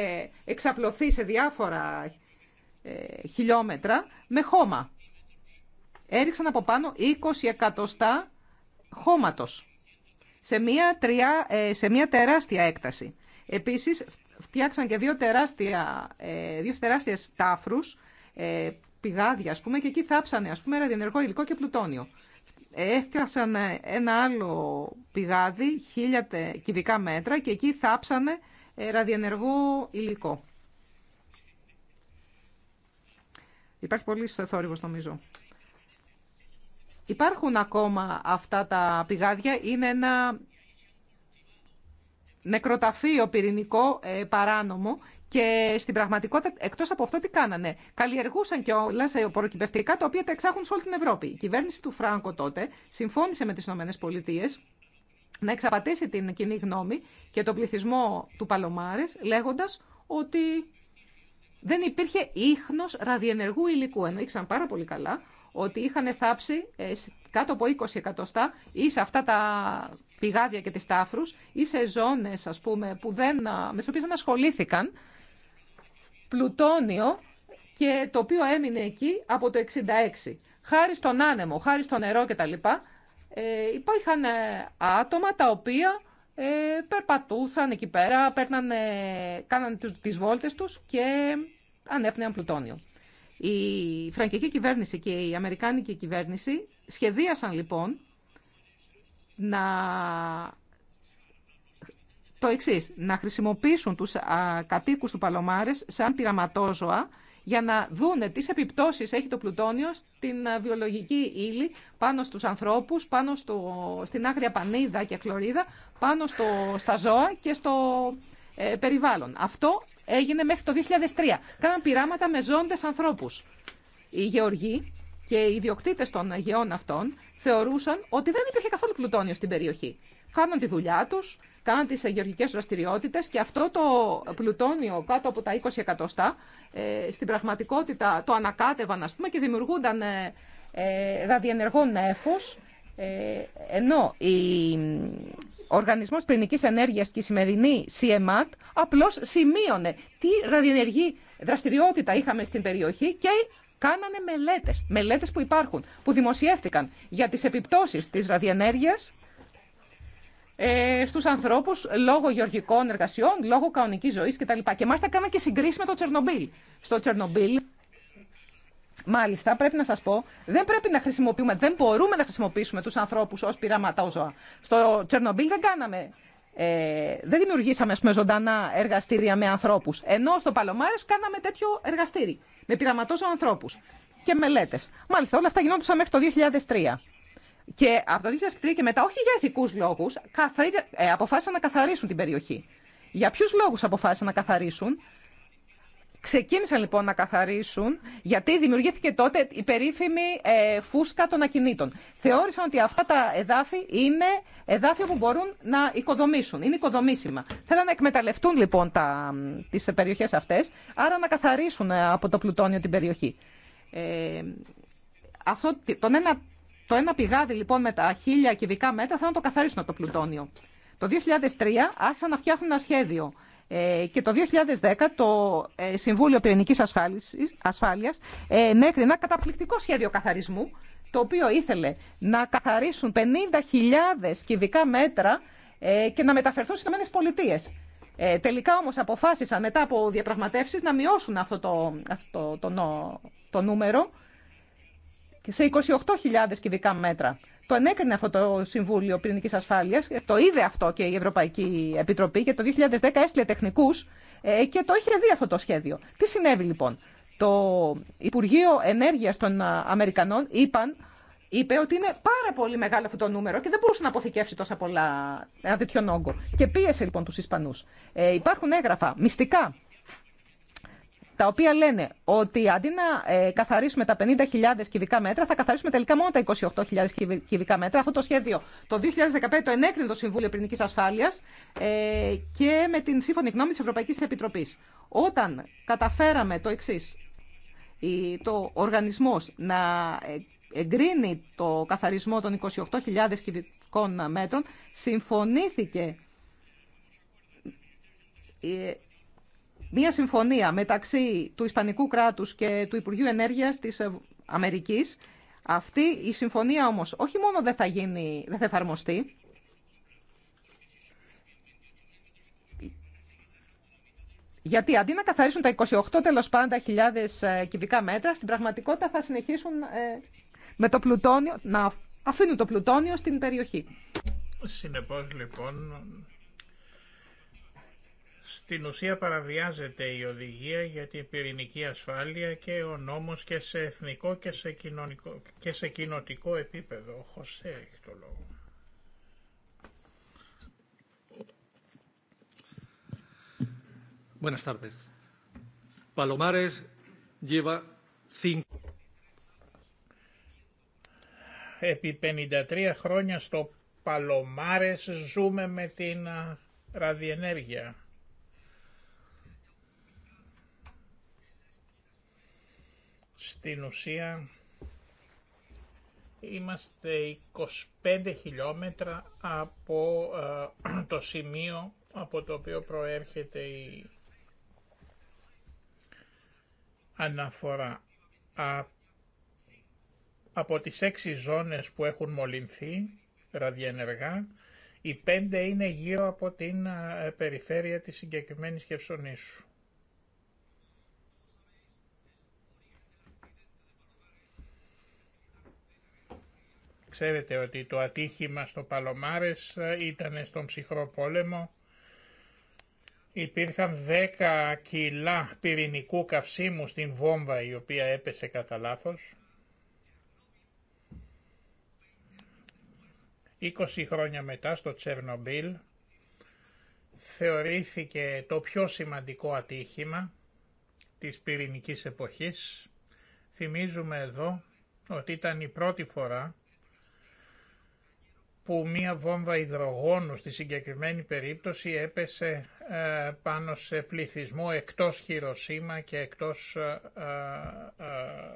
εξαπλωθεί σε διάφορα ε, χιλιόμετρα με χώμα. Έριξαν από πάνω 20 εκατοστά χώματος σε μια, τριά, ε, σε μια τεράστια έκταση. Επίσης, φτιάξαν και δύο, τεράστια, ε, δύο τεράστιες τάφρους, ε, πηγάδια, ας πούμε, και εκεί θάψανε, ας πούμε, ραδιενεργό υλικό και πλουτόνιο. Έφτιαξαν ένα άλλο πηγάδι, χίλια κυβικά μέτρα, και εκεί θάψανε ραδιενεργό υλικό. Υπάρχει πολύ θόρυβος, νομίζω. Υπάρχουν ακόμα αυτά τα πηγάδια. Είναι ένα νεκροταφείο πυρηνικό ε, παράνομο και στην πραγματικότητα, εκτό από αυτό, τι κάνανε. Καλλιεργούσαν σε προκυπευτικά τα οποία τα εξάγουν σε όλη την Ευρώπη. Η κυβέρνηση του Φράγκο τότε συμφώνησε με τι ΗΠΑ να εξαπατήσει την κοινή γνώμη και τον πληθυσμό του Παλωμάρε, λέγοντα ότι δεν υπήρχε ίχνος ραδιενεργού υλικού. Ενώ ήξεραν πάρα πολύ καλά ότι είχαν θάψει ε, κάτω από 20 εκατοστά ή σε αυτά τα πηγάδια και τις τάφρους ή σε ζώνες ας πούμε, που δεν, με τις οποίες δεν ασχολήθηκαν πλουτόνιο και το οποίο έμεινε εκεί από το 66. Χάρη στον άνεμο, χάρη στο νερό κτλ. Ε, υπήρχαν ε, άτομα τα οποία ε, περπατούσαν εκεί πέρα, παίρνανε, κάνανε τις βόλτες τους και ανέπνεαν πλουτόνιο. Η φραγκική κυβέρνηση και η αμερικάνικη κυβέρνηση σχεδίασαν λοιπόν να το εξή, να χρησιμοποιήσουν τους α, κατοίκους του Παλωμάρες σαν πειραματόζωα για να δούνε τις επιπτώσεις έχει το πλουτόνιο στην βιολογική ύλη, πάνω στους ανθρώπους, πάνω στο, στην άγρια πανίδα και κλωρίδα, πάνω στο, στα ζώα και στο ε, περιβάλλον. Αυτό έγινε μέχρι το 2003. Κάναν πειράματα με ζώντες ανθρώπους. Οι γεωργοί και οι ιδιοκτήτες των γεών αυτών θεωρούσαν ότι δεν υπήρχε καθόλου πλουτόνιο στην περιοχή. Κάναν τη δουλειά τους, κάναν τις γεωργικές δραστηριότητες και αυτό το πλουτόνιο κάτω από τα 20 εκατοστά ε, στην πραγματικότητα το ανακάτευαν ας πούμε και δημιουργούνταν ε, ε, ραδιενεργό νέφος ενώ οι Οργανισμό Πυρηνική Ενέργειας και η σημερινή CMAT απλώς σημείωνε τι ραδιενεργή δραστηριότητα είχαμε στην περιοχή και κάνανε μελέτες, μελέτες που υπάρχουν, που δημοσιεύτηκαν για τις επιπτώσεις της ραδιενέργειας ε, στους ανθρώπους λόγω γεωργικών εργασιών, λόγω κανονική ζωής κτλ. Και μάλιστα κάναμε και συγκρίσει με το Τσερνομπίλ. Στο Τσερνομπίλ Μάλιστα, πρέπει να σα πω, δεν πρέπει να χρησιμοποιούμε, δεν μπορούμε να χρησιμοποιήσουμε του ανθρώπου ω πειραματόζωα. Στο Τσερνομπίλ δεν κάναμε. Ε, δεν δημιουργήσαμε πούμε, ζωντανά εργαστήρια με ανθρώπου. Ενώ στο Παλωμάρε κάναμε τέτοιο εργαστήρι. Με πειραματόζωα ανθρώπου. Και μελέτε. Μάλιστα, όλα αυτά γινόντουσαν μέχρι το 2003. Και από το 2003 και μετά, όχι για ηθικού λόγου, καθαρι... Ε, αποφάσισαν να καθαρίσουν την περιοχή. Για ποιου λόγου αποφάσισαν να καθαρίσουν, Ξεκίνησαν λοιπόν να καθαρίσουν, γιατί δημιουργήθηκε τότε η περίφημη ε, φούσκα των ακινήτων. Θεώρησαν ότι αυτά τα εδάφη είναι εδάφια που μπορούν να οικοδομήσουν, είναι οικοδομήσιμα. Θέλαν να εκμεταλλευτούν λοιπόν τα, τις περιοχές αυτές, άρα να καθαρίσουν ε, από το πλουτόνιο την περιοχή. Ε, αυτό, τον ένα, το ένα πηγάδι λοιπόν με τα χίλια κυβικά μέτρα θα να το καθαρίσουν από το πλουτόνιο. Το 2003 άρχισαν να φτιάχνουν ένα σχέδιο ε, και το 2010 το ε, Συμβούλιο Πυρηνικής Ασφάλειας ε, ένα καταπληκτικό σχέδιο καθαρισμού, το οποίο ήθελε να καθαρίσουν 50.000 κυβικά μέτρα και να μεταφερθούν στις Ηνωμένες Πολιτείες. τελικά όμως αποφάσισαν μετά από διαπραγματεύσεις να μειώσουν αυτό το, αυτό το, το νούμερο σε 28.000 κυβικά μέτρα. Το ανέκρινε αυτό το Συμβούλιο Πυρηνική Ασφάλεια, το είδε αυτό και η Ευρωπαϊκή Επιτροπή και το 2010 έστειλε τεχνικού ε, και το είχε δει αυτό το σχέδιο. Τι συνέβη λοιπόν. Το Υπουργείο Ενέργεια των Αμερικανών είπαν, είπε ότι είναι πάρα πολύ μεγάλο αυτό το νούμερο και δεν μπορούσε να αποθηκεύσει τόσα πολλά ένα τέτοιο νόγκο. Και πίεσε λοιπόν του Ισπανού. Ε, υπάρχουν έγγραφα μυστικά τα οποία λένε ότι αντί να ε, καθαρίσουμε τα 50.000 κυβικά μέτρα, θα καθαρίσουμε τελικά μόνο τα 28.000 κυβικά μέτρα. Αυτό το σχέδιο το 2015 το ενέκρινε το Συμβούλιο Πυρηνική Ασφάλεια ε, και με την σύμφωνη γνώμη τη Ευρωπαϊκή Επιτροπή. Όταν καταφέραμε το εξή, το οργανισμό να ε, εγκρίνει το καθαρισμό των 28.000 κυβικών μέτρων, συμφωνήθηκε ε, μία συμφωνία μεταξύ του Ισπανικού κράτους και του Υπουργείου Ενέργειας της ε, Αμερικής. Αυτή η συμφωνία όμως όχι μόνο δεν θα, γίνει, δεν θα εφαρμοστεί, Γιατί αντί να καθαρίσουν τα 28 τέλος πάντα χιλιάδες ε, κυβικά μέτρα, στην πραγματικότητα θα συνεχίσουν ε, με το πλουτόνιο, να αφήνουν το πλουτόνιο στην περιοχή. λοιπόν στην ουσία παραβιάζεται η οδηγία για την πυρηνική ασφάλεια και ο νόμος και σε εθνικό και σε, κοινωνικό, και σε κοινοτικό επίπεδο. Ο Χωσέ έχει το λόγο. Buenas Επί 53 χρόνια στο Παλομάρες ζούμε με την ραδιενέργεια. Στην ουσία είμαστε 25 χιλιόμετρα από ε, το σημείο από το οποίο προέρχεται η αναφορά. Από τις έξι ζώνες που έχουν μολυνθεί ραδιενεργά, οι πέντε είναι γύρω από την ε, περιφέρεια της συγκεκριμένης Χερσονήσου. Ξέρετε ότι το ατύχημα στο Παλωμάρες ε, ήταν στον ψυχρό πόλεμο. Υπήρχαν 10 κιλά πυρηνικού καυσίμου στην βόμβα η οποία έπεσε κατά λάθο. 20 χρόνια μετά στο Τσερνομπίλ θεωρήθηκε το πιο σημαντικό ατύχημα της πυρηνικής εποχής. Θυμίζουμε εδώ ότι ήταν η πρώτη φορά ...που μία βόμβα υδρογόνου στη συγκεκριμένη περίπτωση έπεσε ε, πάνω σε πληθυσμό εκτός Χειροσύμα και εκτός ε, ε,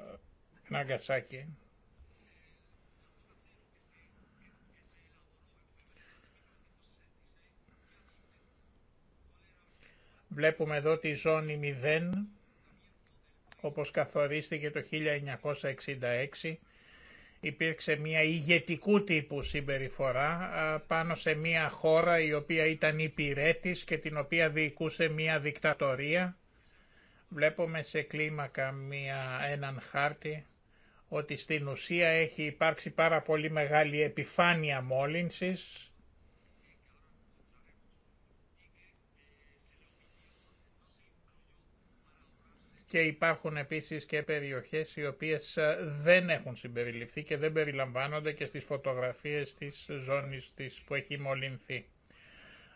Ναγκασάκη. Βλέπουμε εδώ τη ζώνη 0, όπως καθορίστηκε το 1966 υπήρξε μια ηγετικού τύπου συμπεριφορά πάνω σε μια χώρα η οποία ήταν υπηρέτης και την οποία διοικούσε μια δικτατορία. Βλέπουμε σε κλίμακα μια, έναν χάρτη ότι στην ουσία έχει υπάρξει πάρα πολύ μεγάλη επιφάνεια μόλυνσης και υπάρχουν επίσης και περιοχές οι οποίες ε, δεν έχουν συμπεριληφθεί και δεν περιλαμβάνονται και στις φωτογραφίες της ζώνης της που έχει μολυνθεί.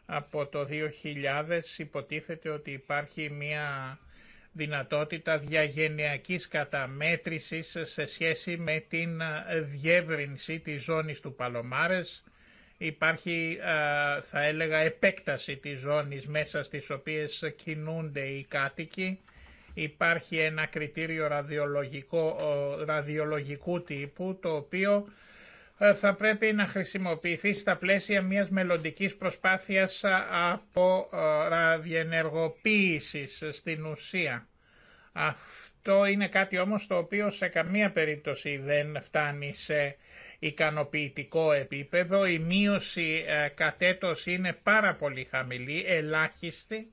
Από το 2000 υποτίθεται ότι υπάρχει μια δυνατότητα διαγενειακής καταμέτρησης σε σχέση με την ε, διεύρυνση της ζώνης του Παλομάρες. Υπάρχει, ε, θα έλεγα, επέκταση της ζώνης μέσα στις οποίες κινούνται οι κάτοικοι υπάρχει ένα κριτήριο ραδιολογικό, ραδιολογικού τύπου το οποίο ε, θα πρέπει να χρησιμοποιηθεί στα πλαίσια μιας μελλοντικής προσπάθειας ε, από ε, ραδιενεργοποίησης στην ουσία. Αυτό είναι κάτι όμως το οποίο σε καμία περίπτωση δεν φτάνει σε ικανοποιητικό επίπεδο. Η μείωση κατέτος είναι πάρα πολύ χαμηλή, ελάχιστη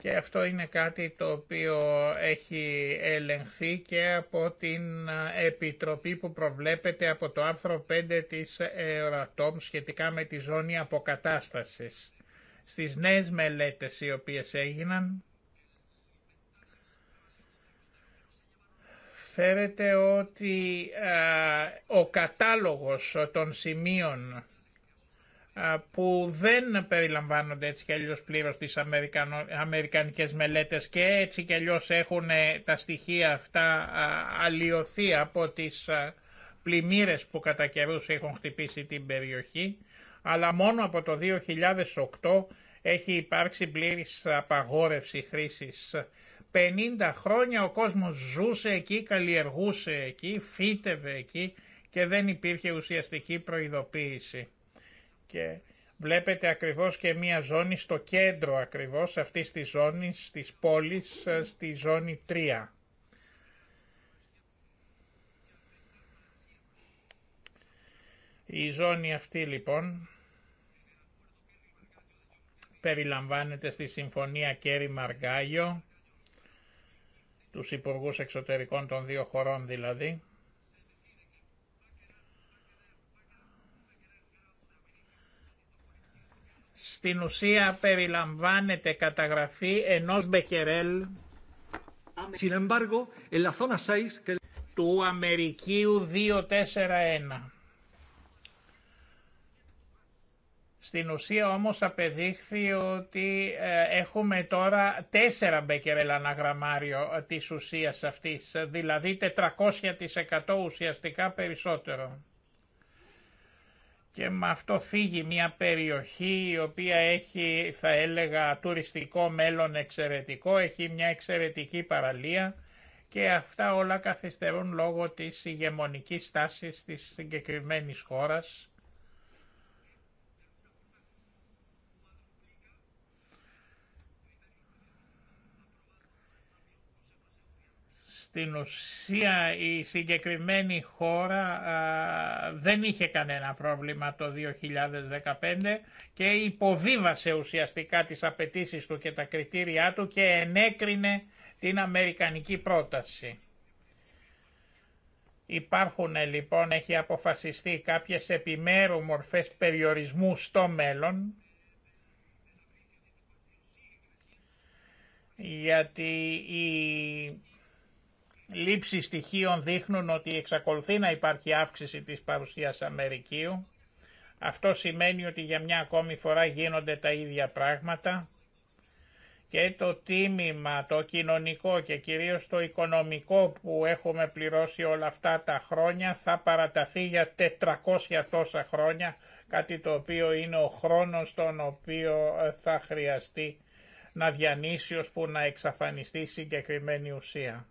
και αυτό είναι κάτι το οποίο έχει ελεγχθεί και από την επιτροπή που προβλέπεται από το άρθρο 5 της ΕΡΑΤΟΜ σχετικά με τη ζώνη αποκατάστασης. Στις νέες μελέτες οι οποίες έγιναν, φέρεται ότι ε, ο κατάλογος των σημείων που δεν περιλαμβάνονται έτσι και αλλιώς πλήρως στις αμερικανικές μελέτες και έτσι και αλλιώς έχουν ε, τα στοιχεία αυτά αλλοιωθεί από τις πλημμύρες που κατά καιρούς έχουν χτυπήσει την περιοχή, αλλά μόνο από το 2008 έχει υπάρξει πλήρης απαγόρευση χρήσης. 50 χρόνια ο κόσμος ζούσε εκεί, καλλιεργούσε εκεί, φύτευε εκεί και δεν υπήρχε ουσιαστική προειδοποίηση και βλέπετε ακριβώς και μία ζώνη στο κέντρο ακριβώς αυτής της ζώνης, της πόλης, ε, στη ζώνη 3. Η ζώνη αυτή λοιπόν περιλαμβάνεται στη Συμφωνία Κέρι Μαργκάγιο, τους Υπουργούς Εξωτερικών των δύο χωρών δηλαδή, στην ουσία περιλαμβάνεται καταγραφή ενός μπεκερέλ Sin embargo, en la του Αμερικίου 241. Στην ουσία όμως απεδείχθη ότι ε, έχουμε τώρα τέσσερα μπέκερελ αναγραμμάριο ε, της ουσίας αυτής, ε, δηλαδή 400% ουσιαστικά περισσότερο και με αυτό φύγει μια περιοχή η οποία έχει θα έλεγα τουριστικό μέλλον εξαιρετικό, έχει μια εξαιρετική παραλία και αυτά όλα καθυστερούν λόγω της ηγεμονικής τάσης της συγκεκριμένης χώρας Στην ουσία η συγκεκριμένη χώρα δεν είχε κανένα πρόβλημα το 2015 και υποβίβασε ουσιαστικά τις απαιτήσει του και τα κριτήριά του και ενέκρινε την Αμερικανική πρόταση. Υπάρχουν λοιπόν, έχει αποφασιστεί κάποιες επιμέρου μορφές περιορισμού στο μέλλον, γιατί η λήψη στοιχείων δείχνουν ότι εξακολουθεί να υπάρχει αύξηση της παρουσίας Αμερικίου. Αυτό σημαίνει ότι για μια ακόμη φορά γίνονται τα ίδια πράγματα και το τίμημα, το κοινωνικό και κυρίως το οικονομικό που έχουμε πληρώσει όλα αυτά τα χρόνια θα παραταθεί για 400 τόσα χρόνια, κάτι το οποίο είναι ο χρόνος τον οποίο ε, θα χρειαστεί να διανύσει ώσπου να εξαφανιστεί συγκεκριμένη ουσία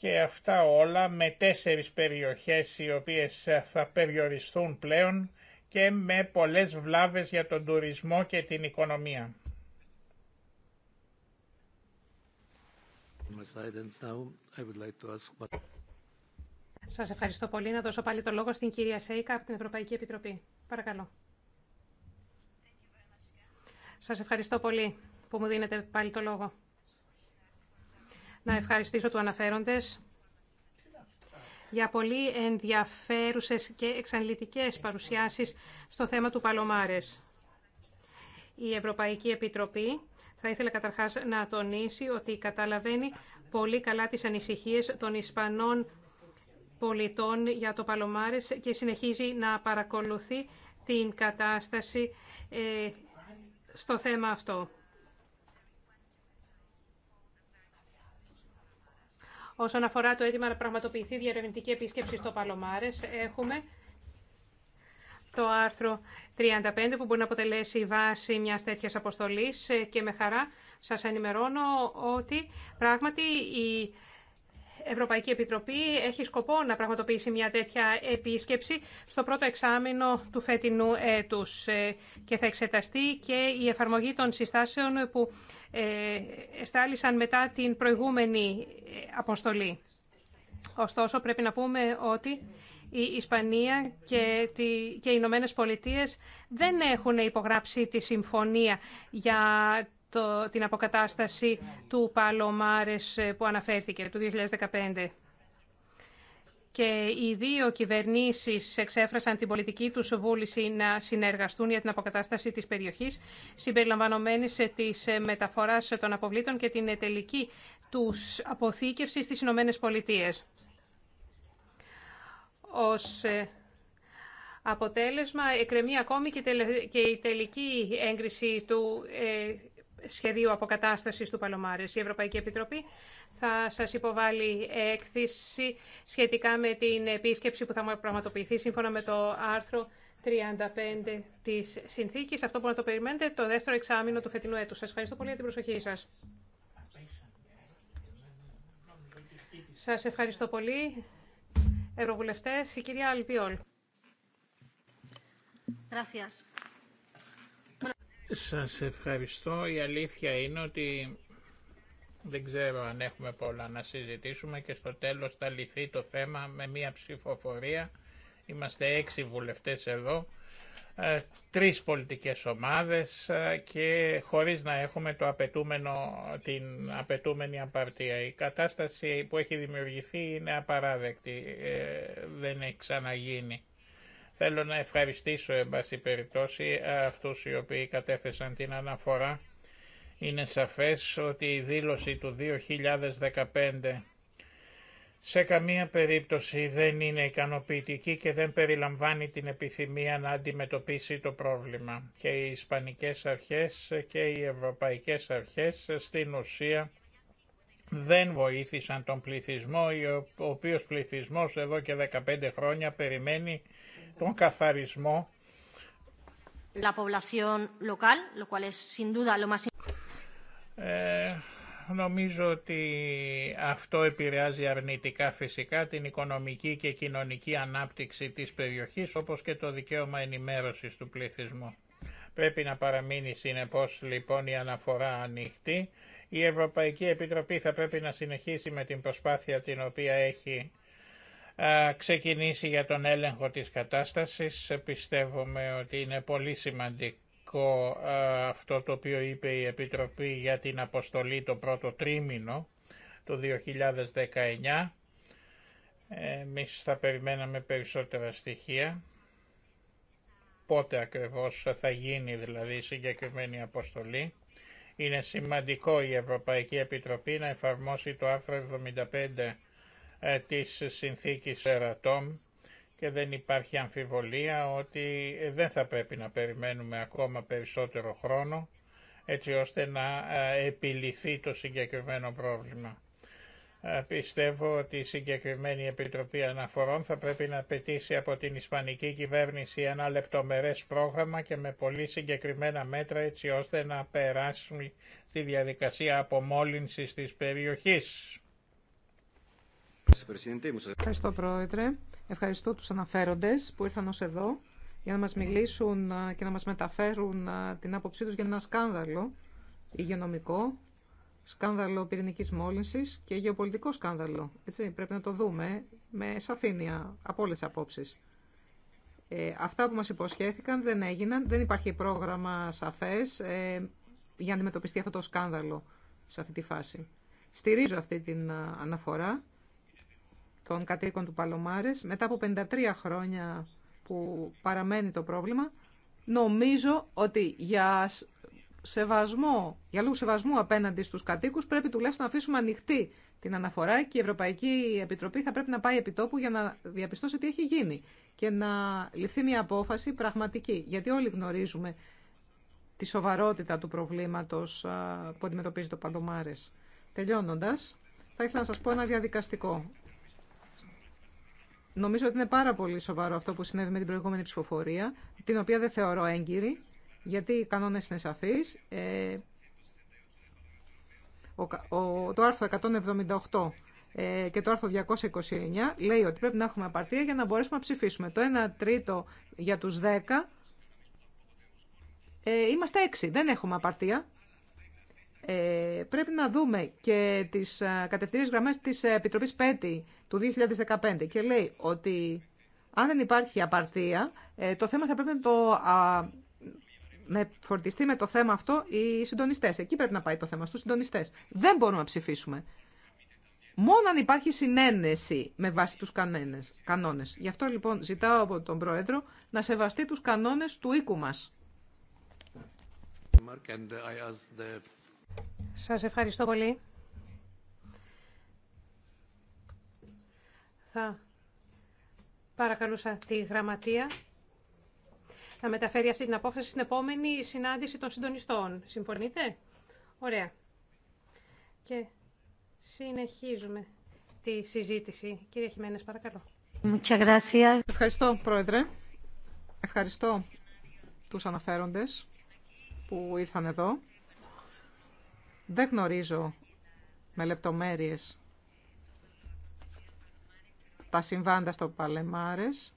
και αυτά όλα με τέσσερις περιοχές οι οποίες ε, θα περιοριστούν πλέον και με πολλές βλάβες για τον τουρισμό και την οικονομία. Σας ευχαριστώ πολύ. Να δώσω πάλι το λόγο στην κυρία Σέικα από την Ευρωπαϊκή Επιτροπή. Παρακαλώ. Σας ευχαριστώ πολύ που μου δίνετε πάλι το λόγο να ευχαριστήσω του αναφέροντες για πολύ ενδιαφέρουσες και εξαντλητικές παρουσιάσεις στο θέμα του Παλωμάρες. Η Ευρωπαϊκή Επιτροπή θα ήθελα καταρχάς να τονίσει ότι καταλαβαίνει πολύ καλά τις ανησυχίες των Ισπανών πολιτών για το Παλωμάρες και συνεχίζει να παρακολουθεί την κατάσταση ε, στο θέμα αυτό. Όσον αφορά το αίτημα να πραγματοποιηθεί διαρευνητική επίσκεψη στο Παλωμάρε, έχουμε το άρθρο 35 που μπορεί να αποτελέσει βάση μιας τέτοια αποστολή. Ε, και με χαρά σας ενημερώνω ότι πράγματι η Ευρωπαϊκή Επιτροπή έχει σκοπό να πραγματοποιήσει μια τέτοια επίσκεψη στο πρώτο εξάμεινο του φετινού έτους ε, και θα εξεταστεί και η εφαρμογή των συστάσεων που ε, εστάλησαν μετά την προηγούμενη ε, αποστολή. Ωστόσο, πρέπει να πούμε ότι η Ισπανία και, και οι Ηνωμένε Πολιτείε δεν έχουν υπογράψει τη συμφωνία για το, την αποκατάσταση του Παλωμάρες ε, που αναφέρθηκε του 2015. Και οι δύο κυβερνήσεις εξέφρασαν την πολιτική τους βούληση να συνεργαστούν για την αποκατάσταση της περιοχής, συμπεριλαμβανομένης ε, της ε, μεταφοράς των αποβλήτων και την τελική τους αποθήκευση στις Ηνωμένε Πολιτείε. Ως αποτέλεσμα, εκκρεμεί ακόμη και η τελική έγκριση του σχεδίου αποκατάστασης του Παλωμάρες. Η Ευρωπαϊκή Επιτροπή θα σας υποβάλει έκθεση σχετικά με την επίσκεψη που θα πραγματοποιηθεί σύμφωνα με το άρθρο 35 της συνθήκης. Αυτό που να το περιμένετε το δεύτερο εξάμεινο του φετινού έτους. Σας ευχαριστώ πολύ για την προσοχή σας. Σας ευχαριστώ πολύ. Ευρωβουλευτές, η κυρία Αλπιόλ. Σας ευχαριστώ. Η αλήθεια είναι ότι δεν ξέρω αν έχουμε πολλά να συζητήσουμε και στο τέλος θα λυθεί το θέμα με μία ψηφοφορία. Είμαστε έξι βουλευτές εδώ, ε, τρεις πολιτικές ομάδες ε, και χωρίς να έχουμε το απαιτούμενο, την απαιτούμενη απαρτία. Η κατάσταση που έχει δημιουργηθεί είναι απαράδεκτη, ε, δεν έχει ξαναγίνει. Θέλω να ευχαριστήσω, εν περιπτώσει, αυτούς οι οποίοι κατέθεσαν την αναφορά. Είναι σαφές ότι η δήλωση του 2015 σε καμία περίπτωση δεν είναι ικανοποιητική και δεν περιλαμβάνει την επιθυμία να αντιμετωπίσει το πρόβλημα. Και οι Ισπανικές αρχές και οι Ευρωπαϊκές αρχές στην ουσία δεν βοήθησαν τον πληθυσμό, ο οποίος πληθυσμός εδώ και 15 χρόνια περιμένει τον καθαρισμό la población local, lo cual es sin ε, νομίζω ότι αυτό επηρεάζει αρνητικά φυσικά την οικονομική και κοινωνική ανάπτυξη της περιοχής όπως και το δικαίωμα ενημέρωσης του πληθυσμού. Πρέπει να παραμείνει συνεπώς λοιπόν η αναφορά ανοιχτή. Η Ευρωπαϊκή Επιτροπή θα πρέπει να συνεχίσει με την προσπάθεια την οποία έχει ξεκινήσει για τον έλεγχο της κατάστασης. Πιστεύουμε ότι είναι πολύ σημαντικό αυτό το οποίο είπε η Επιτροπή για την αποστολή το πρώτο τρίμηνο του 2019. Εμείς θα περιμέναμε περισσότερα στοιχεία. Πότε ακριβώς θα γίνει δηλαδή η συγκεκριμένη αποστολή. Είναι σημαντικό η Ευρωπαϊκή Επιτροπή να εφαρμόσει το άρθρο 75 ε, της συνθήκης Ερατόμ και δεν υπάρχει αμφιβολία ότι δεν θα πρέπει να περιμένουμε ακόμα περισσότερο χρόνο έτσι ώστε να ε, επιληθεί το συγκεκριμένο πρόβλημα. Ε, πιστεύω ότι η συγκεκριμένη Επιτροπή Αναφορών θα πρέπει να πετύσει από την Ισπανική κυβέρνηση ένα λεπτομερές πρόγραμμα και με πολύ συγκεκριμένα μέτρα έτσι ώστε να περάσουμε τη διαδικασία απομόλυνσης της περιοχής. Ευχαριστώ, Πρόεδρε. Ευχαριστώ τους αναφέροντες που ήρθαν ως εδώ για να μας μιλήσουν και να μας μεταφέρουν την άποψή τους για ένα σκάνδαλο υγειονομικό, σκάνδαλο πυρηνικής μόλυνσης και γεωπολιτικό σκάνδαλο. Έτσι, πρέπει να το δούμε με σαφήνεια από όλες τις απόψεις. Ε, αυτά που μας υποσχέθηκαν δεν έγιναν, δεν υπάρχει πρόγραμμα σαφές ε, για να αντιμετωπιστεί αυτό το σκάνδαλο σε αυτή τη φάση. Στηρίζω αυτή την αναφορά των κατοίκων του Παλωμάρες, μετά από 53 χρόνια που παραμένει το πρόβλημα, νομίζω ότι για, σεβασμό, για σεβασμού απέναντι στους κατοίκους πρέπει τουλάχιστον να αφήσουμε ανοιχτή την αναφορά και η Ευρωπαϊκή Επιτροπή θα πρέπει να πάει επί τόπου για να διαπιστώσει τι έχει γίνει και να ληφθεί μια απόφαση πραγματική. Γιατί όλοι γνωρίζουμε τη σοβαρότητα του προβλήματος που αντιμετωπίζει το Παλωμάρες. Τελειώνοντας, θα ήθελα να σας πω ένα διαδικαστικό. Νομίζω ότι είναι πάρα πολύ σοβαρό αυτό που συνέβη με την προηγούμενη ψηφοφορία, την οποία δεν θεωρώ έγκυρη, γιατί οι κανόνες είναι σαφείς. Ε, ο, το άρθρο 178 ε, και το άρθρο 229 λέει ότι πρέπει να έχουμε απαρτία για να μπορέσουμε να ψηφίσουμε. Το 1 τρίτο για τους 10 ε, είμαστε 6, δεν έχουμε απαρτία. Ε, πρέπει να δούμε και τις ε, κατευθύνες γραμμές της Επιτροπής ΠΕΤΗ του 2015 και λέει ότι αν δεν υπάρχει απαρτία, ε, το θέμα θα πρέπει να το να φορτιστεί με το θέμα αυτό οι συντονιστέ. Εκεί πρέπει να πάει το θέμα, στους συντονιστέ. Δεν μπορούμε να ψηφίσουμε. Μόνο αν υπάρχει συνένεση με βάση του κανόνε. Γι' αυτό λοιπόν ζητάω από τον Πρόεδρο να σεβαστεί του κανόνε του οίκου μα. Σα ευχαριστώ πολύ. θα παρακαλούσα τη Γραμματεία να μεταφέρει αυτή την απόφαση στην επόμενη συνάντηση των συντονιστών. Συμφωνείτε? Ωραία. Και συνεχίζουμε τη συζήτηση. Κύριε Χιμένες, παρακαλώ. Ευχαριστώ, Πρόεδρε. Ευχαριστώ τους αναφέροντες που ήρθαν εδώ. Δεν γνωρίζω με λεπτομέρειες τα συμβάντα στο Παλεμάρες,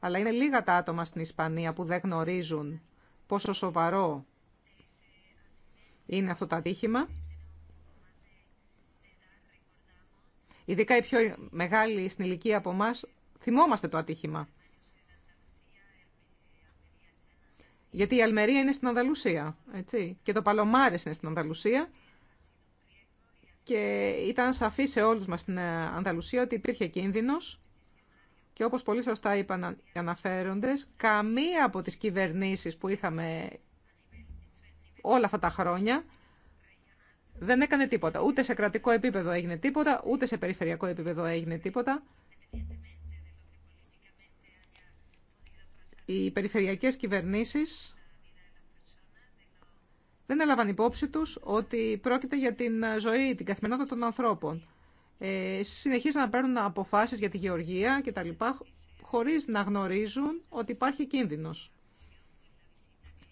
αλλά είναι λίγα τα άτομα στην Ισπανία που δεν γνωρίζουν πόσο σοβαρό είναι αυτό το ατύχημα. Ειδικά οι πιο μεγάλοι στην ηλικία από εμά θυμόμαστε το ατύχημα. Γιατί η Αλμερία είναι στην Ανταλουσία έτσι, και το Παλομάρες είναι στην Ανταλουσία και ήταν σαφή σε όλους μας στην ε, Ανταλουσία ότι υπήρχε κίνδυνος και όπως πολύ σωστά είπαν οι αναφέροντες, καμία από τις κυβερνήσεις που είχαμε όλα αυτά τα χρόνια δεν έκανε τίποτα. Ούτε σε κρατικό επίπεδο έγινε τίποτα, ούτε σε περιφερειακό επίπεδο έγινε τίποτα. Οι περιφερειακές κυβερνήσεις δεν έλαβαν υπόψη τους ότι πρόκειται για την ζωή, την καθημερινότητα των ανθρώπων. Ε, να παίρνουν αποφάσεις για τη γεωργία και τα λοιπά, χωρίς να γνωρίζουν ότι υπάρχει κίνδυνος.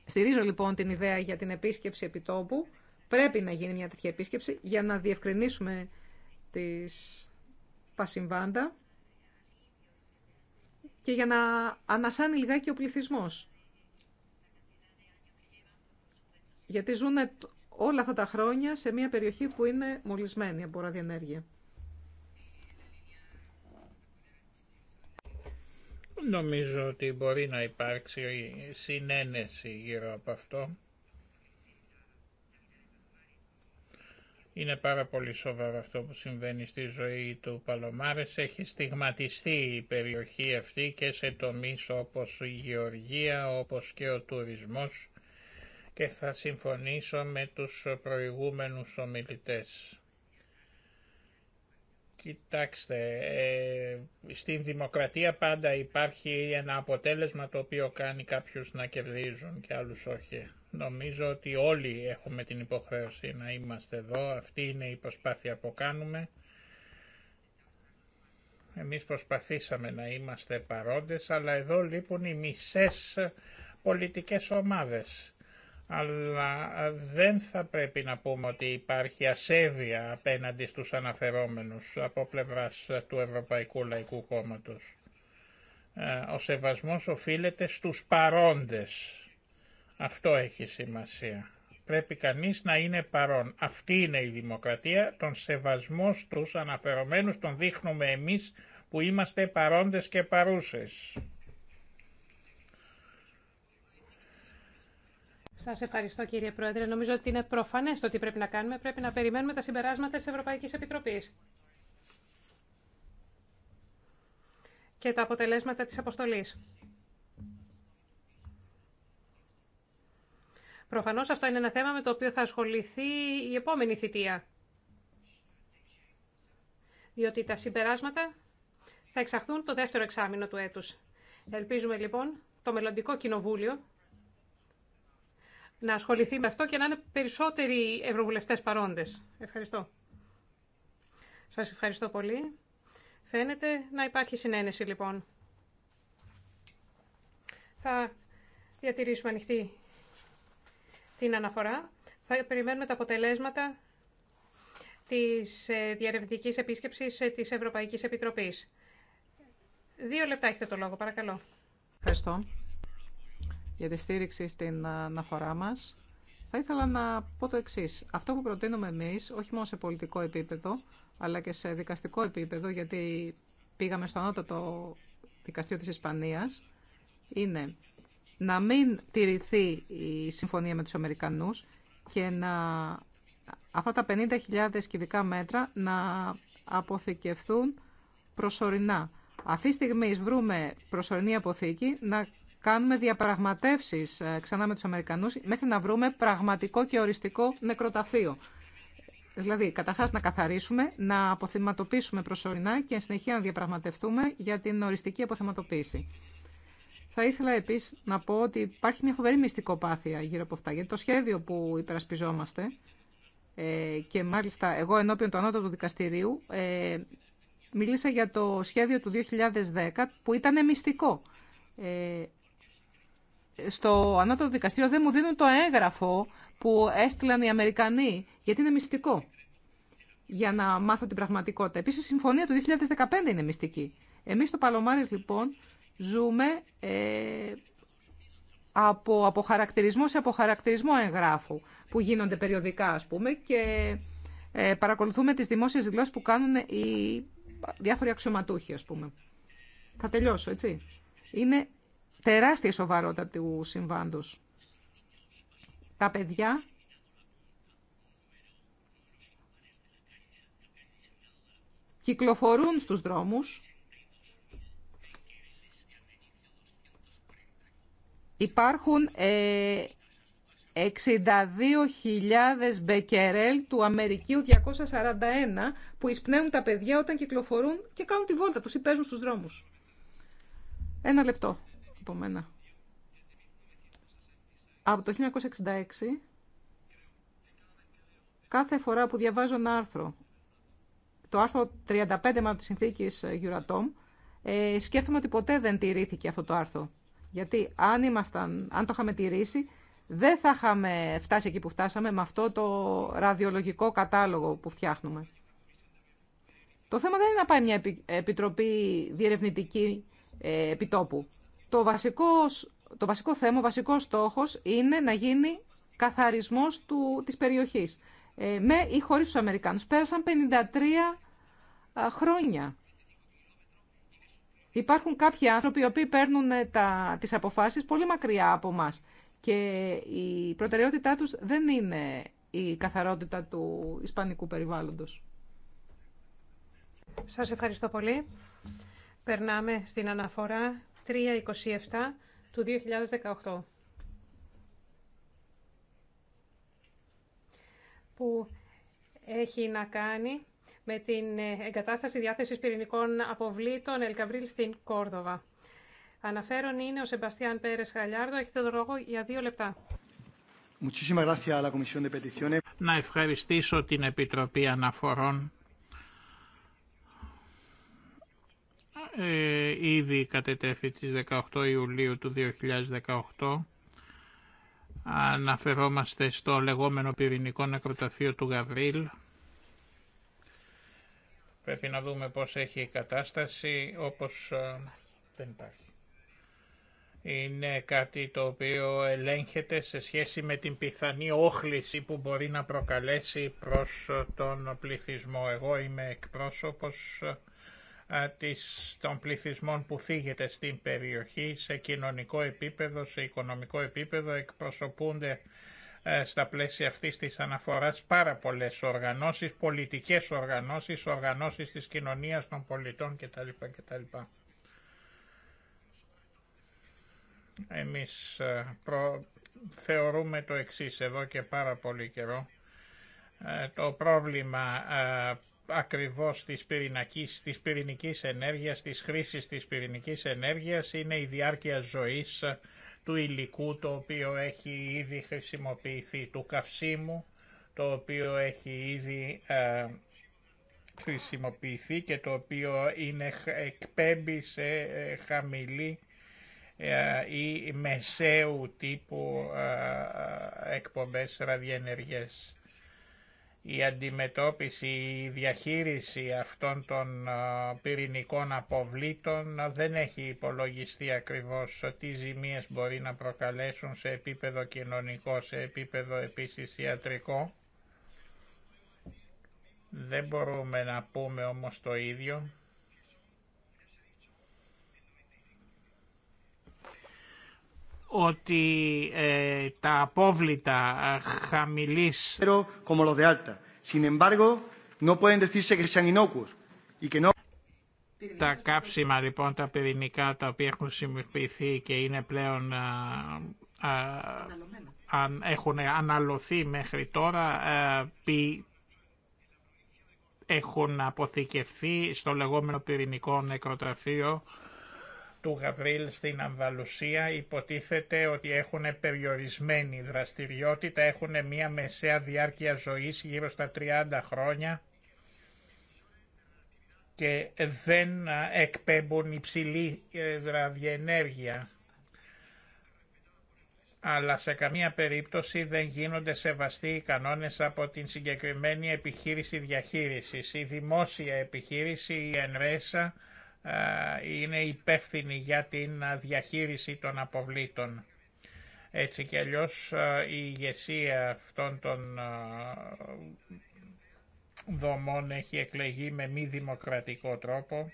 Στηρίζω λοιπόν την ιδέα για την επίσκεψη επιτόπου. Πρέπει να γίνει μια τέτοια επίσκεψη για να διευκρινίσουμε τις, τα συμβάντα και για να ανασάνει λιγάκι ο πληθυσμός. Γιατί ζουν όλα αυτά τα χρόνια σε μια περιοχή που είναι μολυσμένη από ραδιενέργεια. Νομίζω ότι μπορεί να υπάρξει συνένεση γύρω από αυτό. Είναι πάρα πολύ σοβαρό αυτό που συμβαίνει στη ζωή του Παλωμάρες. Έχει στιγματιστεί η περιοχή αυτή και σε τομείς όπως η γεωργία, όπως και ο τουρισμός και θα συμφωνήσω με τους προηγούμενους ομιλητές. Κοιτάξτε, ε, στην δημοκρατία πάντα υπάρχει ένα αποτέλεσμα το οποίο κάνει κάποιους να κερδίζουν και άλλους όχι. Νομίζω ότι όλοι έχουμε την υποχρέωση να είμαστε εδώ, αυτή είναι η προσπάθεια που κάνουμε. Εμείς προσπαθήσαμε να είμαστε παρόντες, αλλά εδώ λείπουν οι μισές πολιτικές ομάδες αλλά δεν θα πρέπει να πούμε ότι υπάρχει ασέβεια απέναντι στους αναφερόμενους από πλευράς του Ευρωπαϊκού Λαϊκού Κόμματος. Ε, ο σεβασμός οφείλεται στους παρόντες. Αυτό έχει σημασία. Πρέπει κανείς να είναι παρόν. Αυτή είναι η δημοκρατία, τον σεβασμό στους αναφερομένους τον δείχνουμε εμείς που είμαστε παρόντες και παρούσες. Σας ευχαριστώ κύριε Πρόεδρε. Νομίζω ότι είναι προφανές το τι πρέπει να κάνουμε. Πρέπει να περιμένουμε τα συμπεράσματα της Ευρωπαϊκής Επιτροπής. και τα αποτελέσματα της αποστολής. Προφανώς αυτό είναι ένα θέμα με το οποίο θα ασχοληθεί η επόμενη θητεία. Διότι τα συμπεράσματα θα εξαχθούν το δεύτερο εξάμεινο του έτους. Ελπίζουμε λοιπόν το μελλοντικό κοινοβούλιο να ασχοληθεί με αυτό και να είναι περισσότεροι ευρωβουλευτές παρόντες. Ευχαριστώ. Σας ευχαριστώ πολύ. Φαίνεται να υπάρχει συνένεση λοιπόν. Θα διατηρήσουμε ανοιχτή την αναφορά. Θα περιμένουμε τα αποτελέσματα της ε, διαρευνητικής επίσκεψης ε, της Ευρωπαϊκής Επιτροπής. Δύο λεπτά έχετε το λόγο, παρακαλώ. Ευχαριστώ για τη στήριξη στην ε, αναφορά μας. Θα ήθελα να πω το εξής. Αυτό που προτείνουμε εμείς, όχι μόνο σε πολιτικό επίπεδο, αλλά και σε δικαστικό επίπεδο, γιατί πήγαμε στο το δικαστήριο της Ισπανίας, είναι να μην τηρηθεί η συμφωνία με τους Αμερικανούς και να αυτά τα 50.000 κυβικά μέτρα να αποθηκευθούν προσωρινά. Αυτή τη στιγμή βρούμε προσωρινή αποθήκη να κάνουμε διαπραγματεύσει ε, ξανά με του Αμερικανού μέχρι να βρούμε πραγματικό και οριστικό νεκροταφείο. Δηλαδή, καταρχά να καθαρίσουμε, να αποθυματοποιήσουμε προσωρινά και εν συνεχεία να διαπραγματευτούμε για την οριστική αποθυματοποίηση. Θα ήθελα επίση να πω ότι υπάρχει μια φοβερή μυστικοπάθεια γύρω από αυτά. Γιατί το σχέδιο που υπερασπιζόμαστε ε, και μάλιστα εγώ ενώπιον του ανώτατου δικαστηρίου ε, μίλησα για το σχέδιο του 2010 που ήταν μυστικό στο ανώτατο δικαστήριο δεν μου δίνουν το έγγραφο που έστειλαν οι Αμερικανοί, γιατί είναι μυστικό για να μάθω την πραγματικότητα. Επίσης, η συμφωνία του 2015 είναι μυστική. Εμείς στο Παλωμάρι, λοιπόν, ζούμε ε, από αποχαρακτηρισμό σε αποχαρακτηρισμό εγγράφου που γίνονται περιοδικά, ας πούμε, και ε, παρακολουθούμε τι δημόσιε δηλώσει που κάνουν οι διάφοροι αξιωματούχοι, α πούμε. Θα τελειώσω, έτσι. Είναι τεράστια σοβαρότητα του συμβάντος. Τα παιδιά κυκλοφορούν στους δρόμους. Υπάρχουν 62.000 ε, μπεκερέλ του Αμερικίου 241 που εισπνέουν τα παιδιά όταν κυκλοφορούν και κάνουν τη βόλτα τους ή παίζουν στους δρόμους. Ένα λεπτό από μένα. Από το 1966, κάθε φορά που διαβάζω ένα άρθρο, το άρθρο 35 μάλλον της συνθήκης ε, Euratom, ε, σκέφτομαι ότι ποτέ δεν τηρήθηκε αυτό το άρθρο. Γιατί αν, ήμασταν, αν το είχαμε τηρήσει, δεν θα είχαμε φτάσει εκεί που φτάσαμε με αυτό το ραδιολογικό κατάλογο που φτιάχνουμε. Το θέμα δεν είναι να πάει μια επιτροπή διερευνητική ε, επιτόπου. Το βασικό, το βασικό θέμα, ο βασικός στόχος είναι να γίνει καθαρισμός του, της περιοχής. Ε, με ή χωρίς τους Αμερικάνους. Πέρασαν 53 χρόνια. Υπάρχουν κάποιοι άνθρωποι οι οποίοι παίρνουν ε, τα, τις αποφάσεις πολύ μακριά από μας και η προτεραιότητά τους δεν είναι η καθαρότητα του ισπανικού περιβάλλοντος. Σας ευχαριστώ πολύ. Περνάμε στην αναφορά 327 του 2018 που έχει να κάνει με την εγκατάσταση διάθεσης πυρηνικών αποβλήτων Ελκαβρίλ στην Κόρδοβα. Αναφέρον είναι ο Σεμπαστιάν Πέρες Χαλιάρδο. Έχετε τον λόγο για δύο λεπτά. Να ευχαριστήσω την Επιτροπή Αναφορών ε, ήδη κατετέθη τις 18 Ιουλίου του 2018. Αναφερόμαστε στο λεγόμενο πυρηνικό νεκροταφείο του Γαβρίλ. Πρέπει να δούμε πώς έχει η κατάσταση, όπως ε, δεν υπάρχει. Είναι κάτι το οποίο ελέγχεται σε σχέση με την πιθανή όχληση που μπορεί να προκαλέσει προς τον πληθυσμό. Εγώ είμαι εκπρόσωπος ε, των πληθυσμών που θίγεται στην περιοχή σε κοινωνικό επίπεδο, σε οικονομικό επίπεδο εκπροσωπούνται στα πλαίσια αυτής της αναφοράς πάρα πολλές οργανώσεις, πολιτικές οργανώσεις, οργανώσεις της κοινωνίας των πολιτών κτλ. κτλ. Εμείς θεωρούμε το εξής εδώ και πάρα πολύ καιρό. Το πρόβλημα ακριβώς της, πυρηνικής, της πυρηνικής ενέργειας, της χρήσης της πυρηνικής ενέργειας είναι η διάρκεια ζωής του υλικού το οποίο έχει ήδη χρησιμοποιηθεί, του καυσίμου το οποίο έχει ήδη ε, χρησιμοποιηθεί και το οποίο είναι, εκπέμπει σε ε, χαμηλή ε, ή μεσαίου τύπου εκπομπές ραδιενεργές η αντιμετώπιση, η διαχείριση αυτών των ε, πυρηνικών αποβλήτων δεν έχει υπολογιστεί ακριβώς τι ζημίες μπορεί να προκαλέσουν σε επίπεδο κοινωνικό, σε επίπεδο επίσης ιατρικό. Δεν μπορούμε να πούμε όμως το ίδιο ότι ε, τα απόβλητα ε, χαμηλής... Como los de alta. Sin embargo, no Τα κάψιμα λοιπόν τα πυρηνικά τα οποία έχουν συμμετοποιηθεί και είναι πλέον α, ε, α, έχουν αναλωθεί μέχρι τώρα έχουν αποθηκευθεί στο λεγόμενο πυρηνικό νεκροτραφείο του Γαβρίλ στην Ανδαλουσία υποτίθεται ότι έχουν περιορισμένη δραστηριότητα, έχουν μία μεσαία διάρκεια ζωής γύρω στα 30 χρόνια και δεν εκπέμπουν υψηλή δραδιενέργεια ε, αλλά σε καμία περίπτωση δεν γίνονται σεβαστοί οι κανόνες από την συγκεκριμένη επιχείρηση διαχείρισης. Η δημόσια επιχείρηση, η ΕΝΡΕΣΑ, ε, είναι υπεύθυνη για την ε, διαχείριση των αποβλήτων. Έτσι κι αλλιώς ε, η ηγεσία αυτών των δομών έχει εκλεγεί με μη δημοκρατικό τρόπο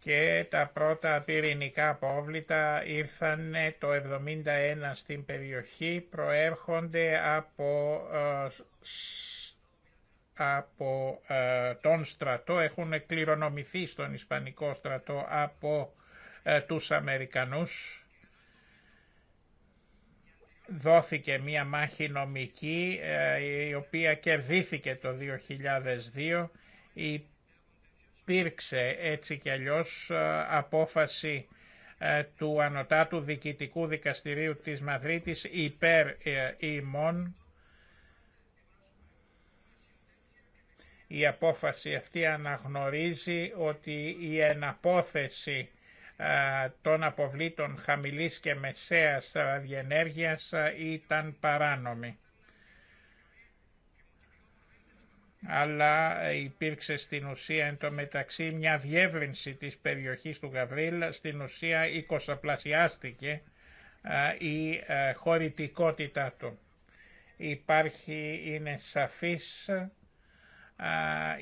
και τα πρώτα πυρηνικά απόβλητα ήρθαν το 71 στην περιοχή, προέρχονται από από ε, τον στρατό έχουν κληρονομηθεί στον Ισπανικό στρατό από ε, τους Αμερικανούς δόθηκε μία μάχη νομική ε, η οποία κερδίθηκε το 2002. Υπήρξε έτσι κι αλλιώς απόφαση του Ανωτάτου Δικητικού Δικαστηρίου της Μαδρίτης υπέρ ημών Η απόφαση αυτή αναγνωρίζει ότι η εναπόθεση των αποβλήτων χαμηλής και μεσαίας διενέργειας ήταν παράνομη. αλλά υπήρξε στην ουσία εν τω μεταξύ μια διεύρυνση της περιοχής του Γαβρίλ, στην ουσία οικοσαπλασιάστηκε η χωρητικότητά του. Υπάρχει, είναι σαφής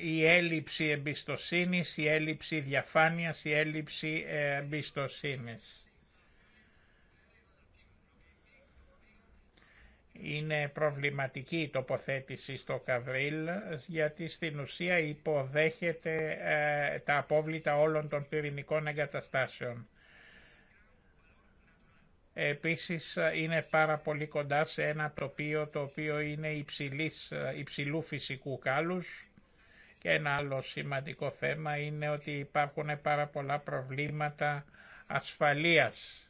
η έλλειψη εμπιστοσύνης, η έλλειψη διαφάνειας, η έλλειψη ε, εμπιστοσύνης. Είναι προβληματική η τοποθέτηση στο Καβρίλ γιατί στην ουσία υποδέχεται ε, τα απόβλητα όλων των πυρηνικών εγκαταστάσεων. Επίσης είναι πάρα πολύ κοντά σε ένα τοπίο το οποίο είναι υψηλής, ε, υψηλού φυσικού κάλους και ένα άλλο σημαντικό θέμα είναι ότι υπάρχουν πάρα πολλά προβλήματα ασφαλείας.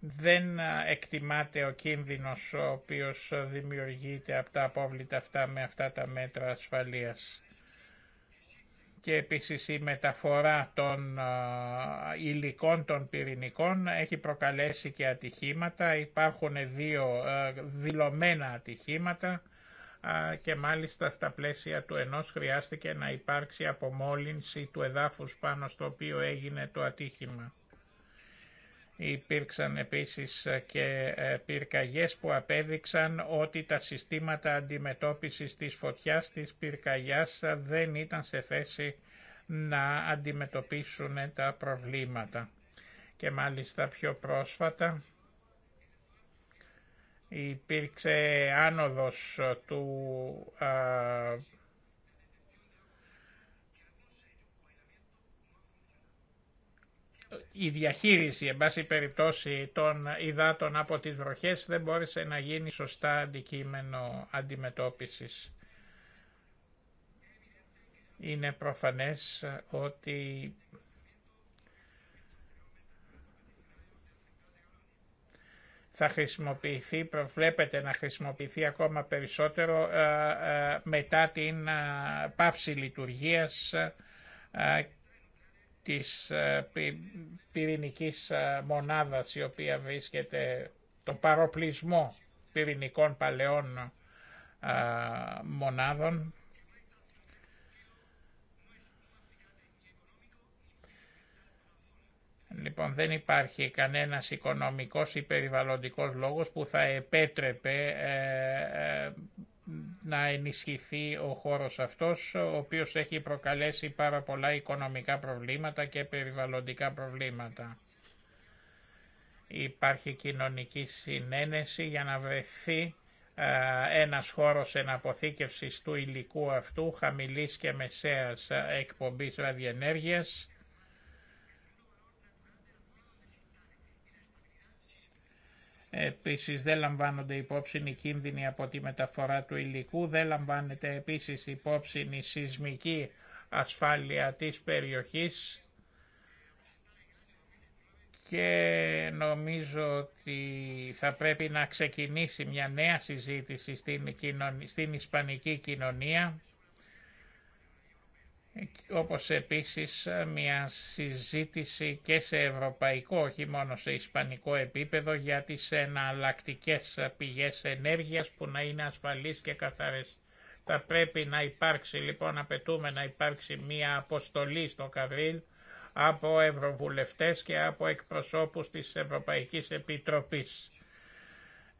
Δεν εκτιμάται ο κίνδυνος ο οποίος δημιουργείται από τα απόβλητα αυτά με αυτά τα μέτρα ασφαλείας. Και επίσης η μεταφορά των υλικών των πυρηνικών έχει προκαλέσει και ατυχήματα. Υπάρχουν δύο δηλωμένα ατυχήματα και μάλιστα στα πλαίσια του ενός χρειάστηκε να υπάρξει απομόλυνση του εδάφους πάνω στο οποίο έγινε το ατύχημα. Υπήρξαν επίσης ε, και ε, πυρκαγιές που απέδειξαν ότι τα συστήματα αντιμετώπισης της φωτιάς της πυρκαγιάς ε, δεν ήταν σε θέση να αντιμετωπίσουν τα προβλήματα. Και μάλιστα πιο πρόσφατα υπήρξε άνοδος ε, του ε, η διαχείριση, εν πάση περιπτώσει, των υδάτων από τις βροχές δεν μπόρεσε να γίνει σωστά αντικείμενο αντιμετώπισης. Είναι προφανές ότι θα χρησιμοποιηθεί, προβλέπεται να χρησιμοποιηθεί ακόμα περισσότερο ε, ε, μετά την ε, πάυση λειτουργίας της πυρηνικής μονάδας η οποία βρίσκεται, το παροπλισμό πυρηνικών παλαιών μονάδων Λοιπόν δεν υπάρχει κανένας οικονομικός ή περιβαλλοντικός λόγος που θα επέτρεπε ε, ε, να ενισχυθεί ο χώρος αυτός, ο οποίος έχει προκαλέσει πάρα πολλά οικονομικά προβλήματα και περιβαλλοντικά προβλήματα. Υπάρχει κοινωνική συνένεση για να βρεθεί ε, ένας χώρος εναποθήκευσης του υλικού αυτού χαμηλής και μεσαίας εκπομπής ραδιενέργειας Επίσης δεν λαμβάνονται υπόψη οι κίνδυνοι από τη μεταφορά του υλικού, δεν λαμβάνεται επίσης υπόψη η σεισμική ασφάλεια της περιοχής και νομίζω ότι θα πρέπει να ξεκινήσει μια νέα συζήτηση στην, στην ισπανική κοινωνία όπως επίσης ε, μια συζήτηση και σε ευρωπαϊκό, όχι μόνο σε ισπανικό επίπεδο, για τις εναλλακτικέ πηγές ενέργειας που να είναι ασφαλείς και καθαρές. Θα πρέπει να υπάρξει, λοιπόν, απαιτούμε να υπάρξει μια αποστολή στο Καβρίλ από ευρωβουλευτές και από εκπροσώπους της Ευρωπαϊκής Επιτροπής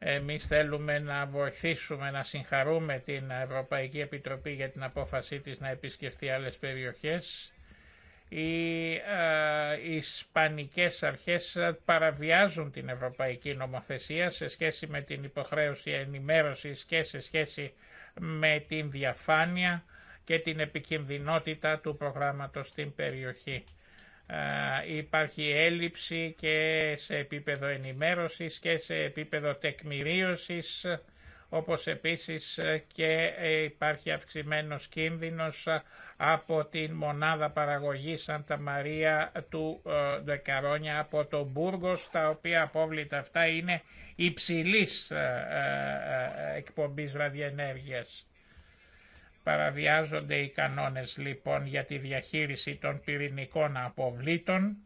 εμείς θέλουμε να βοηθήσουμε, να συγχαρούμε την Ευρωπαϊκή Επιτροπή για την απόφασή της να επισκεφτεί άλλες περιοχές. Οι ε, Ισπανικές αρχές παραβιάζουν την Ευρωπαϊκή Νομοθεσία σε σχέση με την υποχρέωση ενημέρωσης και σε σχέση με την διαφάνεια και την επικινδυνότητα του προγράμματος στην περιοχή υπάρχει έλλειψη και σε επίπεδο ενημέρωσης και σε επίπεδο τεκμηρίωσης, όπως επίσης και υπάρχει αυξημένος κίνδυνος από την μονάδα παραγωγής Σαντα Μαρία του ε, Δεκαρόνια από τον Μπούργος, τα οποία απόβλητα αυτά είναι υψηλής ε, ε, εκπομπής ραδιενέργειας. Παραβιάζονται οι κανόνες λοιπόν για τη διαχείριση των πυρηνικών αποβλήτων,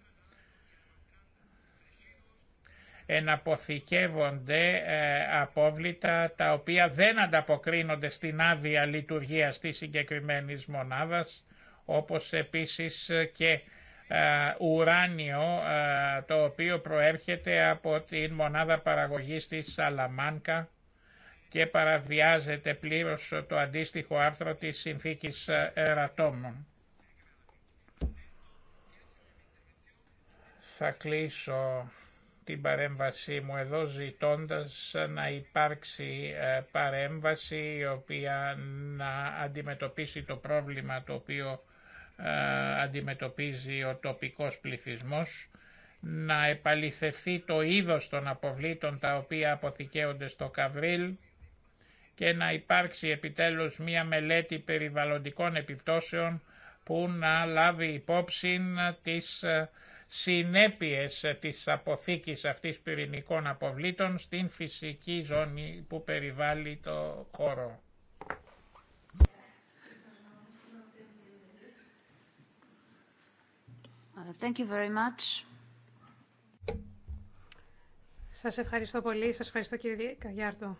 εναποθηκεύονται ε, απόβλητα τα οποία δεν ανταποκρίνονται στην άδεια λειτουργία της συγκεκριμένης μονάδας, όπως επίσης και ε, ουράνιο ε, το οποίο προέρχεται από την μονάδα παραγωγής της Σαλαμάνκα και παραβιάζεται πλήρως το αντίστοιχο άρθρο της συνθήκης ε, Ερατόμων. Θα κλείσω την παρέμβασή μου εδώ ζητώντας ε, να υπάρξει ε, παρέμβαση η οποία να αντιμετωπίσει το πρόβλημα το οποίο αντιμετωπίζει ο τοπικός πληθυσμός, να επαληθευτεί το είδος των αποβλήτων τα οποία αποθηκεύονται στο Καβρίλ, και να υπάρξει επιτέλους μία μελέτη περιβαλλοντικών επιπτώσεων που να λάβει υπόψη τις ε, συνέπειες της αποθήκης αυτής πυρηνικών αποβλήτων στην φυσική ζώνη που περιβάλλει το χώρο. Uh, thank you very Σας ευχαριστώ πολύ. Σας ευχαριστώ κύριε Καγιάρτο.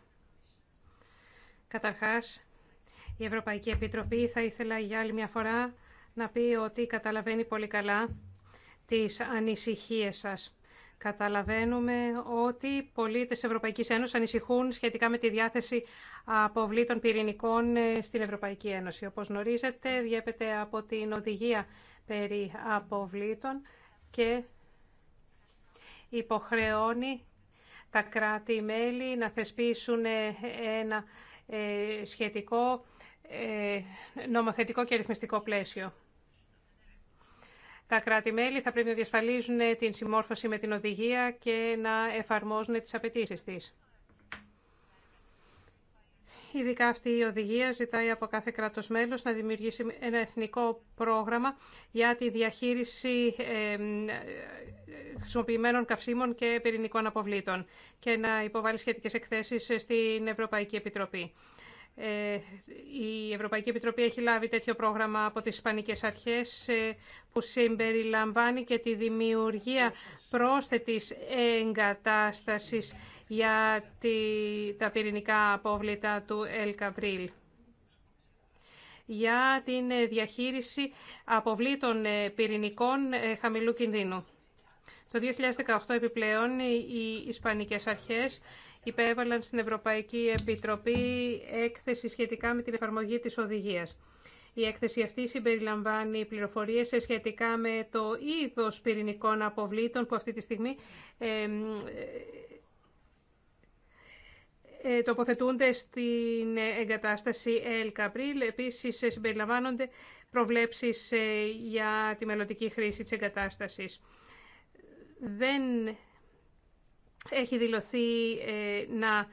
Καταρχάς, η Ευρωπαϊκή Επιτροπή θα ήθελα για άλλη μια φορά να πει ότι καταλαβαίνει πολύ καλά τις ανησυχίες σας. Καταλαβαίνουμε ότι πολίτες Ευρωπαϊκής Ένωσης ανησυχούν σχετικά με τη διάθεση αποβλήτων πυρηνικών ε, στην Ευρωπαϊκή Ένωση. Όπως γνωρίζετε, διέπεται από την οδηγία περί αποβλήτων και υποχρεώνει τα κράτη-μέλη να θεσπίσουν ε, ένα ε, σχετικό ε, νομοθετικό και αριθμιστικό πλαίσιο. Τα κράτη-μέλη θα πρέπει να διασφαλίζουν την συμμόρφωση με την οδηγία και να εφαρμόζουν τις απαιτήσεις της. Ειδικά αυτή η οδηγία ζητάει από κάθε κράτος μέλος να δημιουργήσει ένα εθνικό πρόγραμμα για τη διαχείριση χρησιμοποιημένων καυσίμων και πυρηνικών αποβλήτων και να υποβάλει σχετικές εκθέσεις στην Ευρωπαϊκή Επιτροπή. Ε, η Ευρωπαϊκή Επιτροπή έχει λάβει τέτοιο πρόγραμμα από τις Ισπανικές Αρχές ε, που συμπεριλαμβάνει και τη δημιουργία πρόσθετης εγκατάστασης για τη, τα πυρηνικά απόβλητα του El Cabril για την διαχείριση αποβλήτων ε, πυρηνικών χαμηλού κινδύνου. Το 2018 επιπλέον οι Ισπανικές αρχές υπέβαλαν στην Ευρωπαϊκή Επιτροπή έκθεση σχετικά με την εφαρμογή της οδηγίας. Η έκθεση αυτή συμπεριλαμβάνει πληροφορίες σχετικά με το είδος πυρηνικών αποβλήτων που αυτή τη στιγμή ε, ε, τοποθετούνται στην εγκατάσταση El Capril. Επίσης συμπεριλαμβάνονται προβλέψεις ε, για τη μελλοντική χρήση της εγκατάστασης δεν έχει δηλωθεί ε, να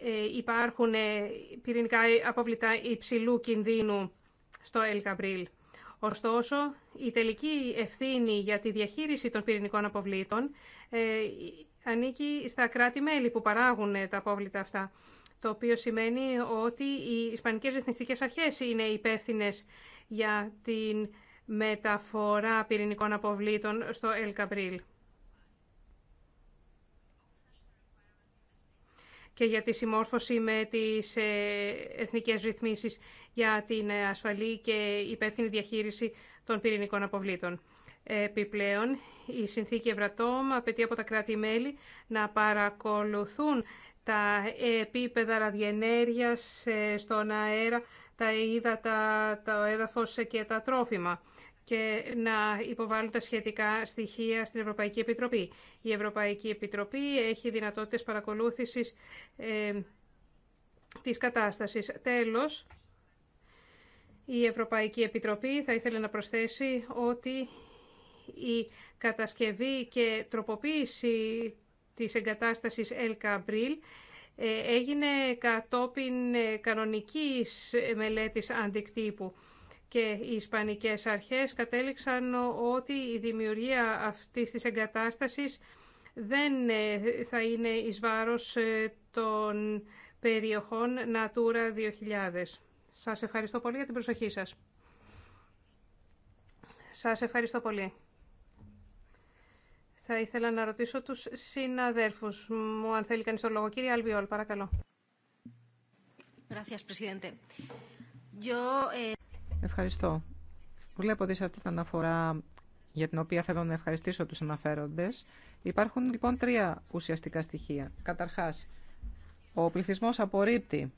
ε, υπάρχουν ε, πυρηνικά αποβλητά υψηλού κινδύνου στο El Καμπρίλ. Ωστόσο, η τελική ευθύνη για τη διαχείριση των πυρηνικών αποβλήτων ανήκει στα κράτη-μέλη που παράγουν τα απόβλητα αυτά, το οποίο σημαίνει ότι οι Ισπανικές Εθνικές Αρχές είναι υπεύθυνε για την μεταφορά πυρηνικών αποβλήτων στο El Καμπρίλ. και για τη συμμόρφωση με τις ε, εθνικές ρυθμίσεις για την ε, ασφαλή και υπεύθυνη διαχείριση των πυρηνικών αποβλήτων. Επιπλέον, η συνθήκη Ευρατόμ απαιτεί από τα κράτη-μέλη να παρακολουθούν τα επίπεδα ραδιενέργειας ε, στον αέρα, τα ύδατα, το έδαφος και τα τρόφιμα και να υποβάλουν τα σχετικά στοιχεία στην Ευρωπαϊκή Επιτροπή. Η Ευρωπαϊκή Επιτροπή έχει δυνατότητες παρακολούθησης ε, της κατάστασης. Τέλος, η Ευρωπαϊκή Επιτροπή θα ήθελε να προσθέσει ότι η κατασκευή και τροποποίηση της εγκατάστασης El Cabril ε, έγινε κατόπιν ε, κανονικής μελέτης αντικτύπου και οι Ισπανικές αρχές κατέληξαν ότι η δημιουργία αυτής της εγκατάστασης δεν ε, θα είναι εις βάρος ε, των περιοχών Natura 2000. Σας ευχαριστώ πολύ για την προσοχή σας. Σας ευχαριστώ πολύ. Θα ήθελα να ρωτήσω τους συναδέρφους μου, αν θέλει κανείς το λόγο. Κύριε Αλβιόλ, παρακαλώ. Eh, Ευχαριστώ. Βλέπω ότι σε αυτή την αναφορά για την οποία θέλω να ευχαριστήσω τους αναφέροντες, υπάρχουν λοιπόν τρία ουσιαστικά στοιχεία. Καταρχάς, ο πληθυσμός απορρίπτει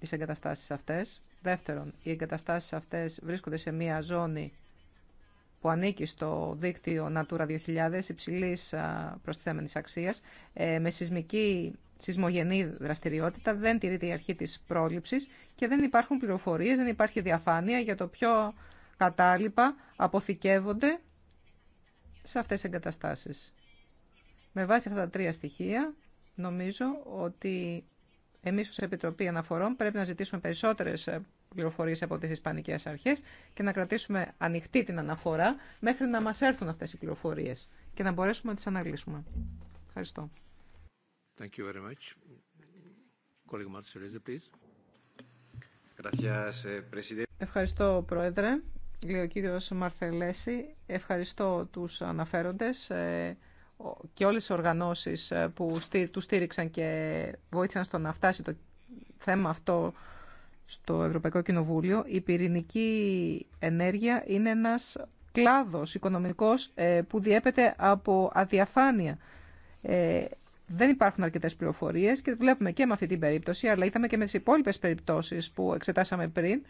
τις εγκαταστάσεις αυτές. Δεύτερον, οι εγκαταστάσεις αυτές βρίσκονται σε μία ζώνη που ανήκει στο δίκτυο Natura 2000 υψηλής προστιθέμενης αξίας, ε, με σεισμική σεισμογενή δραστηριότητα, δεν τηρείται η αρχή της πρόληψης και δεν υπάρχουν πληροφορίες, δεν υπάρχει διαφάνεια για το ποιο κατάλοιπα αποθηκεύονται σε αυτές τις εγκαταστάσεις. Με βάση αυτά τα τρία στοιχεία, νομίζω ότι εμείς ως Επιτροπή Αναφορών πρέπει να ζητήσουμε περισσότερες πληροφορίες από τις Ισπανικές Αρχές και να κρατήσουμε ανοιχτή την αναφορά μέχρι να μας έρθουν αυτές οι πληροφορίες και να μπορέσουμε να τις αναλύσουμε. Ευχαριστώ. Thank you very much. Colleague please. Eh, ευχαριστώ, Πρόεδρε. Λέει ο Μαρθελέση. Ευχαριστώ τους αναφέροντες ε, και όλες τις οργανώσεις ε, που του στήριξαν και βοήθησαν στο να φτάσει το θέμα αυτό στο Ευρωπαϊκό Κοινοβούλιο. Η πυρηνική ενέργεια είναι ένας κλάδος οικονομικός ε, που διέπεται από αδιαφάνεια δεν υπάρχουν αρκετέ πληροφορίε και βλέπουμε και με αυτή την περίπτωση, αλλά είδαμε και με τι υπόλοιπε περιπτώσει που εξετάσαμε πριν,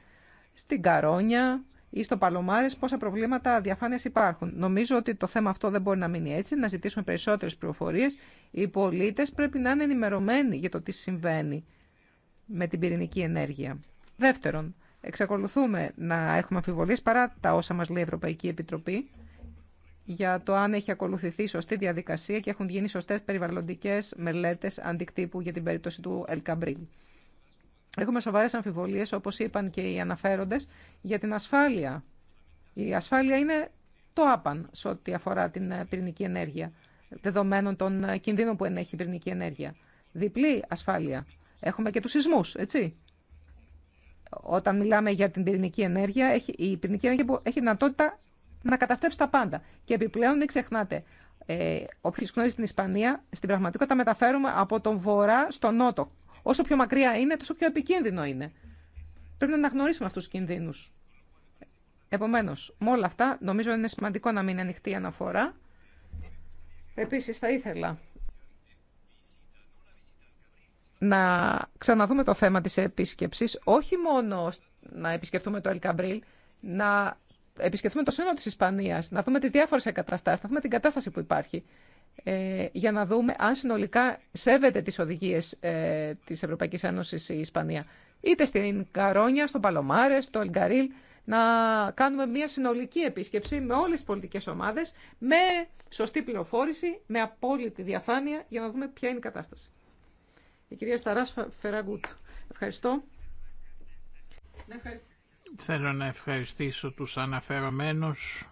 στην Καρόνια ή στο Παλωμάρε, πόσα προβλήματα διαφάνεια υπάρχουν. Νομίζω ότι το θέμα αυτό δεν μπορεί να μείνει έτσι, να ζητήσουμε περισσότερε πληροφορίε. Οι πολίτε πρέπει να είναι ενημερωμένοι για το τι συμβαίνει με την πυρηνική ενέργεια. Δεύτερον, εξακολουθούμε να έχουμε αμφιβολίε παρά τα όσα μα λέει η Ευρωπαϊκή Επιτροπή για το αν έχει ακολουθηθεί σωστή διαδικασία και έχουν γίνει σωστέ περιβαλλοντικέ μελέτε αντικτύπου για την περίπτωση του Ελκαμπρίν. Έχουμε σοβαρέ αμφιβολίες, όπω είπαν και οι αναφέροντε, για την ασφάλεια. Η ασφάλεια είναι το άπαν σε ό,τι αφορά την ε, πυρηνική ενέργεια, δεδομένων των ε, κινδύνων που ενέχει η πυρηνική ενέργεια. Διπλή ασφάλεια. Έχουμε και του σεισμού. έτσι. Όταν μιλάμε για την πυρηνική ενέργεια, η πυρηνική ενέργεια έχει δυνατότητα να καταστρέψει τα πάντα. Και επιπλέον μην ξεχνάτε, ε, όποιο γνωρίζει την Ισπανία, στην πραγματικότητα μεταφέρουμε από τον βορρά στον νότο. Όσο πιο μακριά είναι, τόσο πιο επικίνδυνο είναι. Πρέπει να αναγνωρίσουμε αυτού του κινδύνου. Επομένω, με όλα αυτά, νομίζω είναι σημαντικό να μην ανοιχτή η αναφορά. Επίση, θα ήθελα να ξαναδούμε το θέμα της επίσκεψης, όχι μόνο να επισκεφτούμε το El να επισκεφθούμε το σύνολο τη Ισπανία, να δούμε τι διάφορε εγκαταστάσει, να δούμε την κατάσταση που υπάρχει, ε, για να δούμε αν συνολικά σέβεται τι οδηγίε ε, της Ευρωπαϊκής Ένωσης η Ισπανία. Είτε στην Καρόνια, στον Παλωμάρε, στο Ελγκαρίλ, να κάνουμε μια συνολική επίσκεψη με όλε τι πολιτικέ ομάδε με σωστή πληροφόρηση, με απόλυτη διαφάνεια, για να δούμε ποια είναι η κατάσταση. Η κυρία Σταράς Φεραγκούτ. Ευχαριστώ. Ευχαριστώ. Θέλω να ευχαριστήσω τους αναφερομένους.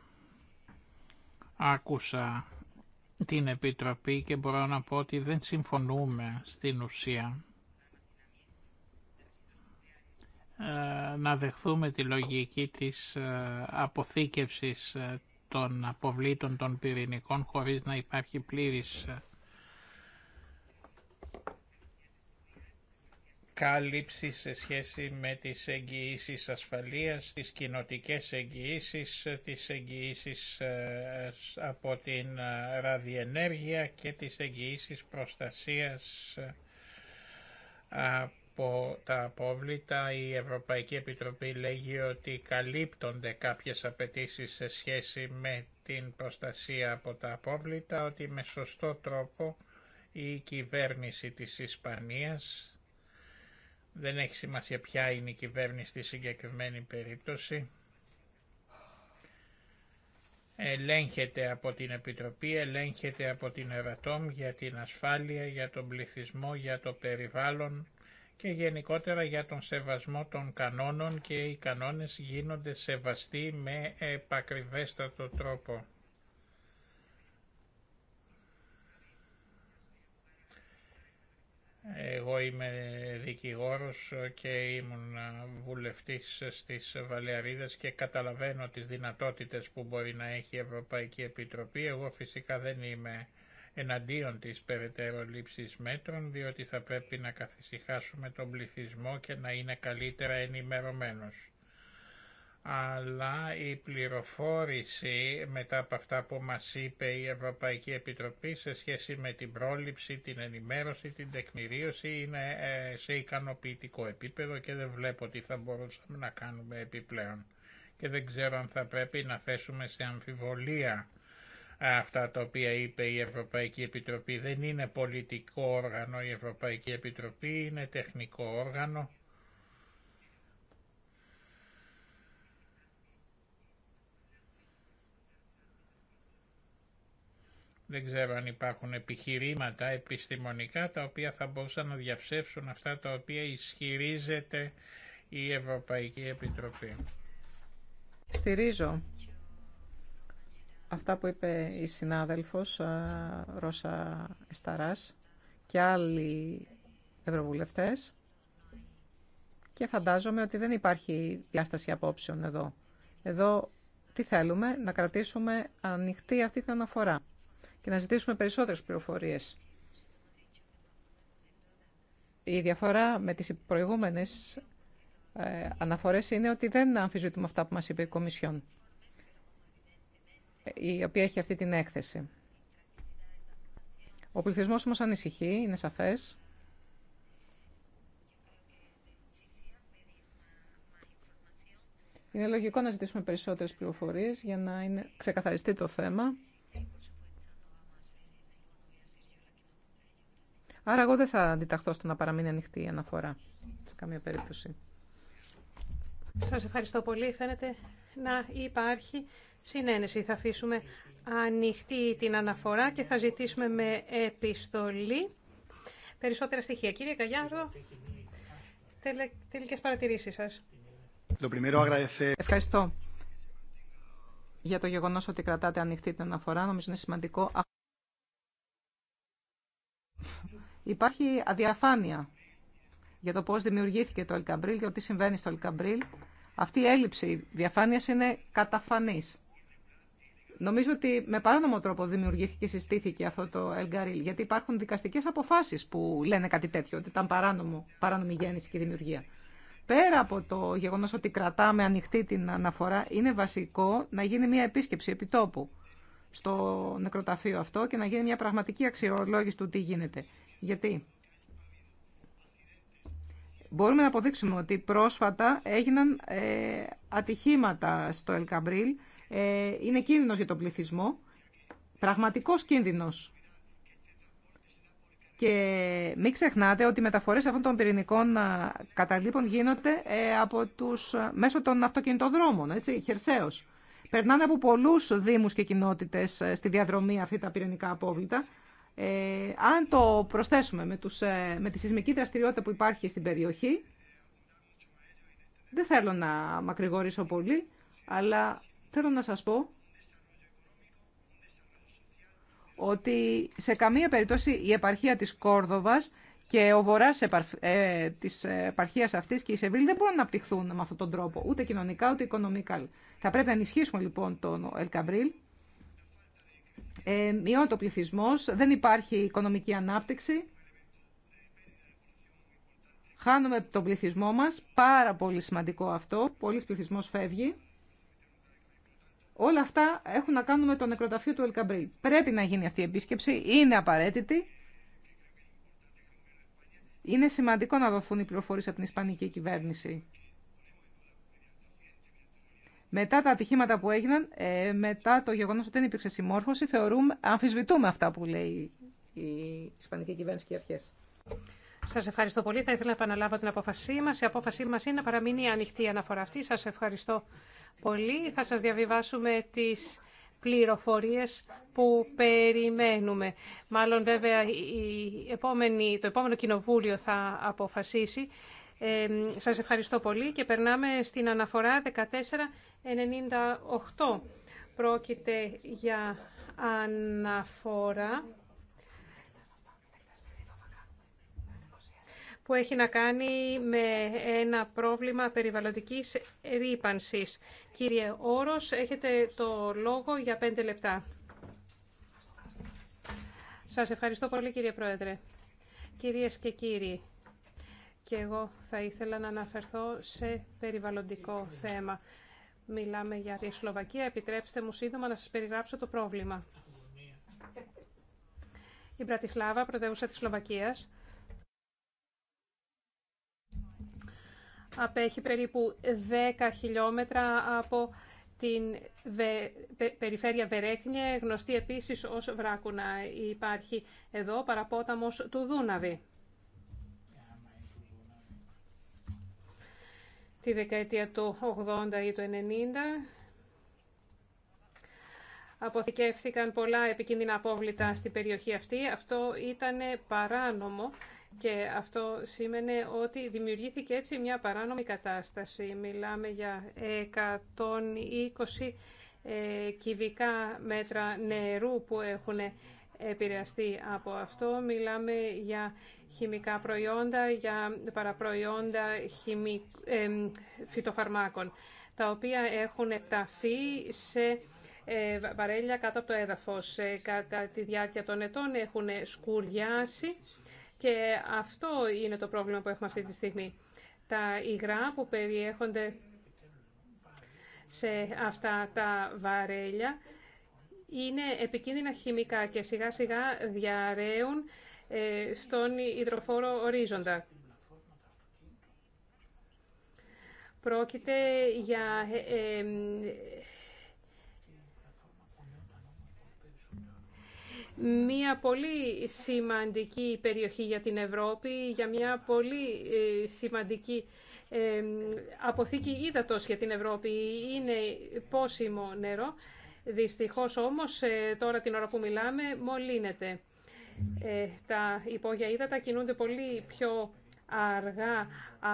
Άκουσα την Επιτροπή και μπορώ να πω ότι δεν συμφωνούμε στην ουσία. Ε, να δεχθούμε τη λογική της ε, αποθήκευσης ε, των αποβλήτων των πυρηνικών χωρίς να υπάρχει πλήρης κάλυψη σε σχέση με τις εγγυήσεις ασφαλείας, τις κοινοτικέ εγγυήσεις, τις εγγυήσεις ε, από την ε, ραδιενέργεια και τις εγγυήσεις προστασίας ε, από τα απόβλητα. Η Ευρωπαϊκή Επιτροπή λέγει ότι καλύπτονται κάποιες απαιτήσει σε σχέση με την προστασία από τα απόβλητα, ότι με σωστό τρόπο η κυβέρνηση της Ισπανίας δεν έχει σημασία ποια είναι η κυβέρνηση στη συγκεκριμένη περίπτωση. Ελέγχεται από την Επιτροπή, ελέγχεται από την Ερατόμ για την ασφάλεια, για τον πληθυσμό, για το περιβάλλον και γενικότερα για τον σεβασμό των κανόνων και οι κανόνες γίνονται σεβαστοί με επακριβέστατο τρόπο. Εγώ είμαι δικηγόρος και ήμουν βουλευτής στις Βαλεαρίδες και καταλαβαίνω τις δυνατότητες που μπορεί να έχει η Ευρωπαϊκή Επιτροπή. Εγώ φυσικά δεν είμαι εναντίον της περαιτέρω λήψης μέτρων, διότι θα πρέπει να καθησυχάσουμε τον πληθυσμό και να είναι καλύτερα ενημερωμένος αλλά η πληροφόρηση μετά από αυτά που μας είπε η Ευρωπαϊκή Επιτροπή σε σχέση με την πρόληψη, την ενημέρωση, την τεκμηρίωση είναι ε, σε ικανοποιητικό επίπεδο και δεν βλέπω τι θα μπορούσαμε να κάνουμε επιπλέον. Και δεν ξέρω αν θα πρέπει να θέσουμε σε αμφιβολία ε, αυτά τα οποία είπε η Ευρωπαϊκή Επιτροπή. Δεν είναι πολιτικό όργανο η Ευρωπαϊκή Επιτροπή, είναι τεχνικό όργανο Δεν ξέρω αν υπάρχουν επιχειρήματα επιστημονικά τα οποία θα μπορούσαν να διαψεύσουν αυτά τα οποία ισχυρίζεται η Ευρωπαϊκή Επιτροπή. Στηρίζω αυτά που είπε η συνάδελφος Ρώσα Εσταράς και άλλοι ευρωβουλευτές και φαντάζομαι ότι δεν υπάρχει διάσταση απόψεων εδώ. Εδώ τι θέλουμε, να κρατήσουμε ανοιχτή αυτή την αναφορά και να ζητήσουμε περισσότερες πληροφορίες. Η διαφορά με τις προηγούμενες ε, αναφορές είναι ότι δεν αμφισβητούμε αυτά που μας είπε η Κομισιόν, η οποία έχει αυτή την έκθεση. Ο πληθυσμό όμω ανησυχεί, είναι σαφές. Είναι λογικό να ζητήσουμε περισσότερες πληροφορίες για να είναι ξεκαθαριστεί το θέμα. Άρα εγώ δεν θα αντιταχθώ στο να παραμείνει ανοιχτή η αναφορά σε καμία περίπτωση. Σας ευχαριστώ πολύ. Φαίνεται να υπάρχει συνένεση. Θα αφήσουμε ανοιχτή την αναφορά και θα ζητήσουμε με επιστολή περισσότερα στοιχεία. Κύριε Καγιάρδο, τελε, τελικές παρατηρήσεις σας. Ευχαριστώ για το γεγονός ότι κρατάτε ανοιχτή την αναφορά. Νομίζω είναι σημαντικό. Υπάρχει αδιαφάνεια για το πώς δημιουργήθηκε το Ελκαμπρίλ και το τι συμβαίνει στο Ελκαμπρίλ. Αυτή η έλλειψη διαφάνειας είναι καταφανής. Νομίζω ότι με παράνομο τρόπο δημιουργήθηκε και συστήθηκε αυτό το Ελγκαρίλ, γιατί υπάρχουν δικαστικές αποφάσεις που λένε κάτι τέτοιο, ότι ήταν παράνομο, παράνομη γέννηση και δημιουργία. Πέρα από το γεγονός ότι κρατάμε ανοιχτή την αναφορά, είναι βασικό να γίνει μια επίσκεψη επιτόπου στο νεκροταφείο αυτό και να γίνει μια πραγματική αξιολόγηση του τι γίνεται. Γιατί μπορούμε να αποδείξουμε ότι πρόσφατα έγιναν ε, ατυχήματα στο Ελκαμπρίλ. Ε, είναι κίνδυνος για τον πληθυσμό, πραγματικός κίνδυνος. Και μην ξεχνάτε ότι οι μεταφορές αυτών των πυρηνικών ε, καταλήπων γίνονται ε, από τους, μέσω των αυτοκινητοδρόμων, έτσι, χερσαίως. Περνάνε από πολλούς δήμους και κοινότητες στη διαδρομή αυτή τα πυρηνικά απόβλητα ε, αν το προσθέσουμε με, τους, ε, με τη σεισμική δραστηριότητα που υπάρχει στην περιοχή, δεν θέλω να μακρηγορήσω πολύ, αλλά θέλω να σας πω ότι σε καμία περίπτωση η επαρχία της Κόρδοβας και ο βορράς ε, της επαρχίας αυτής και η Σεβίλη δεν μπορούν να απτυχθούν με αυτόν τον τρόπο, ούτε κοινωνικά ούτε οικονομικά. Θα πρέπει να ενισχύσουμε λοιπόν τον Ελκαμπρίλ ε, μειώνεται ο πληθυσμό, δεν υπάρχει οικονομική ανάπτυξη. Χάνουμε τον πληθυσμό μας, πάρα πολύ σημαντικό αυτό, πολύς πληθυσμός φεύγει. Όλα αυτά έχουν να κάνουν με το νεκροταφείο του Ελκαμπρί. Πρέπει να γίνει αυτή η επίσκεψη, είναι απαραίτητη. Είναι σημαντικό να δοθούν οι πληροφορίες από την Ισπανική κυβέρνηση μετά τα ατυχήματα που έγιναν, ε, μετά το γεγονός ότι δεν υπήρξε συμμόρφωση, θεωρούμε, αμφισβητούμε αυτά που λέει η Ισπανική κυβέρνηση και οι αρχές. Σας ευχαριστώ πολύ. Θα ήθελα να επαναλάβω την απόφασή μας. Η απόφασή μας είναι να παραμείνει ανοιχτή η αναφορά αυτή. Σας ευχαριστώ πολύ. Θα σας διαβιβάσουμε τις πληροφορίες που περιμένουμε. Μάλλον βέβαια η επόμενη, το επόμενο κοινοβούλιο θα αποφασίσει. Ε, σας ευχαριστώ πολύ και περνάμε στην αναφορά 14 98. Πρόκειται για αναφορά που έχει να κάνει με ένα πρόβλημα περιβαλλοντικής ρήπανσης. Κύριε Όρος, έχετε το λόγο για πέντε λεπτά. Σας ευχαριστώ πολύ κύριε Πρόεδρε. Κυρίες και κύριοι, και εγώ θα ήθελα να αναφερθώ σε περιβαλλοντικό θέμα. Μιλάμε για τη Σλοβακία. Επιτρέψτε μου σύντομα να σας περιγράψω το πρόβλημα. Η Μπρατισλάβα, πρωτεύουσα της Σλοβακίας, απέχει περίπου 10 χιλιόμετρα από την περιφέρεια Βερέκνιε, γνωστή επίσης ως Βράκουνα. Υπάρχει εδώ παραπόταμος του Δούναβη. τη δεκαετία του 80 ή του 90. Αποθηκεύθηκαν πολλά επικίνδυνα απόβλητα στην περιοχή αυτή. Αυτό ήταν παράνομο και αυτό σήμαινε ότι δημιουργήθηκε έτσι μια παράνομη κατάσταση. Μιλάμε για 120 ε, κυβικά μέτρα νερού που έχουν επηρεαστεί από αυτό. Μιλάμε για χημικά προϊόντα, για παραπροϊόντα φυτοφαρμάκων, τα οποία έχουν ταφεί σε ε, βαρέλια κάτω από το έδαφος. Ε, κατά τη διάρκεια των ετών έχουν σκουριάσει και αυτό είναι το πρόβλημα που έχουμε αυτή τη στιγμή. Τα υγρά που περιέχονται σε αυτά τα βαρέλια είναι επικίνδυνα χημικά και σιγά σιγά διαραίουν ε, στον υδροφόρο ορίζοντα. Πρόκειται για ε, ε, μια πολύ σημαντική περιοχή για την Ευρώπη, για μια πολύ σημαντική αποθήκη ύδατος για την Ευρώπη. Είναι πόσιμο νερό Δυστυχώς όμως ε, τώρα την ώρα που μιλάμε μολύνεται. Ε, τα υπόγεια ύδατα κινούνται πολύ πιο αργά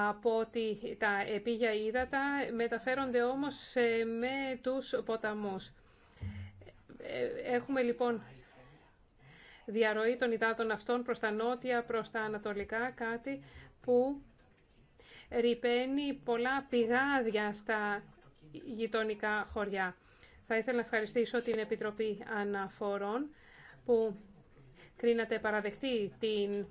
από ότι τα επίγεια ύδατα μεταφέρονται όμως ε, με τους ποταμούς. Έχουμε λοιπόν διαρροή των υδάτων αυτών προς τα νότια, προς τα ανατολικά, κάτι που ρηπαίνει πολλά πηγάδια στα γειτονικά χωριά. Θα ήθελα να ευχαριστήσω την Επιτροπή Αναφορών που κρίνατε παραδεχτεί την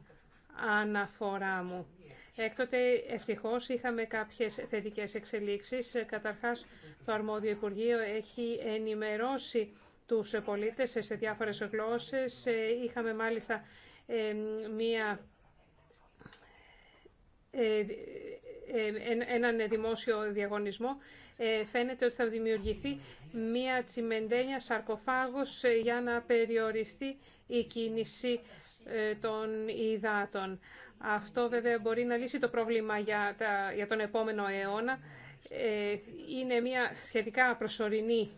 αναφορά μου. Έκτοτε ευτυχώς είχαμε κάποιες θετικές εξελίξεις. Καταρχάς το αρμόδιο Υπουργείο έχει ενημερώσει τους πολίτες σε διάφορες γλώσσες. Ε, είχαμε μάλιστα ε, μία ε, ε, έναν δημόσιο διαγωνισμό, ε, φαίνεται ότι θα δημιουργηθεί μία τσιμεντένια σαρκοφάγος ε, για να περιοριστεί η κίνηση των υδάτων. Αυτό βέβαια μπορεί να λύσει το πρόβλημα για, τον επόμενο αιώνα. Είναι μια σχετικά προσωρινή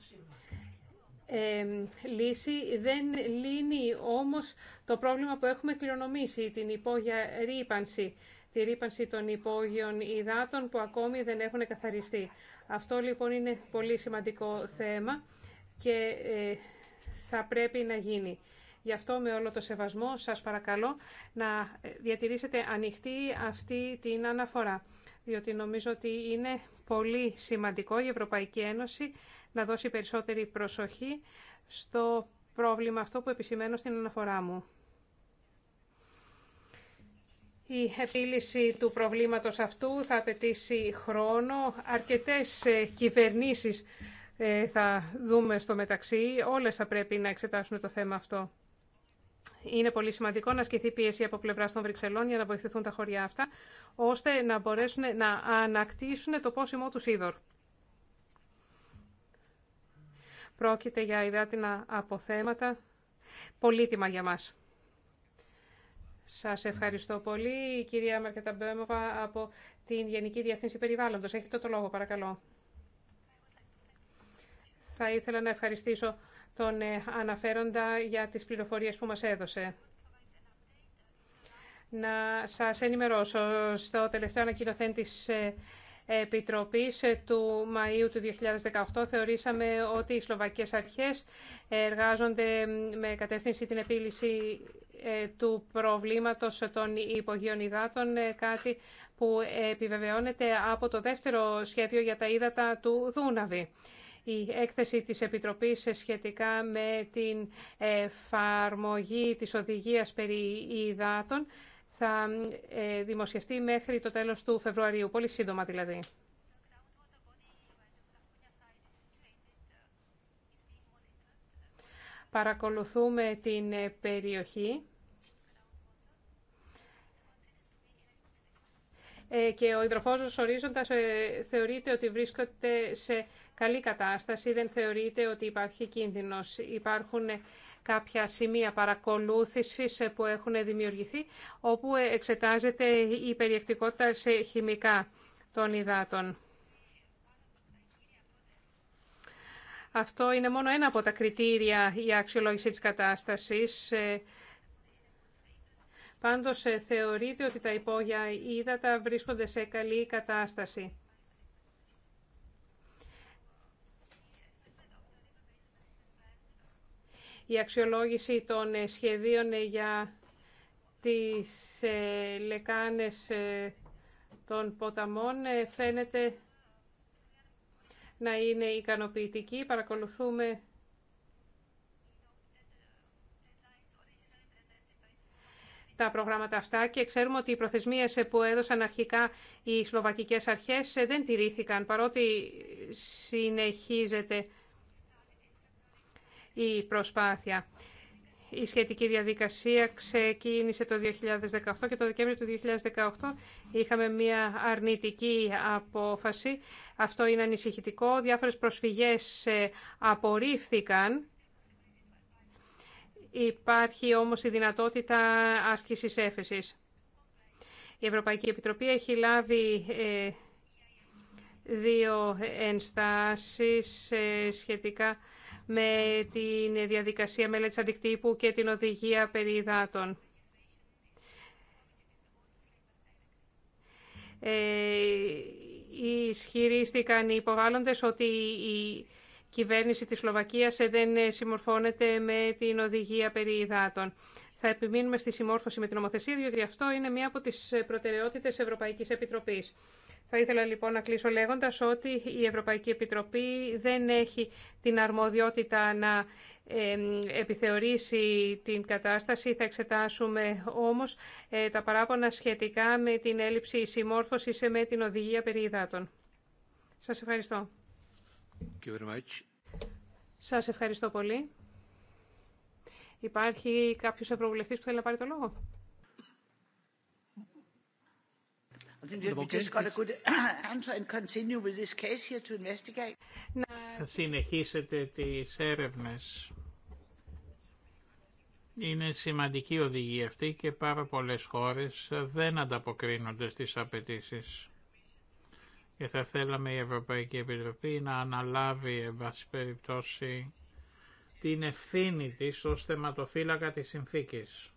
λύση. Δεν λύνει όμως το πρόβλημα που έχουμε κληρονομήσει, την υπόγεια ρήπανση τη ρήπανση των υπόγειων υδάτων που ακόμη δεν έχουν καθαριστεί. Αυτό λοιπόν είναι πολύ σημαντικό θέμα και ε, θα πρέπει να γίνει. Γι' αυτό με όλο το σεβασμό σας παρακαλώ να ε, διατηρήσετε ανοιχτή αυτή την αναφορά, διότι νομίζω ότι είναι πολύ σημαντικό η Ευρωπαϊκή Ένωση να δώσει περισσότερη προσοχή στο πρόβλημα αυτό που επισημαίνω στην αναφορά μου. Η επίλυση του προβλήματος αυτού θα απαιτήσει χρόνο. Αρκετές ε, κυβερνήσεις ε, θα δούμε στο μεταξύ. Όλες θα πρέπει να εξετάσουν το θέμα αυτό. Είναι πολύ σημαντικό να ασκηθεί πίεση από πλευρά των Βρυξελών για να βοηθηθούν τα χωριά αυτά, ώστε να μπορέσουν να ανακτήσουν το πόσιμό του είδωρ. Πρόκειται για υδάτινα αποθέματα, πολύτιμα για μας. Σας ευχαριστώ πολύ, η κυρία Μαρκεταμπέμοβα από την Γενική Διεύθυνση Περιβάλλοντος. Έχετε το λόγο, παρακαλώ. Θα ήθελα να ευχαριστήσω τον ε, αναφέροντα για τις πληροφορίες που μας έδωσε. Να σας ενημερώσω στο τελευταίο ανακοινωθέν της ε, Επιτροπής ε, του Μαΐου του 2018 θεωρήσαμε ότι οι Σλοβακές Αρχές εργάζονται με κατεύθυνση την επίλυση ε, του προβλήματος των υπογείων υδάτων, ε, κάτι που επιβεβαιώνεται από το δεύτερο σχέδιο για τα ύδατα του Δούναβη. Η έκθεση της Επιτροπής σχετικά με την εφαρμογή της οδηγίας περί υδάτων θα ε, δημοσιευτεί μέχρι το τέλος του Φεβρουαρίου, πολύ σύντομα δηλαδή. Παρακολουθούμε την περιοχή Ε, και ο υδροφόρος ορίζοντας ε, θεωρείται ότι βρίσκονται σε καλή κατάσταση, δεν θεωρείται ότι υπάρχει κίνδυνος. Υπάρχουν ε, κάποια σημεία παρακολούθησης που έχουν δημιουργηθεί, όπου εξετάζεται η περιεκτικότητα σε χημικά των υδάτων. Αυτό είναι μόνο ένα από τα κριτήρια για αξιολόγηση της κατάστασης. Πάντως ε, θεωρείται ότι τα υπόγεια ύδατα βρίσκονται σε καλή κατάσταση. Η αξιολόγηση των ε, σχεδίων ε, για τις λεκάνες των ποταμών φαίνεται να είναι ικανοποιητική. Παρακολουθούμε τα προγράμματα αυτά και ξέρουμε ότι οι προθεσμίες που έδωσαν αρχικά οι σλοβακικές αρχές δεν τηρήθηκαν, παρότι συνεχίζεται η προσπάθεια. Η σχετική διαδικασία ξεκίνησε το 2018 και το Δεκέμβριο του 2018 είχαμε μια αρνητική απόφαση. Αυτό είναι ανησυχητικό. Διάφορες προσφυγές απορρίφθηκαν Υπάρχει όμως η δυνατότητα άσκησης έφεσης. Η Ευρωπαϊκή Επιτροπή έχει λάβει ε, δύο ενστάσεις ε, σχετικά με τη διαδικασία μελέτης αντικτύπου και την οδηγία περί υδάτων. Ε, ισχυρίστηκαν οι υποβάλλοντες ότι η κυβέρνηση της Σλοβακίας δεν ε, συμμορφώνεται με την οδηγία περί υδάτων. Θα επιμείνουμε στη συμμόρφωση με την νομοθεσία, διότι αυτό είναι μία από τις ε, προτεραιότητες Ευρωπαϊκής Επιτροπής. Θα ήθελα λοιπόν να κλείσω λέγοντας ότι η Ευρωπαϊκή Επιτροπή δεν έχει την αρμοδιότητα να ε, επιθεωρήσει την κατάσταση. Θα εξετάσουμε όμως τα παράπονα σχετικά με την έλλειψη συμμόρφωσης με την οδηγία περί υδάτων. Σας ευχαριστώ. Σας ευχαριστώ πολύ. Υπάρχει κάποιος ευρωβουλευτής που θέλει να πάρει το λόγο. Θα συνεχίσετε τις έρευνες. Είναι σημαντική οδηγία αυτή και πάρα πολλές χώρες δεν ανταποκρίνονται στις απαιτήσεις και θα θέλαμε η Ευρωπαϊκή Επιτροπή να αναλάβει εν πάση περιπτώσει την ευθύνη της ως θεματοφύλακα της συνθήκης.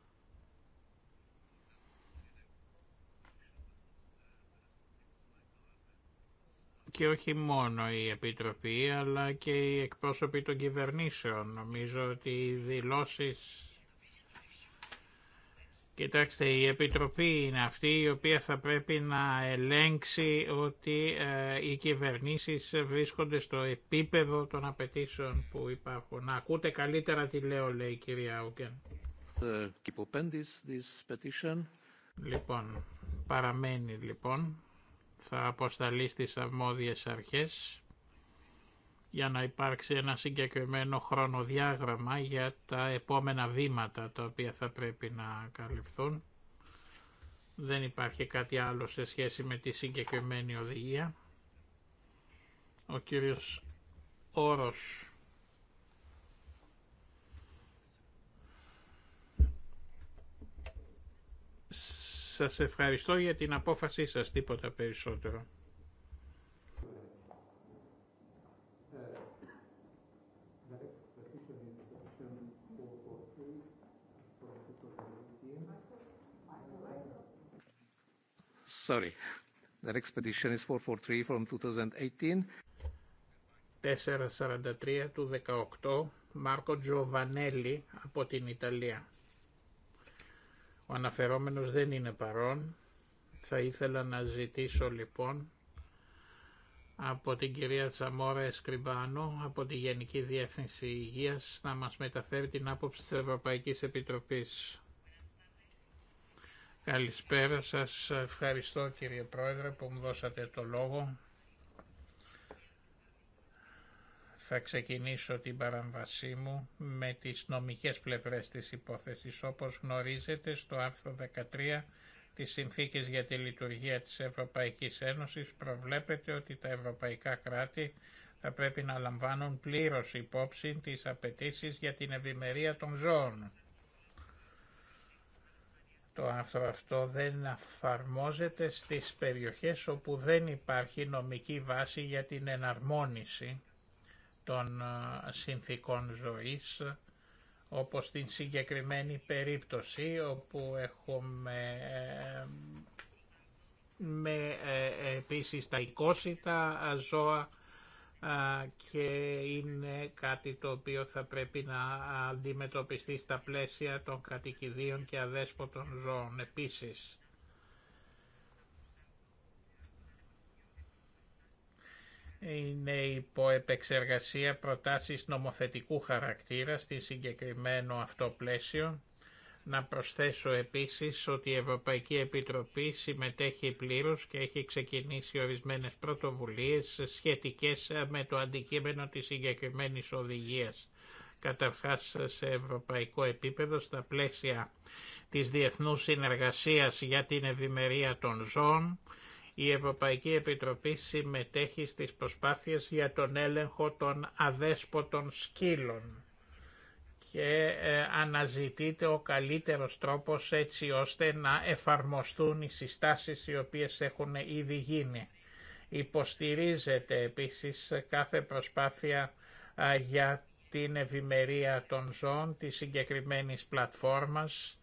Και όχι μόνο η Επιτροπή αλλά και οι εκπρόσωποι των κυβερνήσεων. Νομίζω ότι οι δηλώσεις Κοιτάξτε, η Επιτροπή είναι αυτή η οποία θα πρέπει να ελέγξει ότι ε, οι κυβερνήσεις βρίσκονται στο επίπεδο των απαιτήσεων που υπάρχουν. Να ακούτε καλύτερα τι λέω, λέει η κυρία Ούκεν. Ε, λοιπόν, παραμένει λοιπόν. Θα αποσταλεί στις αρμόδιες αρχές για να υπάρξει ένα συγκεκριμένο χρονοδιάγραμμα για τα επόμενα βήματα τα οποία θα πρέπει να καλυφθούν. Δεν υπάρχει κάτι άλλο σε σχέση με τη συγκεκριμένη οδηγία. Ο κύριος Όρος Σας ευχαριστώ για την απόφασή σας, τίποτα περισσότερο. Sorry. is 443 from 2018. 443 του 18, Μάρκο Τζοβανέλη από την Ιταλία. Ο αναφερόμενος δεν είναι παρόν. Θα ήθελα να ζητήσω λοιπόν από την κυρία Τσαμόρα Εσκριμπάνο, από τη Γενική Διεύθυνση Υγείας, να μας μεταφέρει την άποψη της Ευρωπαϊκής Επιτροπής. Καλησπέρα σας. Ευχαριστώ κύριε Πρόεδρε που μου δώσατε το λόγο. Θα ξεκινήσω την παραμβασή μου με τις νομικές πλευρές της υπόθεσης. Όπως γνωρίζετε στο άρθρο 13 της Συνθήκης για τη Λειτουργία της Ευρωπαϊκής Ένωσης προβλέπεται ότι τα ευρωπαϊκά κράτη θα πρέπει να λαμβάνουν πλήρως υπόψη τις απαιτήσει για την ευημερία των ζώων το άρθρο αυτό δεν αφαρμόζεται στις περιοχές όπου δεν υπάρχει νομική βάση για την εναρμόνιση των ε, συνθήκων ζωής, όπως στην συγκεκριμένη περίπτωση όπου έχουμε ε, με ε, επίσης τα οικόσιτα ζώα και είναι κάτι το οποίο θα πρέπει να αντιμετωπιστεί στα πλαίσια των κατοικιδίων και αδέσποτων ζώων επίσης. Είναι υπό επεξεργασία προτάσεις νομοθετικού χαρακτήρα στη συγκεκριμένο αυτό πλαίσιο να προσθέσω επίσης ότι η Ευρωπαϊκή Επιτροπή συμμετέχει πλήρως και έχει ξεκινήσει ορισμένες πρωτοβουλίες σχετικές με το αντικείμενο της συγκεκριμένη οδηγίας. Καταρχάς σε ευρωπαϊκό επίπεδο στα πλαίσια της Διεθνούς Συνεργασίας για την Ευημερία των Ζώων, η Ευρωπαϊκή Επιτροπή συμμετέχει στις προσπάθειες για τον έλεγχο των αδέσποτων σκύλων και ε, αναζητείται ο καλύτερος τρόπος έτσι ώστε να εφαρμοστούν οι συστάσεις οι οποίες έχουν ήδη γίνει. Υποστηρίζεται επίσης κάθε προσπάθεια για την ευημερία των ζώων της συγκεκριμένης πλατφόρμας,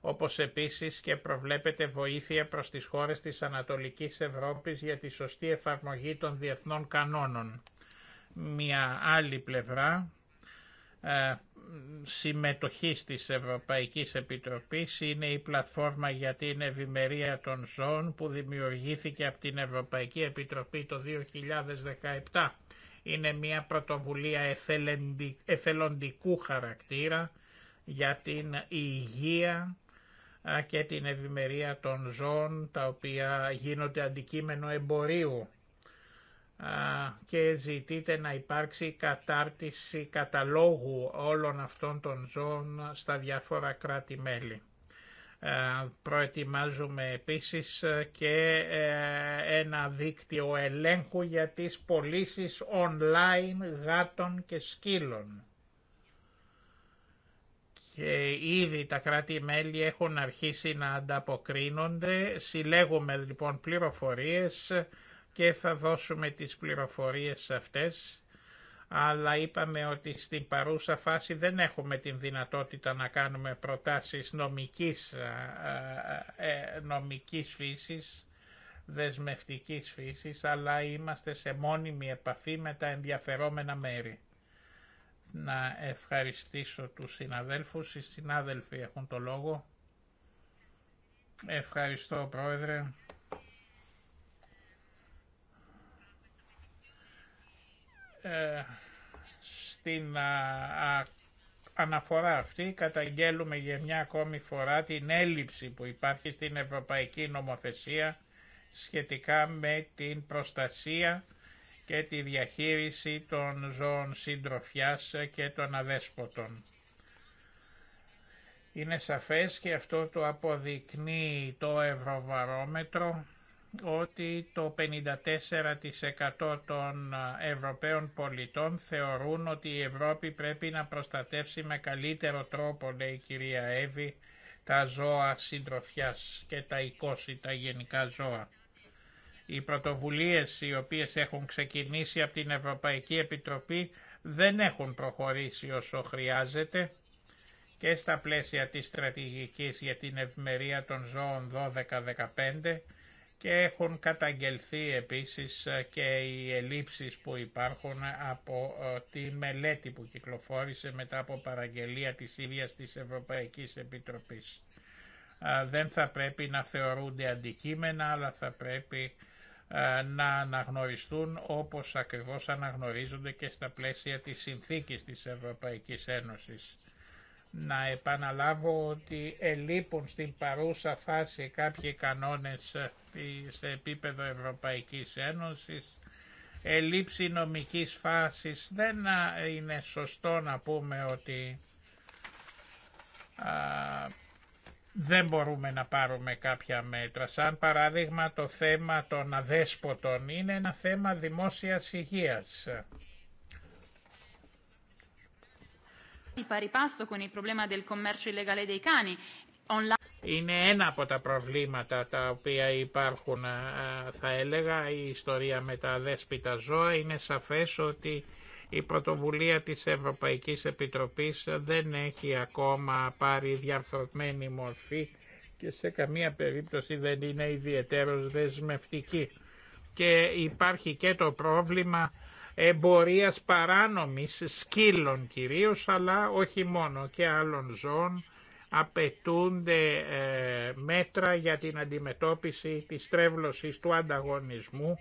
όπως επίσης και προβλέπεται βοήθεια προς τις χώρες της Ανατολικής Ευρώπης για τη σωστή εφαρμογή των διεθνών κανόνων. Μια άλλη πλευρά ε, συμμετοχής της Ευρωπαϊκή Επιτροπή είναι η πλατφόρμα για την ευημερία των ζώων που δημιουργήθηκε από την Ευρωπαϊκή Επιτροπή το 2017. Είναι μια πρωτοβουλία εθελοντικού χαρακτήρα για την υγεία και την ευημερία των ζώων τα οποία γίνονται αντικείμενο εμπορίου και ζητείτε να υπάρξει κατάρτιση καταλόγου όλων αυτών των ζώων στα διάφορα κράτη-μέλη. Προετοιμάζουμε επίσης ε, και ε, ένα δίκτυο ελέγχου για τις πωλήσει online γάτων και σκύλων. Και ήδη τα κράτη-μέλη έχουν αρχίσει να ανταποκρίνονται. Συλλέγουμε λοιπόν πληροφορίες και θα δώσουμε τις πληροφορίες αυτές, αλλά είπαμε ότι στην παρούσα φάση δεν έχουμε την δυνατότητα να κάνουμε προτάσεις νομικής, ε, ε, ε, νομικής φύσης, δεσμευτικής φύσης, αλλά είμαστε σε μόνιμη επαφή με τα ενδιαφερόμενα μέρη. Να ευχαριστήσω τους συναδέλφους, οι συνάδελφοι έχουν το λόγο. Ευχαριστώ πρόεδρε. Ε, στην αναφορά αυτή καταγγέλουμε για μια ακόμη φορά την έλλειψη που υπάρχει στην Ευρωπαϊκή Νομοθεσία σχετικά με την προστασία και τη διαχείριση των ζώων συντροφιάς και των αδέσποτων. Είναι σαφές και αυτό το αποδεικνύει το Ευρωβαρόμετρο ότι το 54% των ε, Ευρωπαίων πολιτών θεωρούν ότι η Ευρώπη πρέπει να προστατεύσει με καλύτερο τρόπο, λέει η κυρία Εύη, τα ζώα συντροφιάς και τα οικόσιτα τα γενικά ζώα. Οι πρωτοβουλίες οι οποίες έχουν ξεκινήσει από την Ευρωπαϊκή Επιτροπή δεν έχουν προχωρήσει όσο χρειάζεται και στα πλαίσια της στρατηγικής για την ευμερία των ζώων 12-15 και έχουν καταγγελθεί επίσης ε, και οι ελλείψεις που υπάρχουν από ε, τη μελέτη που κυκλοφόρησε μετά από παραγγελία της ίδιας της Ευρωπαϊκής Επιτροπής. Ε, δεν θα πρέπει να θεωρούνται αντικείμενα, αλλά θα πρέπει να αναγνωριστούν όπως ακριβώς αναγνωρίζονται και στα πλαίσια της συνθήκης της Ευρωπαϊκής Ένωσης να επαναλάβω ότι ελείπουν στην παρούσα φάση κάποιοι κανόνες ε, σε επίπεδο Ευρωπαϊκής Ένωσης. ελείψη νομικής φάσης δεν είναι σωστό να πούμε ότι δεν μπορούμε να πάρουμε κάποια μέτρα. Σαν παράδειγμα το θέμα των αδέσποτων είναι ένα θέμα δημόσιας υγείας. Είναι ένα από τα προβλήματα τα οποία υπάρχουν, θα έλεγα, η ιστορία με τα δέσποιτα ζώα. Είναι σαφές ότι η πρωτοβουλία της Ευρωπαϊκής Επιτροπής δεν έχει ακόμα πάρει διαρθρωμένη μορφή και σε καμία περίπτωση δεν είναι ιδιαίτερος δεσμευτική. Και υπάρχει και το πρόβλημα Εμπορία παράνομη σκύλων κυρίω, αλλά όχι μόνο και άλλων ζώων, απαιτούνται ε, μέτρα για την αντιμετώπιση της τρέβλωσης του ανταγωνισμού,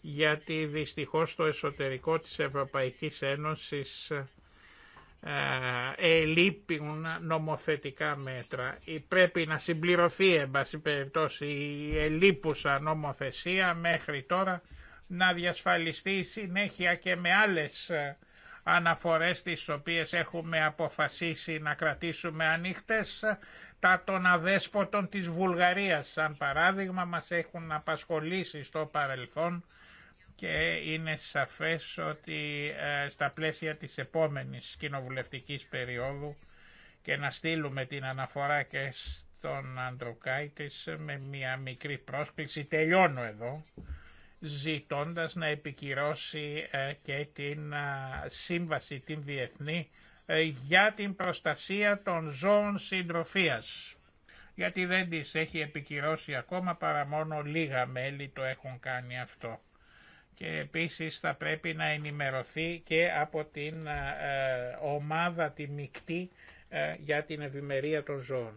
γιατί δυστυχώς το εσωτερικό της Ευρωπαϊκής Ένωσης ε, ελείπουν νομοθετικά μέτρα. Πρέπει να συμπληρωθεί, εν πάση περιπτώσει, η ελείπουσα νομοθεσία μέχρι τώρα να διασφαλιστεί η συνέχεια και με άλλες ε, αναφορές τις οποίες έχουμε αποφασίσει να κρατήσουμε ανοιχτές. Ε, τα των αδέσποτων της Βουλγαρίας σαν παράδειγμα μας έχουν απασχολήσει στο παρελθόν και είναι σαφές ότι ε, στα πλαίσια της επόμενης κοινοβουλευτικής περίοδου και να στείλουμε την αναφορά και στον με μια μικρή πρόσκληση. Τελειώνω εδώ ζητώντας να επικυρώσει ε, και την ε, σύμβαση την διεθνή ε, για την προστασία των ζώων συντροφίας. Γιατί δεν τις έχει επικυρώσει ακόμα παρά μόνο λίγα μέλη το έχουν κάνει αυτό. Και επίσης θα πρέπει να ενημερωθεί και από την ομάδα τη ΜΙΚΤΗ για την ευημερία των ζώων.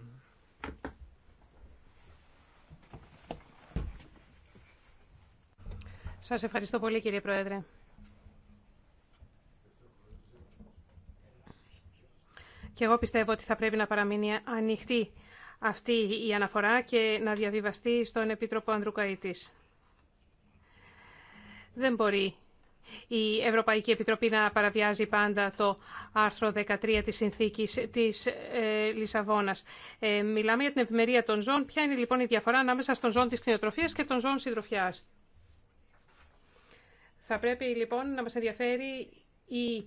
Σας ευχαριστώ πολύ κύριε Πρόεδρε. Και εγώ πιστεύω ότι θα πρέπει να παραμείνει ανοιχτή αυτή η αναφορά και να διαβιβαστεί στον Επίτροπο Ανδρουκαΐτης. Δεν μπορεί η Ευρωπαϊκή Επιτροπή να παραβιάζει πάντα το άρθρο 13 της Συνθήκης της ε, Λισαβόνας. Ε, μιλάμε για την ευημερία των ζώων. Ποια είναι λοιπόν η διαφορά ανάμεσα στον ζώων της κτηνοτροφίας και των ζώων συντροφιάς. Θα πρέπει λοιπόν να μας ενδιαφέρει η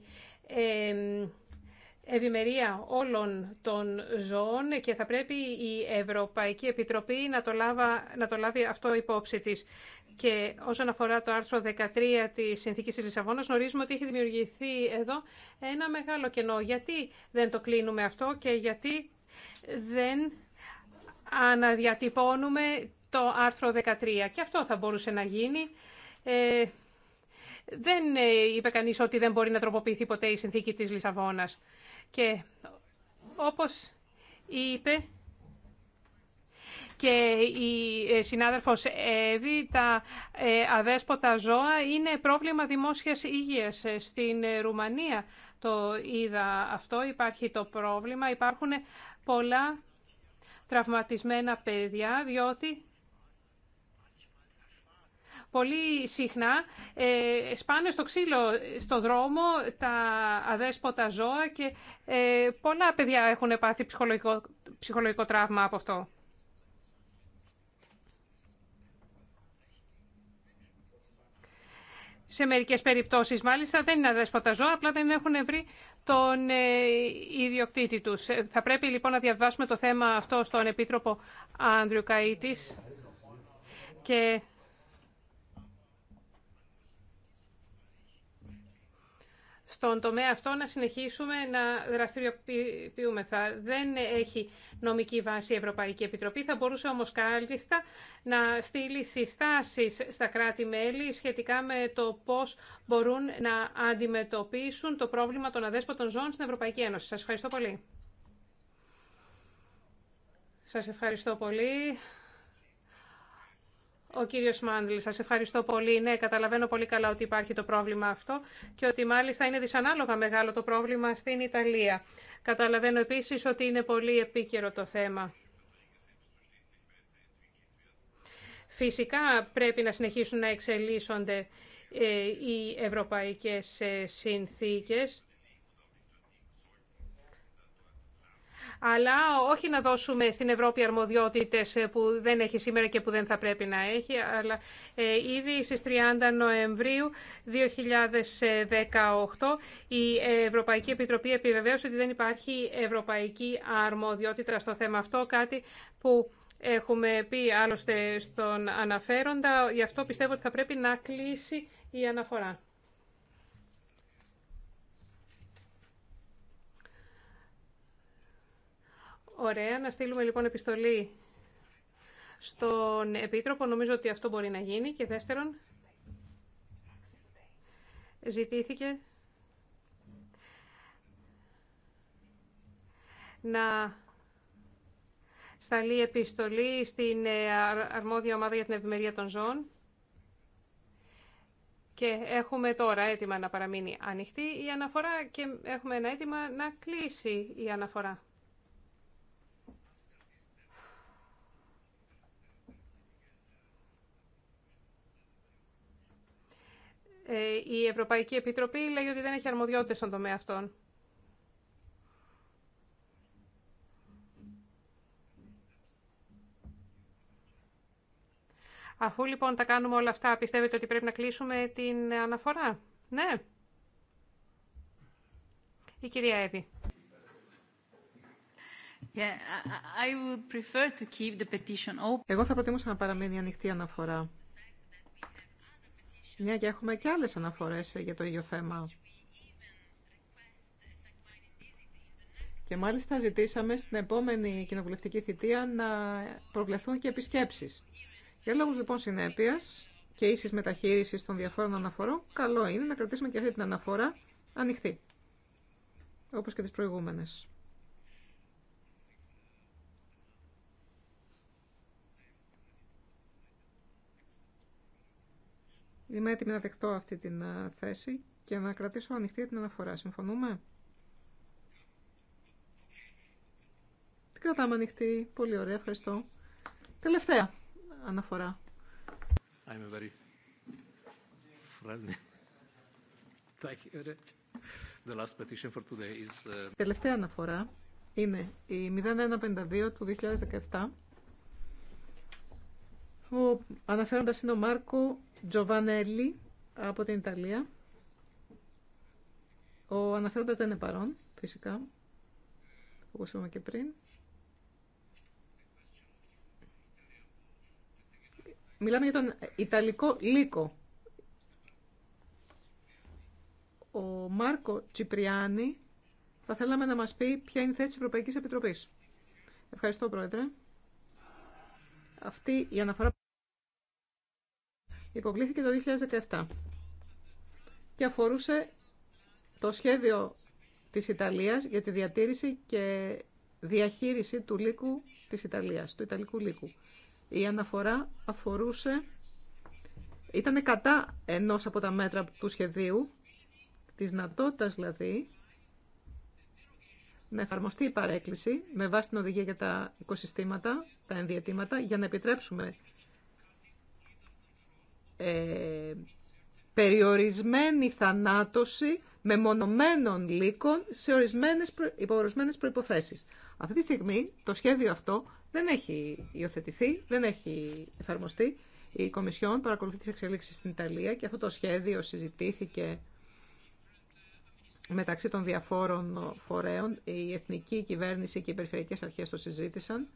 ευημερία όλων των ζώων και θα πρέπει η Ευρωπαϊκή Επιτροπή να το, να το λάβει αυτό υπόψη της. Και όσον αφορά το άρθρο 13 της Συνθήκης της Λισαβόνας, γνωρίζουμε ότι έχει δημιουργηθεί εδώ ένα μεγάλο κενό. Γιατί δεν το κλείνουμε αυτό και γιατί δεν αναδιατυπώνουμε το άρθρο 13. Και αυτό θα μπορούσε να γίνει. Ε, δεν ε, είπε κανείς ότι δεν μπορεί να τροποποιηθεί ποτέ η συνθήκη της Λισαβόνας. Και όπως είπε και η ε, συνάδελφος Εύη, τα ε, αδέσποτα ζώα είναι πρόβλημα δημόσιας υγείας. Στην Ρουμανία το είδα αυτό, υπάρχει το πρόβλημα, υπάρχουν πολλά τραυματισμένα παιδιά, διότι Πολύ συχνά ε, σπάνε στο ξύλο στο δρόμο τα αδέσποτα ζώα και ε, πολλά παιδιά έχουν πάθει ψυχολογικό, ψυχολογικό τραύμα από αυτό. σε μερικές περιπτώσεις, μάλιστα δεν είναι αδέσποτα ζώα, απλά δεν έχουν βρει τον ε, ιδιοκτήτη τους. Θα πρέπει λοιπόν να διαβάσουμε το θέμα αυτό στον Επίτροπο Άνδριου Καΐτης και στον τομέα αυτό να συνεχίσουμε να δραστηριοποιούμεθα. Δεν έχει νομική βάση η Ευρωπαϊκή Επιτροπή, θα μπορούσε όμως κάλλιστα να στείλει συστάσεις στα κράτη-μέλη σχετικά με το πώς μπορούν να αντιμετωπίσουν το πρόβλημα των αδέσποτων ζώων στην Ευρωπαϊκή Ένωση. Σας ευχαριστώ πολύ. Σας ευχαριστώ πολύ. Ο κύριος Μάντλ, σας ευχαριστώ πολύ. Ναι, καταλαβαίνω πολύ καλά ότι υπάρχει το πρόβλημα αυτό και ότι μάλιστα είναι δυσανάλογα μεγάλο το πρόβλημα στην Ιταλία. Καταλαβαίνω επίσης ότι είναι πολύ επίκαιρο το θέμα. Φυσικά πρέπει να συνεχίσουν να εξελίσσονται ε, οι ευρωπαϊκές ε, συνθήκες αλλά όχι να δώσουμε στην Ευρώπη αρμοδιότητες που δεν έχει σήμερα και που δεν θα πρέπει να έχει, αλλά ε, ήδη στις 30 Νοεμβρίου 2018 η Ευρωπαϊκή Επιτροπή επιβεβαίωσε ότι δεν υπάρχει ευρωπαϊκή αρμοδιότητα στο θέμα αυτό, κάτι που έχουμε πει άλλωστε στον αναφέροντα, γι' αυτό πιστεύω ότι θα πρέπει να κλείσει η αναφορά. Ωραία, να στείλουμε λοιπόν επιστολή στον Επίτροπο. Νομίζω ότι αυτό μπορεί να γίνει. Και δεύτερον, ζητήθηκε να σταλεί επιστολή στην ε, αρμόδια ομάδα για την ευημερία των ζώων. Και έχουμε τώρα έτοιμα να παραμείνει ανοιχτή η αναφορά και έχουμε ένα έτοιμα να κλείσει η αναφορά. Ε, η Ευρωπαϊκή Επιτροπή λέει ότι δεν έχει αρμοδιότητες στον τομέα αυτών. Αφού λοιπόν τα κάνουμε όλα αυτά, πιστεύετε ότι πρέπει να κλείσουμε την αναφορά. Ναι. Η κυρία Εύη. Εγώ θα προτιμούσα να παραμείνει ανοιχτή αναφορά. Μια και έχουμε και άλλες αναφορές για το ίδιο θέμα. Και μάλιστα ζητήσαμε στην επόμενη κοινοβουλευτική θητεία να προβλεφθούν και επισκέψεις. Για λόγους λοιπόν συνέπειας και ίσης μεταχείρισης των διαφόρων αναφορών, καλό είναι να κρατήσουμε και αυτή την αναφορά ανοιχτή, όπως και τις προηγούμενες. Είμαι έτοιμη να δεχτώ αυτή την θέση και να κρατήσω ανοιχτή την αναφορά. Συμφωνούμε? Την κρατάμε ανοιχτή. Πολύ ωραία. Ευχαριστώ. Τελευταία αναφορά. The last petition for today is... Uh, Τελευταία αναφορά είναι η 0152 του 2017 ο αναφέροντας είναι ο Μάρκο Τζοβανέλη από την Ιταλία. Ο αναφέροντας δεν είναι παρόν, φυσικά, όπως είπαμε και πριν. Μιλάμε για τον Ιταλικό Λίκο. Ο Μάρκο Τσιπριάνη θα θέλαμε να μας πει ποια είναι η θέση της Ευρωπαϊκής Επιτροπής. Ευχαριστώ, Πρόεδρε. Αυτή η αναφορά Υποβλήθηκε το 2017 και αφορούσε το σχέδιο της Ιταλίας για τη διατήρηση και διαχείριση του λύκου της Ιταλίας, του Ιταλικού λύκου. Η αναφορά αφορούσε, ήταν κατά ενός από τα μέτρα του σχεδίου, της δυνατότητα δηλαδή, να εφαρμοστεί η παρέκκληση με βάση την οδηγία για τα οικοσυστήματα, τα ενδιατήματα, για να επιτρέψουμε ε, περιορισμένη θανάτωση μεμονωμένων λύκων σε ορισμένες, υποορισμένες προϋποθέσεις. Αυτή τη στιγμή το σχέδιο αυτό δεν έχει υιοθετηθεί, δεν έχει εφαρμοστεί. Η Κομισιόν παρακολουθεί τις εξελίξεις στην Ιταλία και αυτό το σχέδιο συζητήθηκε μεταξύ των διαφόρων φορέων. Η εθνική κυβέρνηση και οι περιφερειακές αρχές το συζήτησαν.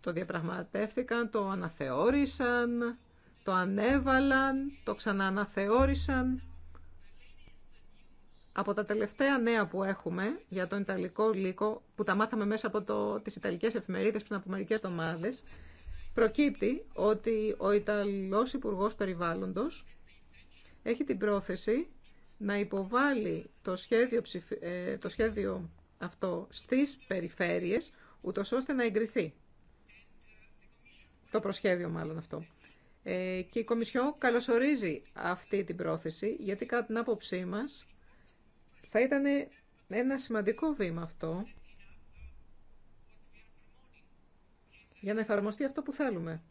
Το διαπραγματεύτηκαν, το αναθεώρησαν το ανέβαλαν, το ξανααναθεώρησαν. Από τα τελευταία νέα που έχουμε για τον Ιταλικό λύκο, που τα μάθαμε μέσα από το, τις Ιταλικές εφημερίδες πριν από μερικές εβδομάδες, προκύπτει ότι ο Ιταλός Υπουργός Περιβάλλοντος έχει την πρόθεση να υποβάλει το σχέδιο, ε, το σχέδιο αυτό στις περιφέρειες, ούτω ώστε να εγκριθεί. Το προσχέδιο μάλλον αυτό. Ε, και η Κομισιόν καλωσορίζει αυτή την πρόθεση, γιατί κατά την άποψή μας θα ήταν ένα σημαντικό βήμα αυτό για να εφαρμοστεί αυτό που θέλουμε,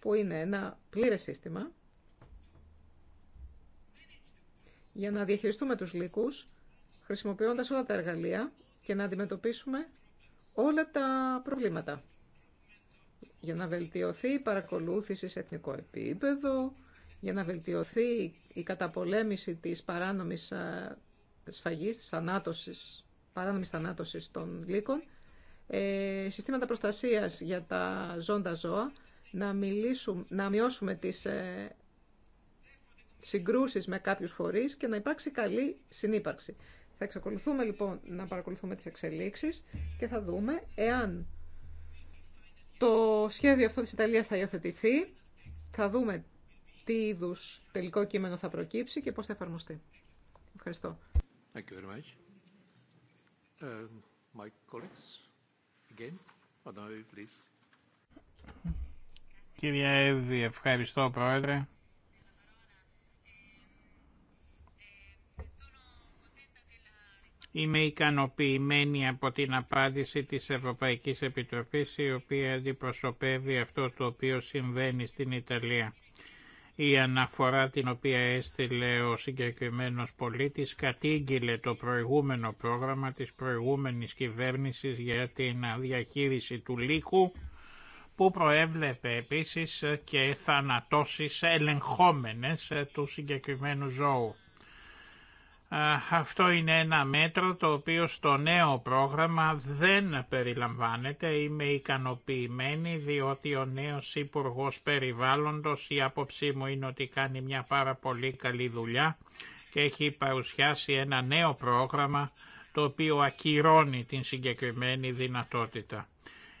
που είναι ένα πλήρες σύστημα για να διαχειριστούμε τους λύκους χρησιμοποιώντας όλα τα εργαλεία και να αντιμετωπίσουμε όλα τα προβλήματα για να βελτιωθεί η παρακολούθηση σε εθνικό επίπεδο, για να βελτιωθεί η καταπολέμηση της παράνομης σφαγής, της παράνομης θανάτωσης των λύκων, ε, συστήματα προστασίας για τα ζώντα ζώα, να, μιλήσουμε, να μειώσουμε τις ε, συγκρούσεις με κάποιους φορείς και να υπάρξει καλή συνύπαρξη. Θα εξακολουθούμε λοιπόν να παρακολουθούμε τις εξελίξεις και θα δούμε εάν το σχέδιο αυτό της Ιταλίας θα υιοθετηθεί. Θα δούμε τι είδου τελικό κείμενο θα προκύψει και πώς θα εφαρμοστεί. Ευχαριστώ. Thank you very much. Um, Κύριε Εύη, ευχαριστώ Πρόεδρε. Είμαι ικανοποιημένη από την απάντηση της Ευρωπαϊκής Επιτροπής η οποία αντιπροσωπεύει αυτό το οποίο συμβαίνει στην Ιταλία. Η αναφορά την οποία έστειλε ο συγκεκριμένος πολίτης κατήγγειλε το προηγούμενο πρόγραμμα της προηγούμενης κυβέρνησης για την διαχείριση του λύκου που προέβλεπε επίσης και θανατώσεις ελεγχόμενες του συγκεκριμένου ζώου. Αυτό είναι ένα μέτρο το οποίο στο νέο πρόγραμμα δεν περιλαμβάνεται. Είμαι ικανοποιημένη διότι ο νέος Υπουργός Περιβάλλοντος η άποψή μου είναι ότι κάνει μια πάρα πολύ καλή δουλειά και έχει παρουσιάσει ένα νέο πρόγραμμα το οποίο ακυρώνει την συγκεκριμένη δυνατότητα.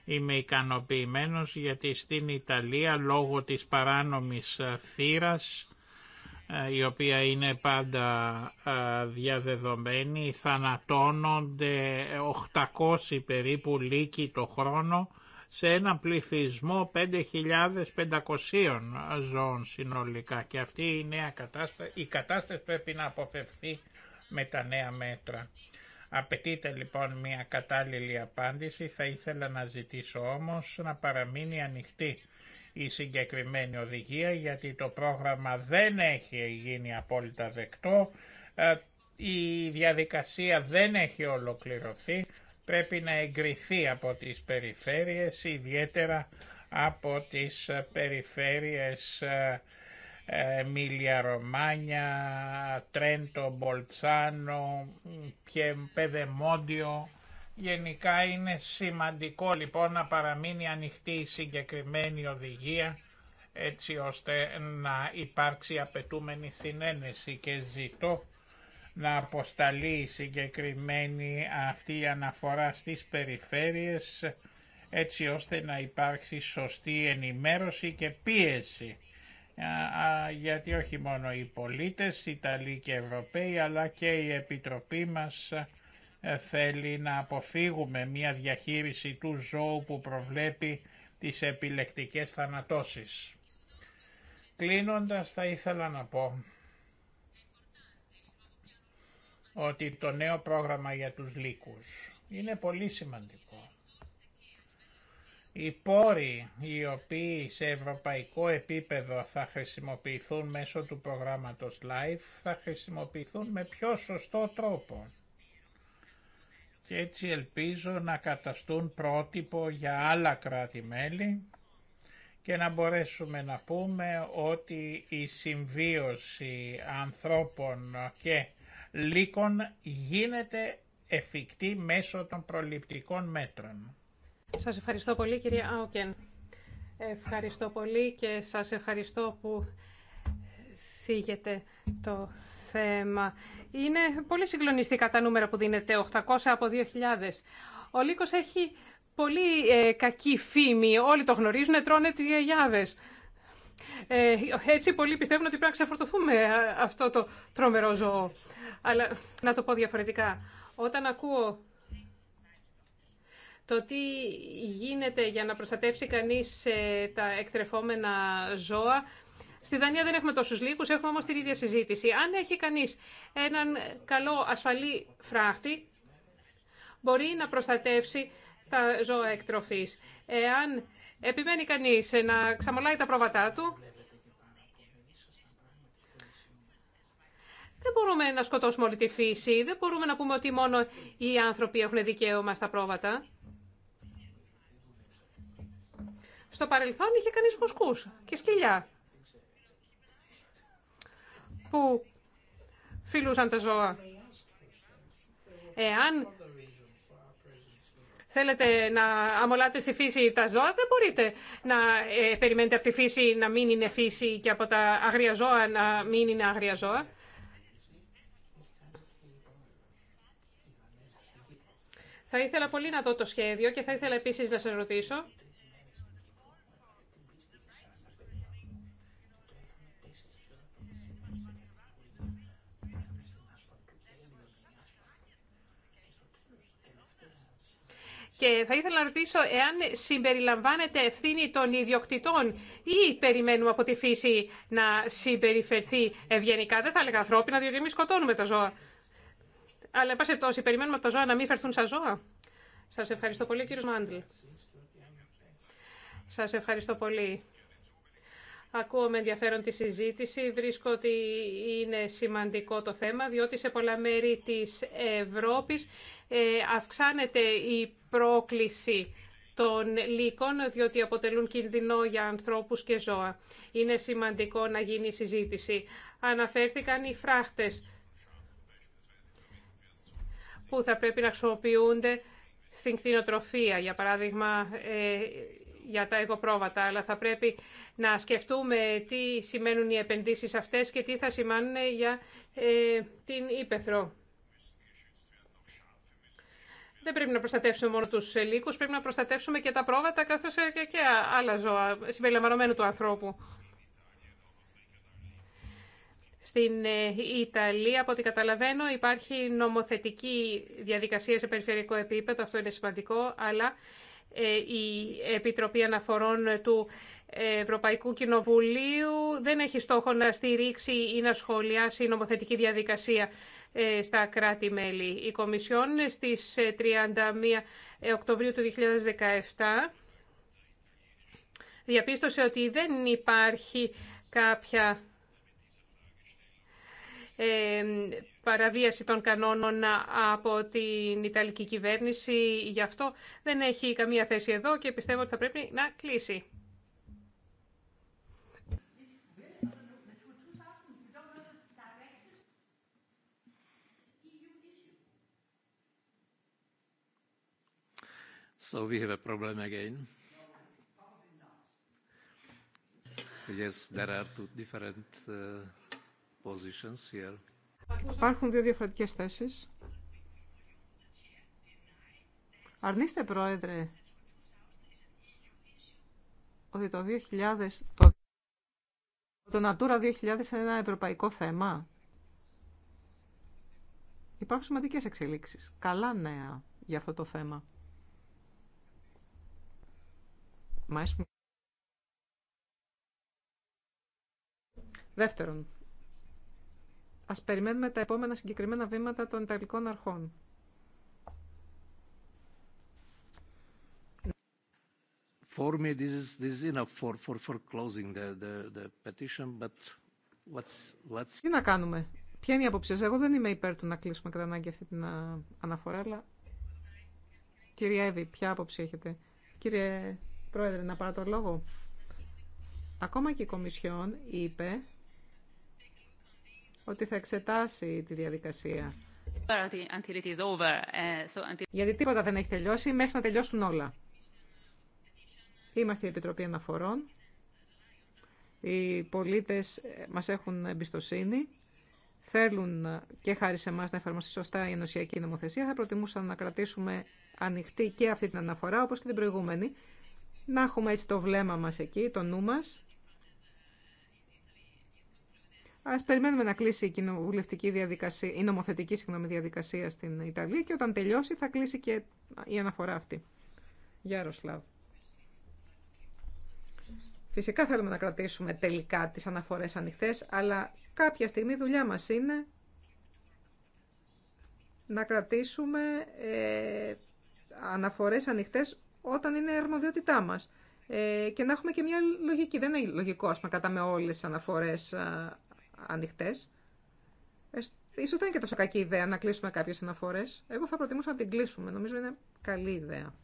Είμαι ικανοποιημένος γιατί στην Ιταλία λόγω της παράνομης ε, θύρας ε, η οποία είναι πάντα ε, διαδεδομένη, θανατώνονται 800 περίπου λύκοι το χρόνο σε ένα πληθυσμό 5.500 ζώων συνολικά και αυτή η κατάσταση, η κατάσταση πρέπει να αποφευθεί με τα νέα μέτρα. Απαιτείται λοιπόν μια κατάλληλη απάντηση, θα ήθελα να ζητήσω όμως να παραμείνει ανοιχτή η συγκεκριμένη οδηγία γιατί το πρόγραμμα δεν έχει γίνει απόλυτα δεκτό, ε, η διαδικασία δεν έχει ολοκληρωθεί, πρέπει να εγκριθεί από τις περιφέρειες, ιδιαίτερα από τις περιφέρειες Μίλια, Ρωμάνια, Τρέντο, Μπολτσάνο, Πεδεμόντιο Γενικά είναι σημαντικό λοιπόν να παραμείνει ανοιχτή η συγκεκριμένη οδηγία έτσι ώστε να υπάρξει απαιτούμενη συνένεση και ζητώ να αποσταλεί η συγκεκριμένη αυτή η αναφορά στις περιφέρειες έτσι ώστε να υπάρξει σωστή ενημέρωση και πίεση γιατί όχι μόνο οι πολίτες, Ιταλοί και Ευρωπαίοι αλλά και η Επιτροπή μας ε, θέλει να αποφύγουμε μια διαχείριση του ζώου που προβλέπει τις επιλεκτικές θανατώσεις. Κλείνοντας θα ήθελα να πω ότι το νέο πρόγραμμα για τους λύκους είναι πολύ σημαντικό. Οι πόροι οι οποίοι σε ευρωπαϊκό επίπεδο θα χρησιμοποιηθούν μέσω του προγράμματος LIFE θα χρησιμοποιηθούν με πιο σωστό τρόπο και έτσι ελπίζω να καταστούν πρότυπο για άλλα κράτη-μέλη και να μπορέσουμε να πούμε ότι η συμβίωση ανθρώπων και λύκων γίνεται εφικτή μέσω των προληπτικών μέτρων. Σας ευχαριστώ πολύ κυρία Άουκεν. Ευχαριστώ πολύ και σας ευχαριστώ που θίγεται το θέμα. Είναι πολύ συγκλονιστικά τα νούμερα που δίνεται, 800 από 2.000. Ο Λύκος έχει πολύ ε, κακή φήμη, όλοι το γνωρίζουν, τρώνε τις γιαγιάδες. Ε, έτσι πολλοί πιστεύουν ότι πρέπει να ξεφορτωθούμε αυτό το τρομερό ζώο. Αλλά να το πω διαφορετικά. Όταν ακούω το τι γίνεται για να προστατεύσει κανείς ε, τα εκτρεφόμενα ζώα, Στη Δανία δεν έχουμε τόσους λύκους, έχουμε όμως την ίδια συζήτηση. Αν έχει κανείς έναν καλό ασφαλή φράχτη, μπορεί να προστατεύσει τα ζώα εκτροφής. Εάν επιμένει κανείς να ξαμολάει τα πρόβατά του, δεν μπορούμε να σκοτώσουμε όλη τη φύση, δεν μπορούμε να πούμε ότι μόνο οι άνθρωποι έχουν δικαίωμα στα πρόβατα. Στο παρελθόν είχε κανείς βοσκούς και σκυλιά που φιλούσαν τα ζώα. Εάν θέλετε να αμολάτε στη φύση τα ζώα, δεν μπορείτε να ε, περιμένετε από τη φύση να μην είναι φύση και από τα αγρία ζώα να μην είναι αγρία ζώα. Θα ήθελα πολύ να δω το σχέδιο και θα ήθελα επίσης να σας ρωτήσω Και θα ήθελα να ρωτήσω εάν συμπεριλαμβάνεται ευθύνη των ιδιοκτητών ή περιμένουμε από τη φύση να συμπεριφερθεί ευγενικά. Δεν θα έλεγα ανθρώπινα, διότι εμεί σκοτώνουμε τα ζώα. Αλλά, εν πάση πτώση, περιμένουμε από τα ζώα να μην φερθούν σαν ζώα. Σα ευχαριστώ πολύ, κύριο Μάντλ. Σα ευχαριστώ πολύ. Ακούω με ενδιαφέρον τη συζήτηση. Βρίσκω ότι είναι σημαντικό το θέμα, διότι σε πολλά μέρη της Ευρώπης ε, αυξάνεται η πρόκληση των λύκων, διότι αποτελούν κινδυνό για ανθρώπους και ζώα. Είναι σημαντικό να γίνει συζήτηση. Αναφέρθηκαν οι φράχτες που θα πρέπει να χρησιμοποιούνται στην κτηνοτροφία, για παράδειγμα ε, για τα εγωπρόβατα, αλλά θα πρέπει να σκεφτούμε τι σημαίνουν οι επενδύσεις αυτές και τι θα σημαίνουν για ε, την Ήπεθρο δεν πρέπει να προστατεύσουμε μόνο τους λύκους, πρέπει να προστατεύσουμε και τα πρόβατα καθώς ε, και, και άλλα ζώα συμπεριλαμβανομένου του ανθρώπου. Στην ε, Ιταλία, από ό,τι καταλαβαίνω, υπάρχει νομοθετική διαδικασία σε περιφερειακό επίπεδο, αυτό είναι σημαντικό, αλλά ε, η Επιτροπή Αναφορών του Ευρωπαϊκού Κοινοβουλίου δεν έχει στόχο να στηρίξει ή να σχολιάσει η νομοθετική διαδικασία ε, στα κράτη-μέλη. Η Κομισιόν στις 31 ε, Οκτωβρίου του 2017 διαπίστωσε ότι δεν υπάρχει κάποια ε, παραβίαση των κανόνων από την Ιταλική κυβέρνηση. Γι' αυτό δεν έχει καμία θέση εδώ και πιστεύω ότι θα πρέπει να κλείσει. So we have a problem again. Uh, Υπάρχουν δύο διαφορετικές θέσεις. Αρνείστε, Πρόεδρε, ότι το 2000, το, το Natura 2000 είναι ένα ευρωπαϊκό θέμα. Υπάρχουν σημαντικές εξελίξεις. Καλά νέα για αυτό το θέμα. Δεύτερον, ας περιμένουμε τα επόμενα συγκεκριμένα βήματα των Ιταλικών αρχών. For Τι να κάνουμε, ποια είναι η άποψη Εγώ δεν είμαι υπέρ του να κλείσουμε κατά ανάγκη αυτή την αναφορά, αλλά... Κυρία Εύη, ποια άποψη έχετε. Κύριε Πρόεδρε, να πάρω το λόγο. Ακόμα και η Κομισιόν είπε ότι θα εξετάσει τη διαδικασία. Uh, Γιατί τίποτα δεν έχει τελειώσει μέχρι να τελειώσουν όλα. Είμαστε η Επιτροπή Αναφορών. Οι πολίτες μας έχουν εμπιστοσύνη. Θέλουν και χάρη σε εμάς να εφαρμοστεί σωστά η ενωσιακή νομοθεσία. Θα προτιμούσαν να κρατήσουμε ανοιχτή και αυτή την αναφορά, όπως και την προηγούμενη, να έχουμε έτσι το βλέμμα μας εκεί, το νου μας. Ας περιμένουμε να κλείσει η, κοινοβουλευτική διαδικασία, η νομοθετική συγγνώμη, διαδικασία στην Ιταλία και όταν τελειώσει θα κλείσει και η αναφορά αυτή. Γεια Ροσλάβ. Φυσικά θέλουμε να κρατήσουμε τελικά τις αναφορές ανοιχτές, αλλά κάποια στιγμή δουλειά μας είναι να κρατήσουμε ε, αναφορές ανοιχτές όταν είναι αρμοδιότητά μα. Ε, και να έχουμε και μια λογική. Δεν είναι λογικό, α πούμε, κατά όλες τις αναφορές αναφορέ ανοιχτές. Ε, ίσως δεν είναι και τόσο κακή ιδέα να κλείσουμε κάποιε αναφορέ. Εγώ θα προτιμούσα να την κλείσουμε. Νομίζω είναι καλή ιδέα.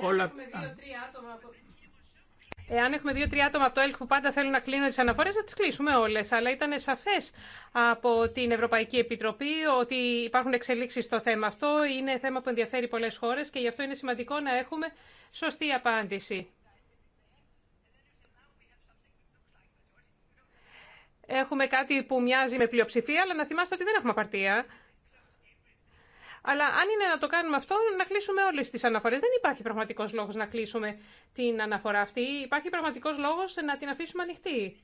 Όλα... Έχουμε δύο-τρία άτομα από Εάν έχουμε δύο-τρία άτομα από το ΕΛΚ που πάντα θέλουν να κλείνουν τι αναφορέ, θα τι κλείσουμε όλε. Αλλά ήταν σαφέ από την Ευρωπαϊκή Επιτροπή ότι υπάρχουν εξελίξει στο θέμα αυτό. Είναι θέμα που ενδιαφέρει πολλέ χώρε και γι' αυτό είναι σημαντικό να έχουμε σωστή απάντηση. Έχουμε κάτι που μοιάζει με πλειοψηφία, αλλά να θυμάστε ότι δεν έχουμε απαρτία. Αλλά αν είναι να το κάνουμε αυτό, να κλείσουμε όλε τι αναφορέ. Δεν υπάρχει πραγματικό λόγο να κλείσουμε την αναφορά αυτή. Υπάρχει πραγματικό λόγο να την αφήσουμε ανοιχτή.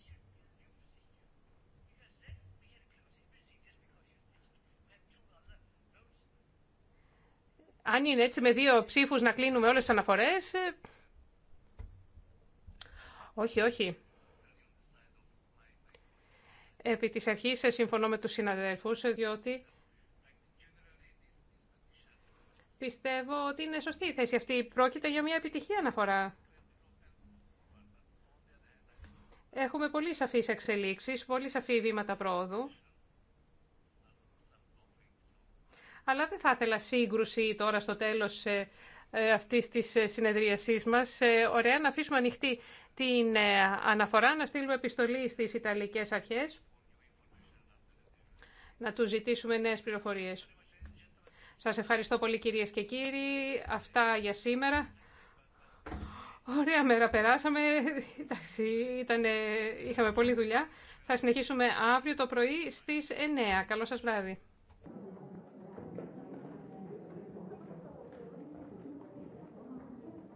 Αν είναι έτσι με δύο ψήφους να κλείνουμε όλες τις αναφορές... Ε, όχι, όχι. Επί της αρχής ε, συμφωνώ με τους συναδέλφους, ε, διότι Πιστεύω ότι είναι σωστή η θέση αυτή. Πρόκειται για μια επιτυχία αναφορά. Έχουμε πολύ σαφείς εξελίξεις, πολύ σαφή βήματα πρόοδου. Αλλά δεν θα ήθελα σύγκρουση τώρα στο τέλος ε, ε, αυτής της ε, συνεδρίασής μας. Ωραία, να αφήσουμε ανοιχτή την αναφορά, να στείλουμε επιστολή στις Ιταλικές Αρχές, να τους ζητήσουμε νέες πληροφορίες. Σας ευχαριστώ πολύ κυρίες και κύριοι. Αυτά για σήμερα. Ωραία μέρα περάσαμε. Εντάξει, ήτανε... είχαμε πολλή δουλειά. Θα συνεχίσουμε αύριο το πρωί στις 9. Καλό σας βράδυ.